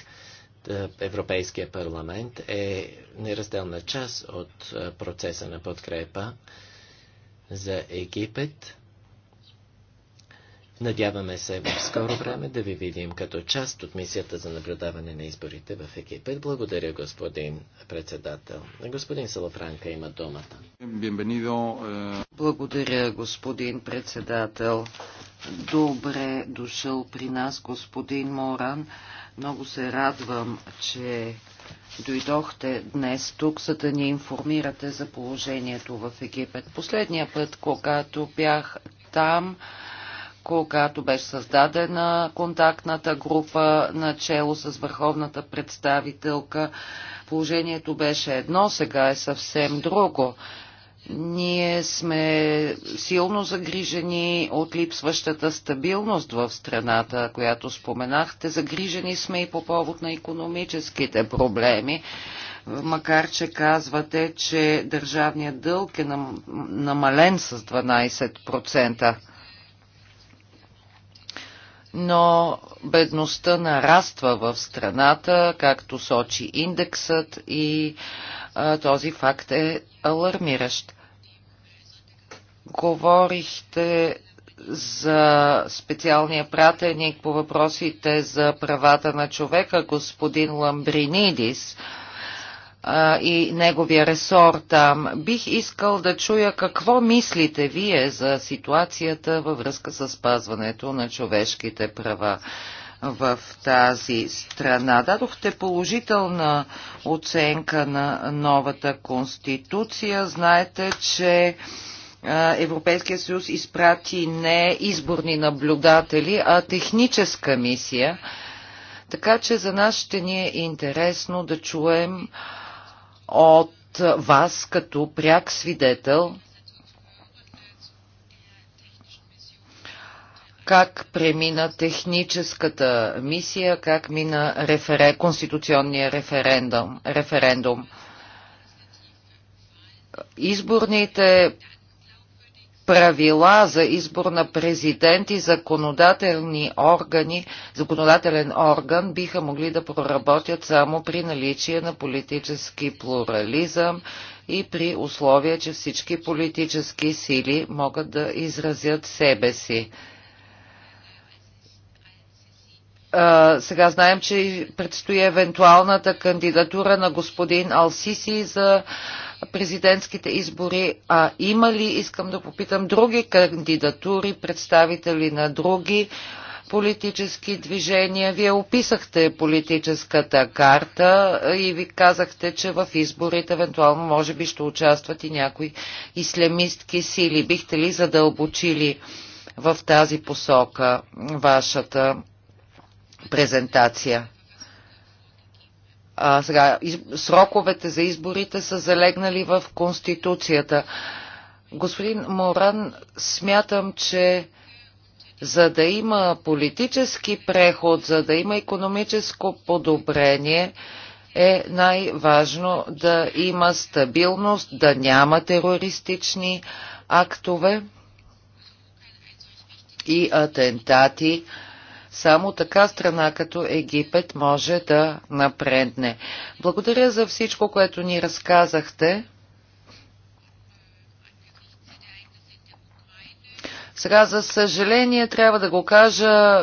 е, Европейския парламент е неразделна част от е, процеса на подкрепа за Египет. Надяваме се в скоро време да ви видим като част от мисията за наблюдаване на изборите в Египет. Благодаря, господин председател. Господин Салафранка има думата. Е, Благодаря, господин председател. Добре дошъл при нас, господин Моран. Много се радвам, че дойдохте днес тук, за да ни информирате за положението в Египет. Последния път, когато бях там, когато беше създадена контактната група чело с върховната представителка. Положението беше едно, сега е съвсем друго. Ние сме силно загрижени от липсващата стабилност в страната, която споменахте. Загрижени сме и по повод на економическите проблеми макар че казвате, че държавният дълг е намален с 12% но бедността нараства в страната, както сочи индексът и а, този факт е алармиращ. Говорихте за специалния пратеник по въпросите за правата на човека, господин Ламбринидис. А, и неговия ресор там. Бих искал да чуя какво мислите вие за ситуацията във връзка с спазването на човешките права в тази страна. Дадохте положителна оценка на новата конституция. Знаете, че Европейския съюз изпрати не изборни наблюдатели, а техническа мисия. Така че за нас ще ни е интересно да чуем от вас като пряк свидетел как премина техническата мисия, как мина рефере, конституционния референдум. референдум. Изборните правила за избор на президент и законодателни органи, законодателен орган биха могли да проработят само при наличие на политически плурализъм и при условие, че всички политически сили могат да изразят себе си. Сега знаем, че предстои евентуалната кандидатура на господин Алсиси за президентските избори, а има ли, искам да попитам, други кандидатури, представители на други политически движения. Вие описахте политическата карта и ви казахте, че в изборите евентуално може би ще участват и някои ислямистки сили. Бихте ли задълбочили в тази посока вашата презентация? А, сега, из, сроковете за изборите са залегнали в Конституцията. Господин Моран, смятам, че за да има политически преход, за да има економическо подобрение, е най-важно да има стабилност, да няма терористични актове и атентати само така страна като Египет може да напредне. Благодаря за всичко, което ни разказахте. Сега, за съжаление, трябва да го кажа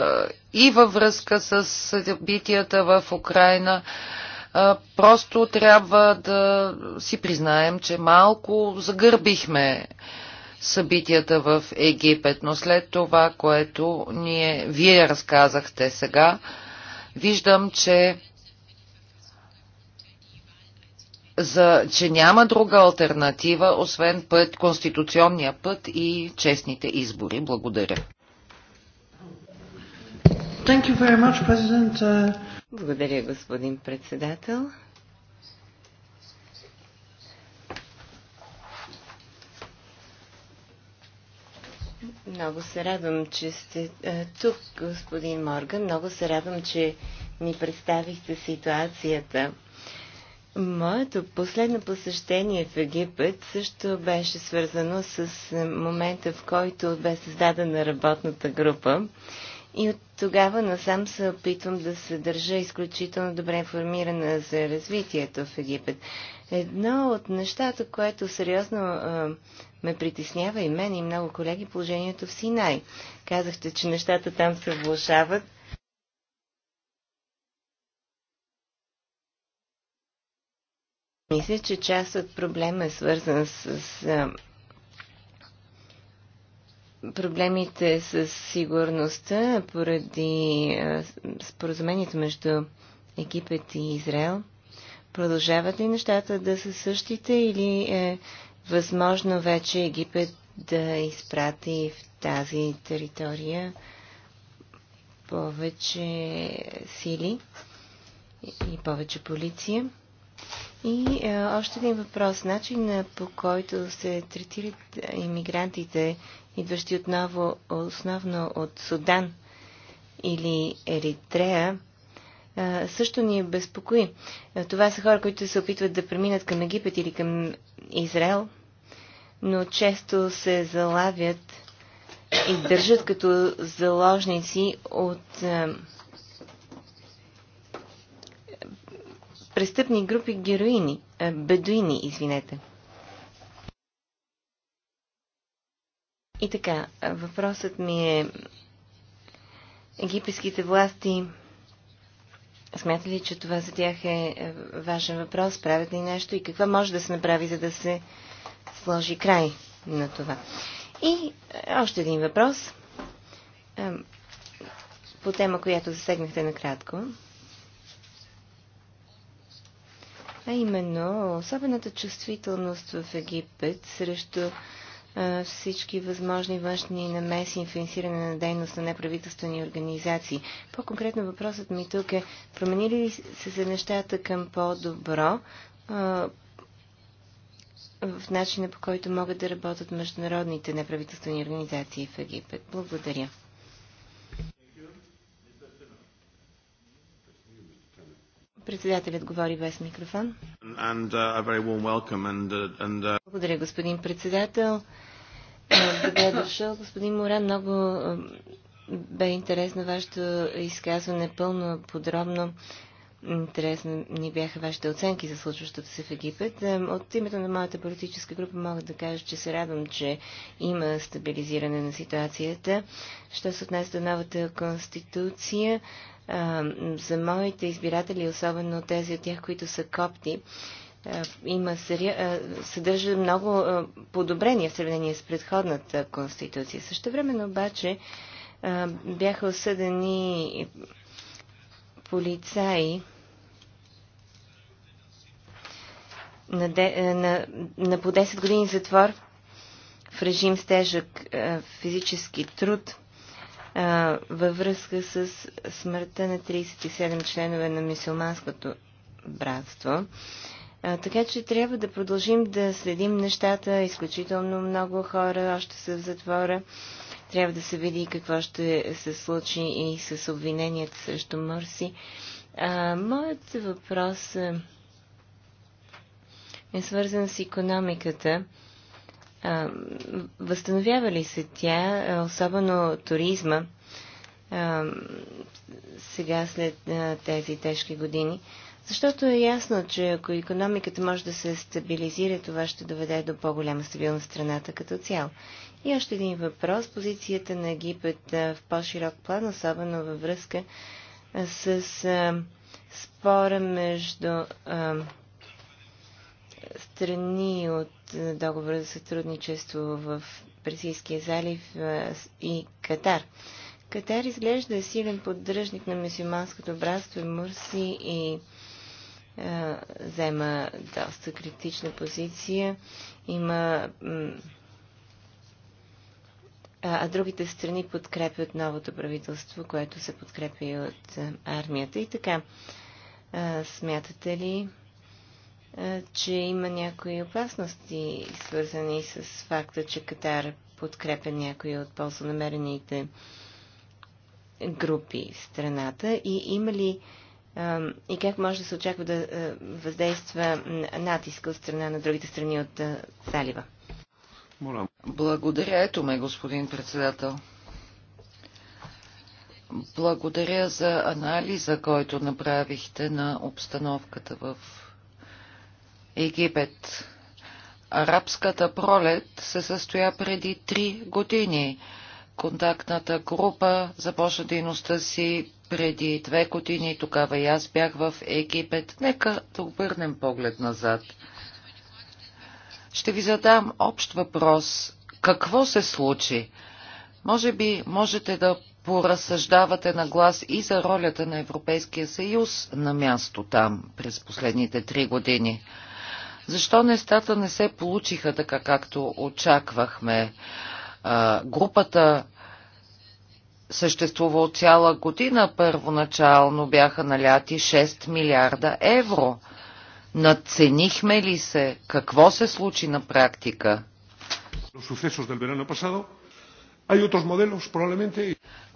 и във връзка с събитията в Украина. Просто трябва да си признаем, че малко загърбихме събитията в Египет. Но след това, което ние, вие разказахте сега, виждам, че за, че няма друга альтернатива, освен път, конституционния път и честните избори. Благодаря. Thank you very much, President. Благодаря, господин председател. Много се радвам, че сте е, тук, господин Морган. Много се радвам, че ни представихте ситуацията. Моето последно посещение в Египет също беше свързано с момента, в който бе създадена работната група и от тогава насам се опитвам да се държа изключително добре информирана за развитието в Египет. Едно от нещата, което сериозно а, ме притеснява и мен и много колеги, положението в Синай. Казахте, че нещата там се влушават. Мисля, че част от проблема е свързан с, с проблемите с сигурността поради споразумението между Египет и Израел? Продължават ли нещата да са същите или е възможно вече Египет да изпрати в тази територия повече сили и повече полиция? И е, още един въпрос. Начина по който се третират иммигрантите идващи отново основно от Судан или Еритрея, също ни безпокои. Това са хора, които се опитват да преминат към Египет или към Израел, но често се залавят и държат като заложници от престъпни групи героини, бедуини, извинете. И така, въпросът ми е египетските власти смятат ли, че това за тях е, е важен въпрос? Правят ли нещо? И какво може да се направи, за да се сложи край на това? И е, още един въпрос е, по тема, която засегнахте накратко. А именно особената чувствителност в Египет срещу всички възможни външни намеси и финансиране на дейност на неправителствени организации. По-конкретно въпросът ми тук е, променили ли се за нещата към по-добро в начина по който могат да работят международните неправителствени организации в Египет? Благодаря. Председателят говори без микрофон. And, uh, and, uh, and, uh... Благодаря, господин председател. Е, добре дошъл, господин Мора. Много е, бе интересно вашето изказване, пълно подробно Интересно ни бяха вашите оценки за случващото се в Египет. От името на моята политическа група мога да кажа, че се радвам, че има стабилизиране на ситуацията. Що се отнася до новата конституция, за моите избиратели, особено тези от тях, които са копти, е, има сери... Е, съдържа много е, подобрения в сравнение с предходната конституция. Също време обаче бяха осъдени полицаи на, де, е, на, на по 10 години затвор в режим с тежък е, физически труд а, е, във връзка с смъртта на 37 членове на мисулманското братство. А, така че трябва да продължим да следим нещата. Изключително много хора още са в затвора. Трябва да се види какво ще се случи и с обвиненията срещу Мърси. А, моят въпрос е е свързан с економиката. възстановява ли се тя, особено туризма, сега след тези тежки години? Защото е ясно, че ако економиката може да се стабилизира, това ще доведе до по-голяма стабилност страната като цяло. И още един въпрос. Позицията на Египет в по-широк план, особено във връзка с спора между а, страни от е, договора за сътрудничество в Персийския залив е, и Катар. Катар изглежда е силен поддръжник на мусулманското братство и Мурси и взема е, доста критична позиция. Има а другите страни подкрепят новото правителство, което се подкрепи от армията. И така, смятате ли, е, че има някои опасности, свързани с факта, че Катар подкрепя някои от по сонамерените групи в страната и има ли и как може да се очаква да е, въздейства натиска от страна на другите страни от е, залива? Благодаря. Ето ме, господин председател. Благодаря за анализа, който направихте на обстановката в Египет. Арабската пролет се състоя преди три години. Контактната група започна дейността си преди две години, тогава и аз бях в Египет. Нека да обърнем поглед назад. Ще ви задам общ въпрос. Какво се случи? Може би можете да поразсъждавате на глас и за ролята на Европейския съюз на място там през последните три години. Защо нещата не се получиха така, както очаквахме? А, групата съществува от цяла година. Първоначално бяха наляти 6 милиарда евро. Надценихме ли се? Какво се случи на практика?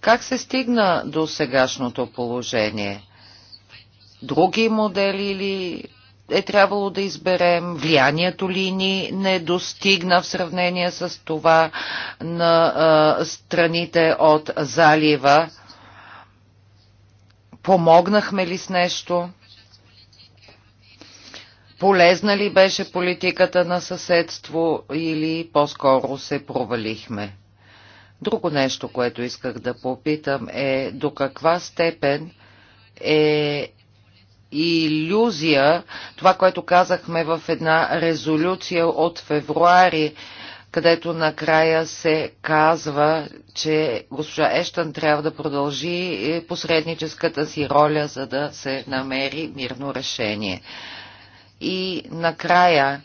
Как се стигна до сегашното положение? Други модели или е трябвало да изберем, влиянието ли ни не достигна в сравнение с това на а, страните от залива, помогнахме ли с нещо, полезна ли беше политиката на съседство или по-скоро се провалихме. Друго нещо, което исках да попитам е до каква степен е иллюзия това, което казахме в една резолюция от февруари, където накрая се казва, че госпожа Ещан трябва да продължи е, посредническата си роля, за да се намери мирно решение. И накрая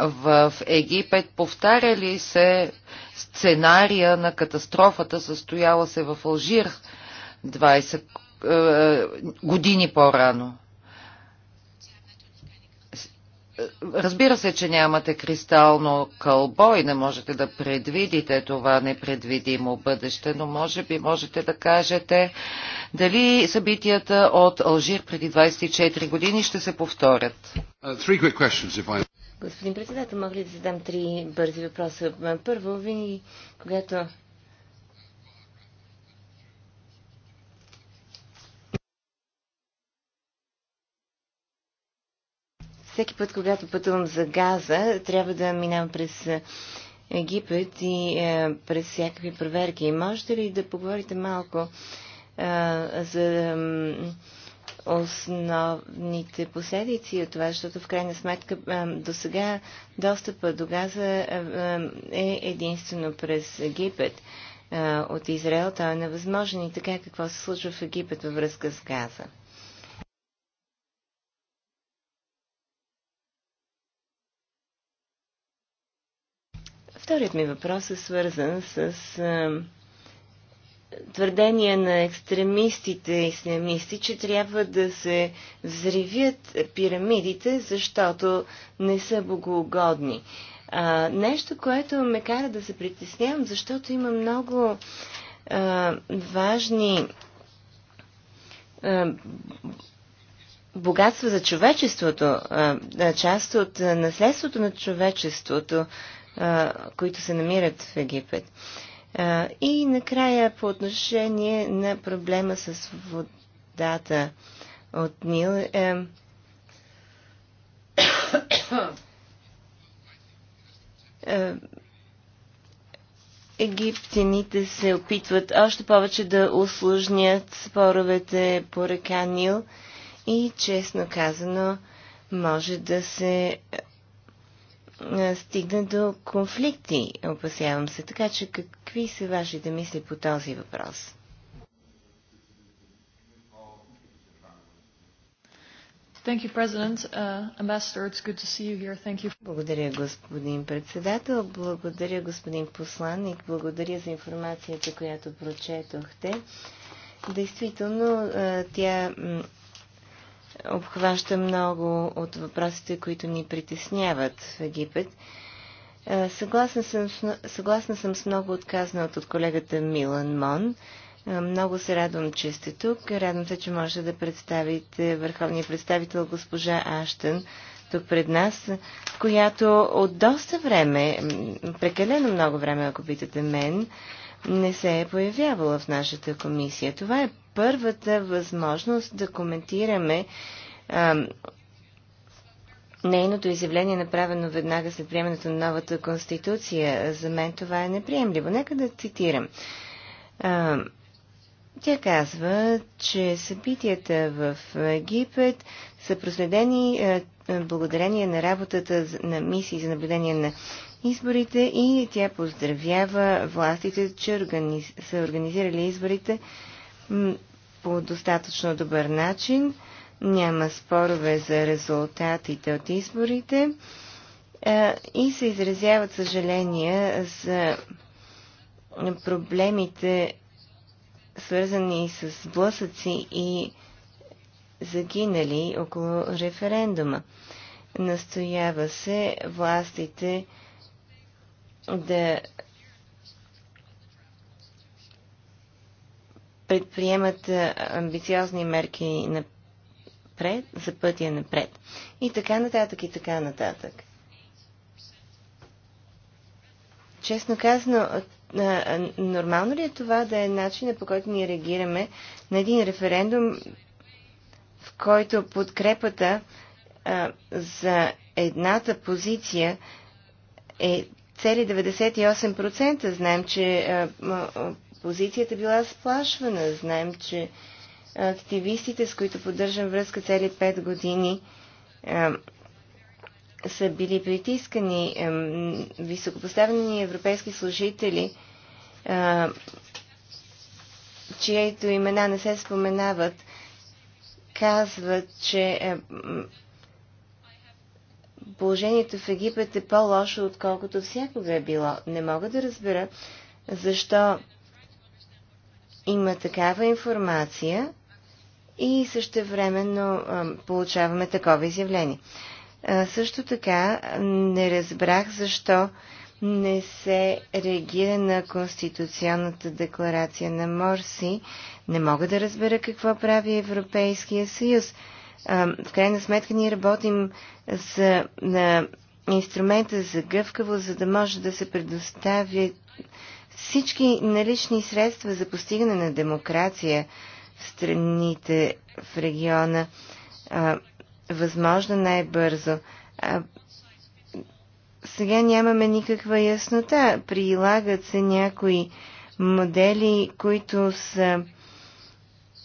в Египет повтаряли се сценария на катастрофата, състояла се в Алжир 20 е, години по-рано. Е, разбира се, че нямате кристално кълбо и не можете да предвидите това непредвидимо бъдеще, но може би можете да кажете дали събитията от Алжир преди 24 години ще се повторят. Uh, Господин председател, мога ли да задам три бързи въпроса? Първо, винаги, когато всеки път, когато пътувам за Газа, трябва да минам през е, Египет и е, през всякакви проверки. Можете ли да поговорите малко е, за основните последици от това, защото в крайна сметка до сега достъпа до Газа е, единствено през Египет. от Израел той е невъзможен и така какво се случва в Египет във връзка с Газа? Вторият ми въпрос е свързан с а, твърдения на екстремистите и ислямисти, че трябва да се взривят пирамидите, защото не са богоугодни. А, нещо, което ме кара да се притеснявам, защото има много а, важни а, богатства за човечеството, а, част от наследството на човечеството които се намират в Египет. И накрая по отношение на проблема с водата от Нил. Е, е... Египтяните се опитват още повече да усложнят споровете по река Нил и честно казано може да се стигне до конфликти, опасявам се. Така че какви са вашите мисли по този въпрос? You, благодаря, господин председател. Благодаря, господин посланник. Благодаря за информацията, която прочетохте. Действително, тя обхваща много от въпросите, които ни притесняват в Египет. Е, съгласна съм, съгласна съм с много отказаното от колегата Милан Мон. Е, много се радвам, че сте тук. Радвам се, че можете да представите върховния представител госпожа Аштън тук пред нас, която от доста време, прекалено много време, ако питате мен, не се е появявала в нашата комисия. Това е първата възможност да коментираме а, нейното изявление, направено веднага след приемането на новата конституция. За мен това е неприемливо. Нека да цитирам. А, тя казва, че събитията в Египет са проследени благодарение на работата на мисии за наблюдение на изборите и тя поздравява властите, че органи... са организирали изборите по достатъчно добър начин. Няма спорове за резултатите от изборите и се изразяват съжаления за проблемите, свързани с блъсъци и загинали около референдума. Настоява се властите да предприемат амбициозни мерки напред, за пътя напред. И така нататък, и така нататък. Честно казано, нормално ли е това да е начина по който ние реагираме на един референдум, в който подкрепата за едната позиция е цели 98%. Знаем, че позицията била сплашвана. Знаем, че активистите, с които поддържам връзка цели 5 години, са били притискани високопоставени европейски служители, чието имена не се споменават, казват, че положението в Египет е по-лошо, отколкото всякога е било. Не мога да разбера защо има такава информация и същевременно получаваме такова изявление. Също така не разбрах защо не се реагира на Конституционната декларация на Морси. Не мога да разбера какво прави Европейския съюз. В крайна сметка ние работим за, на инструмента за гъвкаво, за да може да се предоставя всички налични средства за постигане на демокрация в страните в региона а, възможно най-бързо. сега нямаме никаква яснота. Прилагат се някои модели, които са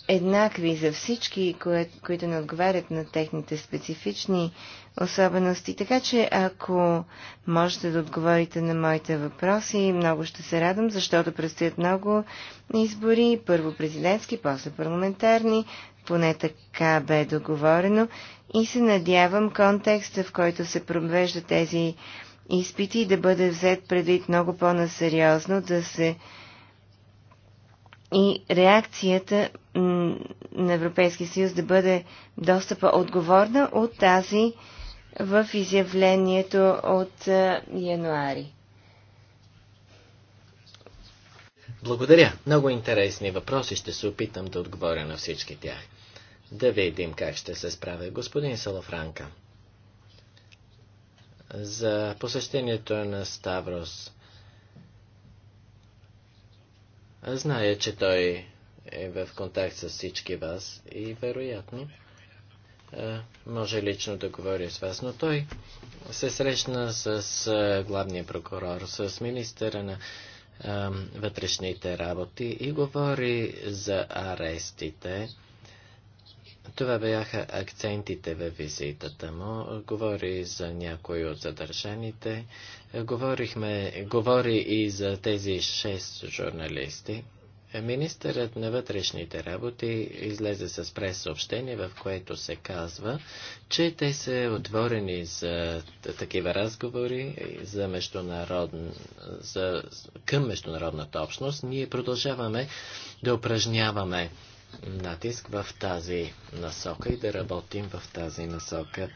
еднакви за всички, кое, които не отговарят на техните специфични особености. Така че, ако можете да отговорите на моите въпроси, много ще се радвам, защото предстоят много избори, първо президентски, после парламентарни, поне така бе договорено и се надявам контекста, в който се провеждат тези изпити да бъде взет предвид много по-насериозно, да се и реакцията на Европейския съюз да бъде доста по-отговорна от тази в изявлението от януари. Благодаря. Много интересни въпроси. Ще се опитам да отговоря на всички тях. Да видим как ще се справя господин Салафранка. За посещението на Ставрос Зная, че той е в контакт с всички вас и вероятно е, може лично да говори с вас, но той се срещна с е, главния прокурор, с министъра на вътрешните работи и говори за арестите това бяха акцентите във визитата му. Говори за някои от задържаните. Говорихме, говори и за тези шест журналисти. Министърът на вътрешните работи излезе с прес-съобщение, в което се казва, че те са отворени за такива разговори за международн... за... към международната общност. Ние продължаваме да упражняваме натиск в тази насока и да работим в тази насока.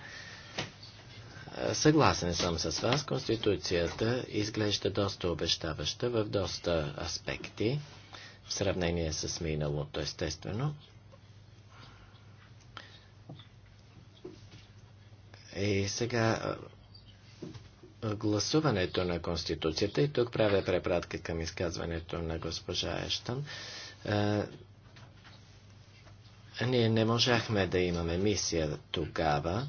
Съгласен съм с вас, Конституцията изглежда доста обещаваща в доста аспекти, в сравнение с миналото, естествено. И сега гласуването на Конституцията, и тук правя препратка към изказването на госпожа Ештън, ние не можахме да имаме мисия тогава,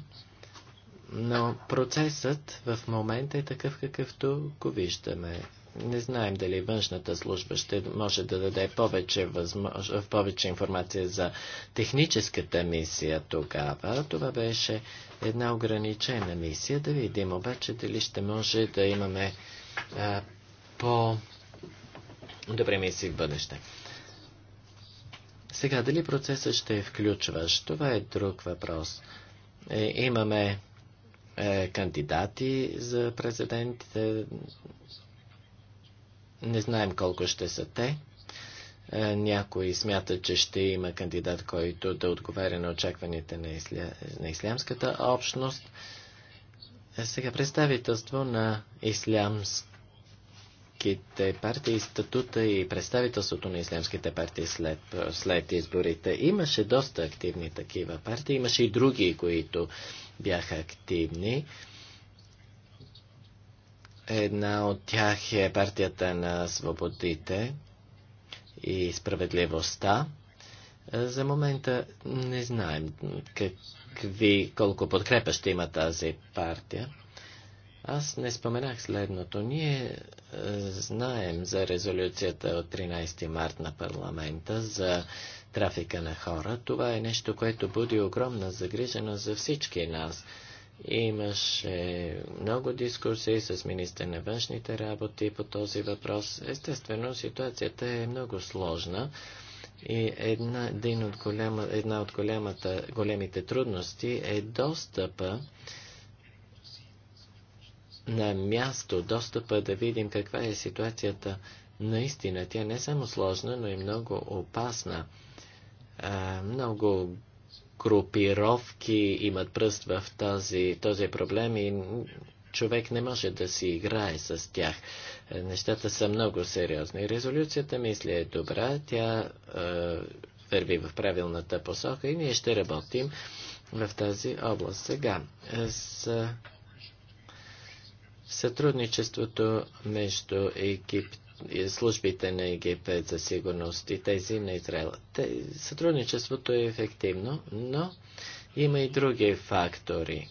но процесът в момента е такъв какъвто го виждаме. Не знаем дали външната служба ще може да даде повече, възмож... повече информация за техническата мисия тогава. Това беше една ограничена мисия. Да видим обаче дали ще може да имаме а, по добре мисии в бъдеще. Сега, дали процесът ще е включващ, това е друг въпрос. Е, имаме е, кандидати за президент. Е, не знаем колко ще са те. Е, някои смятат, че ще има кандидат, който да отговаря на очакваните на, исля, на ислямската общност. Е, сега представителство на ислямск ислямските партии, статута и представителството на ислямските партии след, след изборите. Имаше доста активни такива партии, имаше и други, които бяха активни. Една от тях е партията на свободите и справедливостта. За момента не знаем какви, колко подкрепа ще има тази партия. Аз не споменах следното. Ние е, знаем за резолюцията от 13 март на парламента за трафика на хора. Това е нещо, което буди огромна загриженост за всички нас. Имаше много дискусии с министър на външните работи по този въпрос. Естествено, ситуацията е много сложна. И една, един от голяма, една от голямата, големите трудности е достъпа на място достъпа да видим каква е ситуацията наистина. Тя не е само сложна, но и много опасна. А, много групировки имат пръст в този, този проблем и човек не може да си играе с тях. Е, нещата са много сериозни. Резолюцията, мисля, е добра. Тя е, върви в правилната посока и ние ще работим в тази област. Сега, с Сътрудничеството между Египет службите на Египет за сигурност и тези на Израел. сътрудничеството е ефективно, но има и други фактори.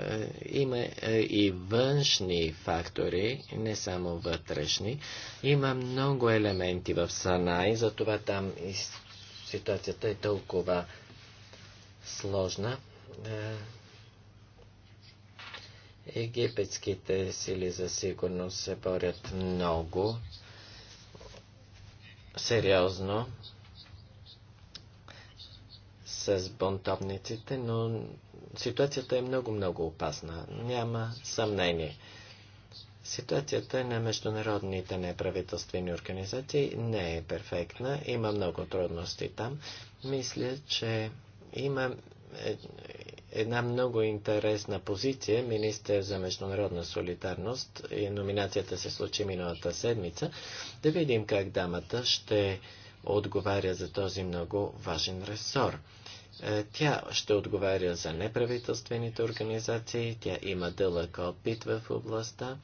Е, има е, и външни фактори, не само вътрешни. Има много елементи в Санай, затова там ситуацията е толкова сложна. Е, Египетските сили за сигурност се борят много сериозно с бунтовниците, но ситуацията е много-много опасна. Няма съмнение. Ситуацията на международните неправителствени организации не е перфектна. Има много трудности там. Мисля, че има е, една много интересна позиция, министър за международна солидарност. И номинацията се случи миналата седмица. Да видим как дамата ще отговаря за този много важен ресор. Е, тя ще отговаря за неправителствените организации, тя има дълъг опит в областта.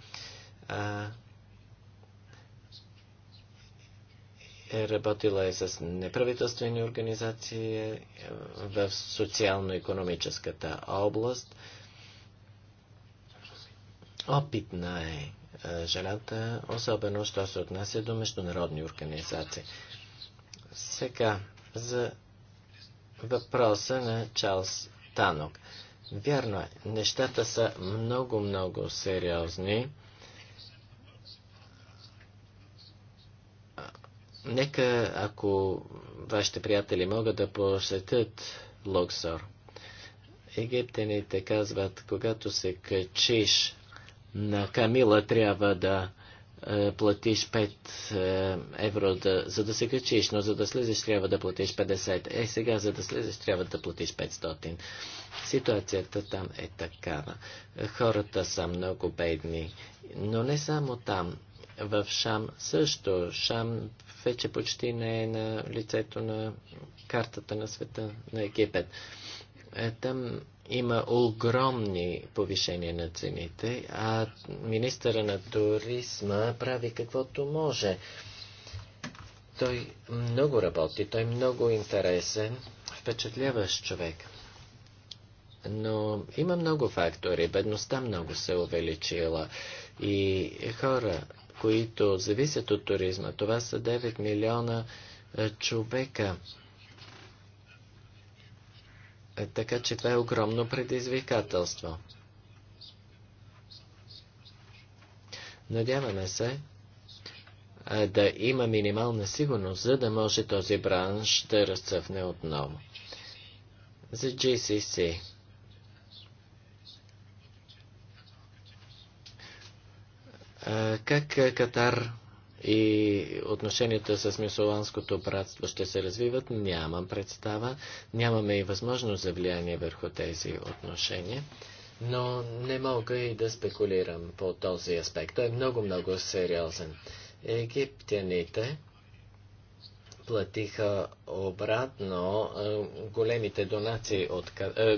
Е работила е с неправителствени организации е, в социално-економическата област. Опитна е, е жената, особено, що се отнася до международни организации. Сега, за въпроса на Чарлз Танок. Вярно е, нещата са много-много сериозни. Нека, ако вашите приятели могат да посетят Локсор, египтяните казват, когато се качиш на Камила, трябва да е, платиш 5 е, евро, да, за да се качиш, но за да слезеш трябва да платиш 50. Е, сега, за да слезеш трябва да платиш 500. Ситуацията там е такава. Хората са много бедни, но не само там в Шам също. Шам вече почти не е на лицето на картата на света на Египет. Е, там има огромни повишения на цените, а министъра на туризма прави каквото може. Той много работи, той е много интересен, впечатляващ човек. Но има много фактори. Бедността много се увеличила и хора които зависят от туризма. Това са 9 милиона е, човека. Е, така че това е огромно предизвикателство. Надяваме се е, да има минимална сигурност, за да може този бранш да разцъфне отново. За GCC Как Катар и отношенията с мисуланското братство ще се развиват, нямам представа. Нямаме и възможност за влияние върху тези отношения. Но не мога и да спекулирам по този аспект. Той е много-много сериозен. Египтяните платиха обратно големите донации, от,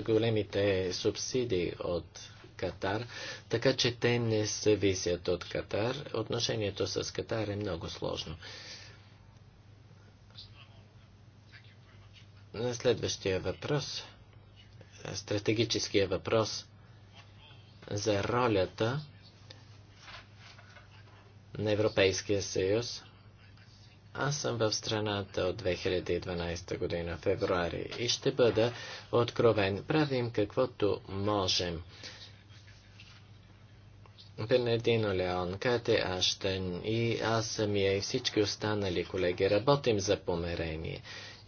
големите субсидии от Катар, така че те не зависят от Катар. Отношението с Катар е много сложно. На следващия въпрос, стратегическия въпрос за ролята на Европейския съюз. Аз съм в страната от 2012 година, февруари, и ще бъда откровен. Правим каквото можем. Един Леон, Кате Аштен и аз самия и всички останали колеги работим за померение.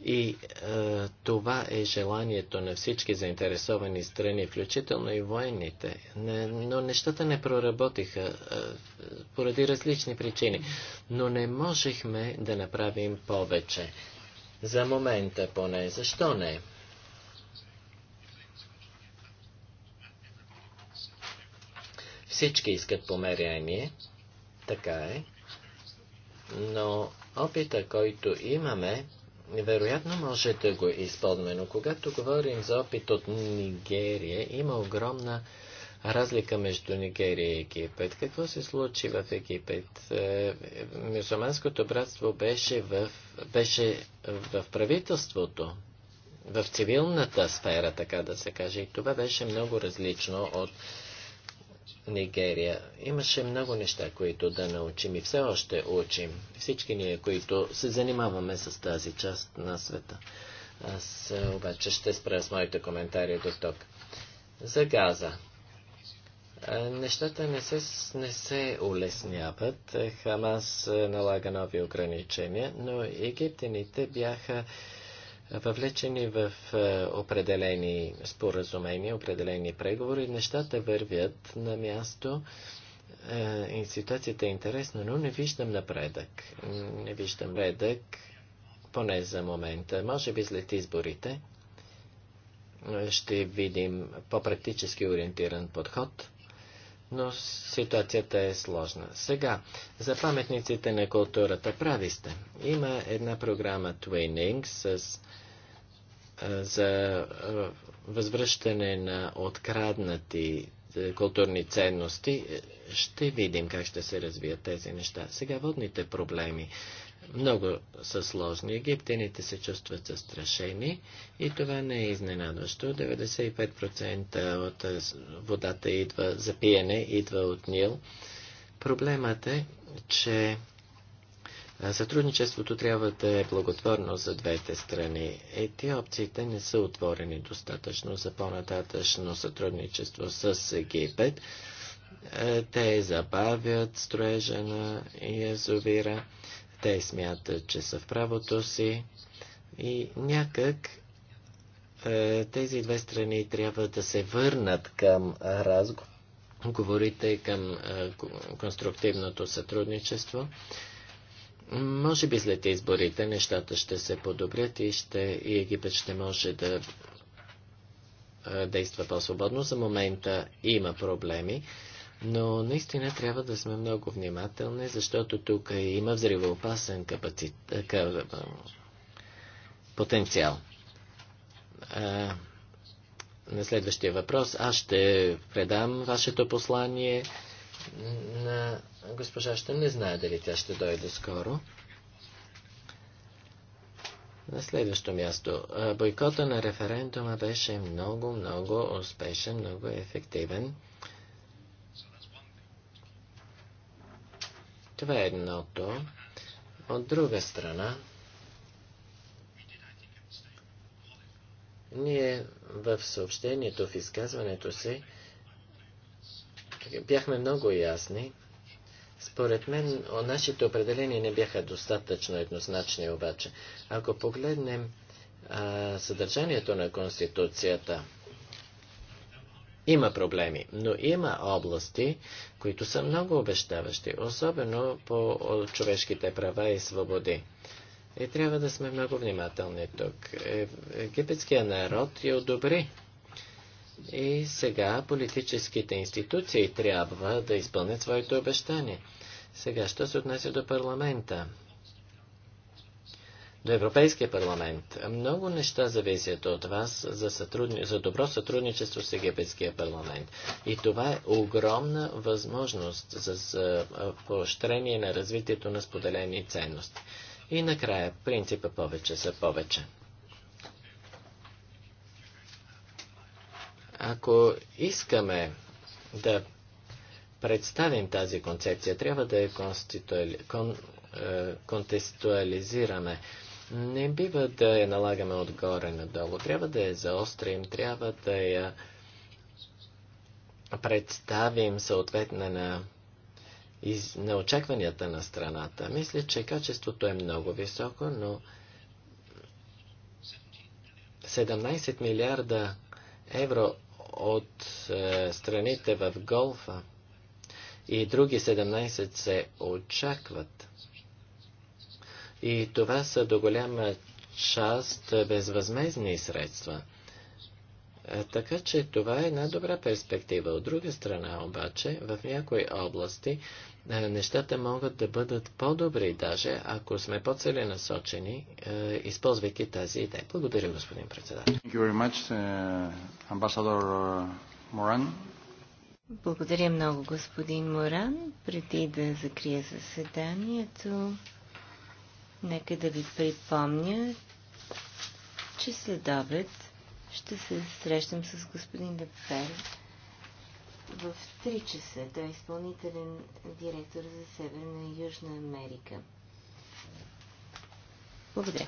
И е, това е желанието на всички заинтересовани страни, включително и военните. Не, но нещата не проработиха е, поради различни причини. Но не можехме да направим повече. За момента поне. Защо не? Всички искат померяние, така е, но опита, който имаме, вероятно може да го използваме, но когато говорим за опит от Нигерия, има огромна разлика между Нигерия и Египет. Какво се случи в Египет? Е, Мюсулманското братство беше в, беше в правителството, в цивилната сфера, така да се каже. И това беше много различно от Нигерия. Имаше много неща, които да научим и все още учим. Всички ние, които се занимаваме с тази част на света. Аз обаче ще спра с моите коментари до тук. За газа. Нещата не се, не се улесняват. Хамас налага нови ограничения, но египтяните бяха въвлечени в е, определени споразумения, определени преговори. Нещата вървят на място. Е, ситуацията е интересна, но не виждам напредък. Не виждам напредък, поне за момента. Може би след изборите е, ще видим по-практически ориентиран подход, но ситуацията е сложна. Сега, за паметниците на културата прави сте. Има една програма Twinning с за възвръщане на откраднати културни ценности. Е, ще видим как ще се развият тези неща. Сега водните проблеми много са сложни. Египтяните се чувстват застрашени и това не е изненадващо. 95% от водата идва за пиене, идва от Нил. Проблемът е, че Сътрудничеството трябва да е благотворно за двете страни. Е, опциите не са отворени достатъчно за по-нататъчно сътрудничество с Египет. Е, те забавят строежа на язовира. Те смятат, че са в правото си. И някак е, тези две страни трябва да се върнат към разговорите, към конструктивното сътрудничество. Може би след изборите нещата ще се подобрят и, ще, и Египет ще може да действа по-свободно. За момента има проблеми, но наистина трябва да сме много внимателни, защото тук има взривоопасен потенциал. На следващия въпрос аз ще предам вашето послание на госпожа ще не знае дали тя ще дойде скоро. На следващо място. Бойкота на референдума беше много, много успешен, много ефективен. Това е едното. От друга страна, ние в съобщението, в изказването си, бяхме много ясни. Според мен, нашите определения не бяха достатъчно еднозначни обаче. Ако погледнем а, съдържанието на Конституцията, има проблеми, но има области, които са много обещаващи, особено по човешките права и свободи. И трябва да сме много внимателни тук. Е, Египетския народ я одобри и сега политическите институции трябва да изпълнят своите обещания. Сега, що се отнася до парламента? До Европейския парламент. Много неща зависят от вас за, сътрудни... за добро сътрудничество с Египетския парламент. И това е огромна възможност за, за поощрение на развитието на споделени ценности. И накрая принципа повече за повече. Ако искаме да представим тази концепция, трябва да я конституали... кон... Е, контестуализираме. Не бива да я налагаме отгоре надолу. Трябва да я заострим, трябва да я представим съответна на, из, на очакванията на страната. Мисля, че качеството е много високо, но 17 милиарда евро от е, страните в Голфа и други 17 се очакват. И това са до голяма част безвъзмезни средства. Е, така че това е една добра перспектива. От друга страна обаче, в някои области е, нещата могат да бъдат по-добри, даже ако сме по-целенасочени, е, използвайки тази идея. Благодаря, господин председател. Е, Благодаря много, господин Моран. Преди да закрия заседанието, нека да ви припомня, че след обед ще се срещам с господин Дефер в 3 часа. Той е изпълнителен директор за Северна и Южна Америка. Благодаря.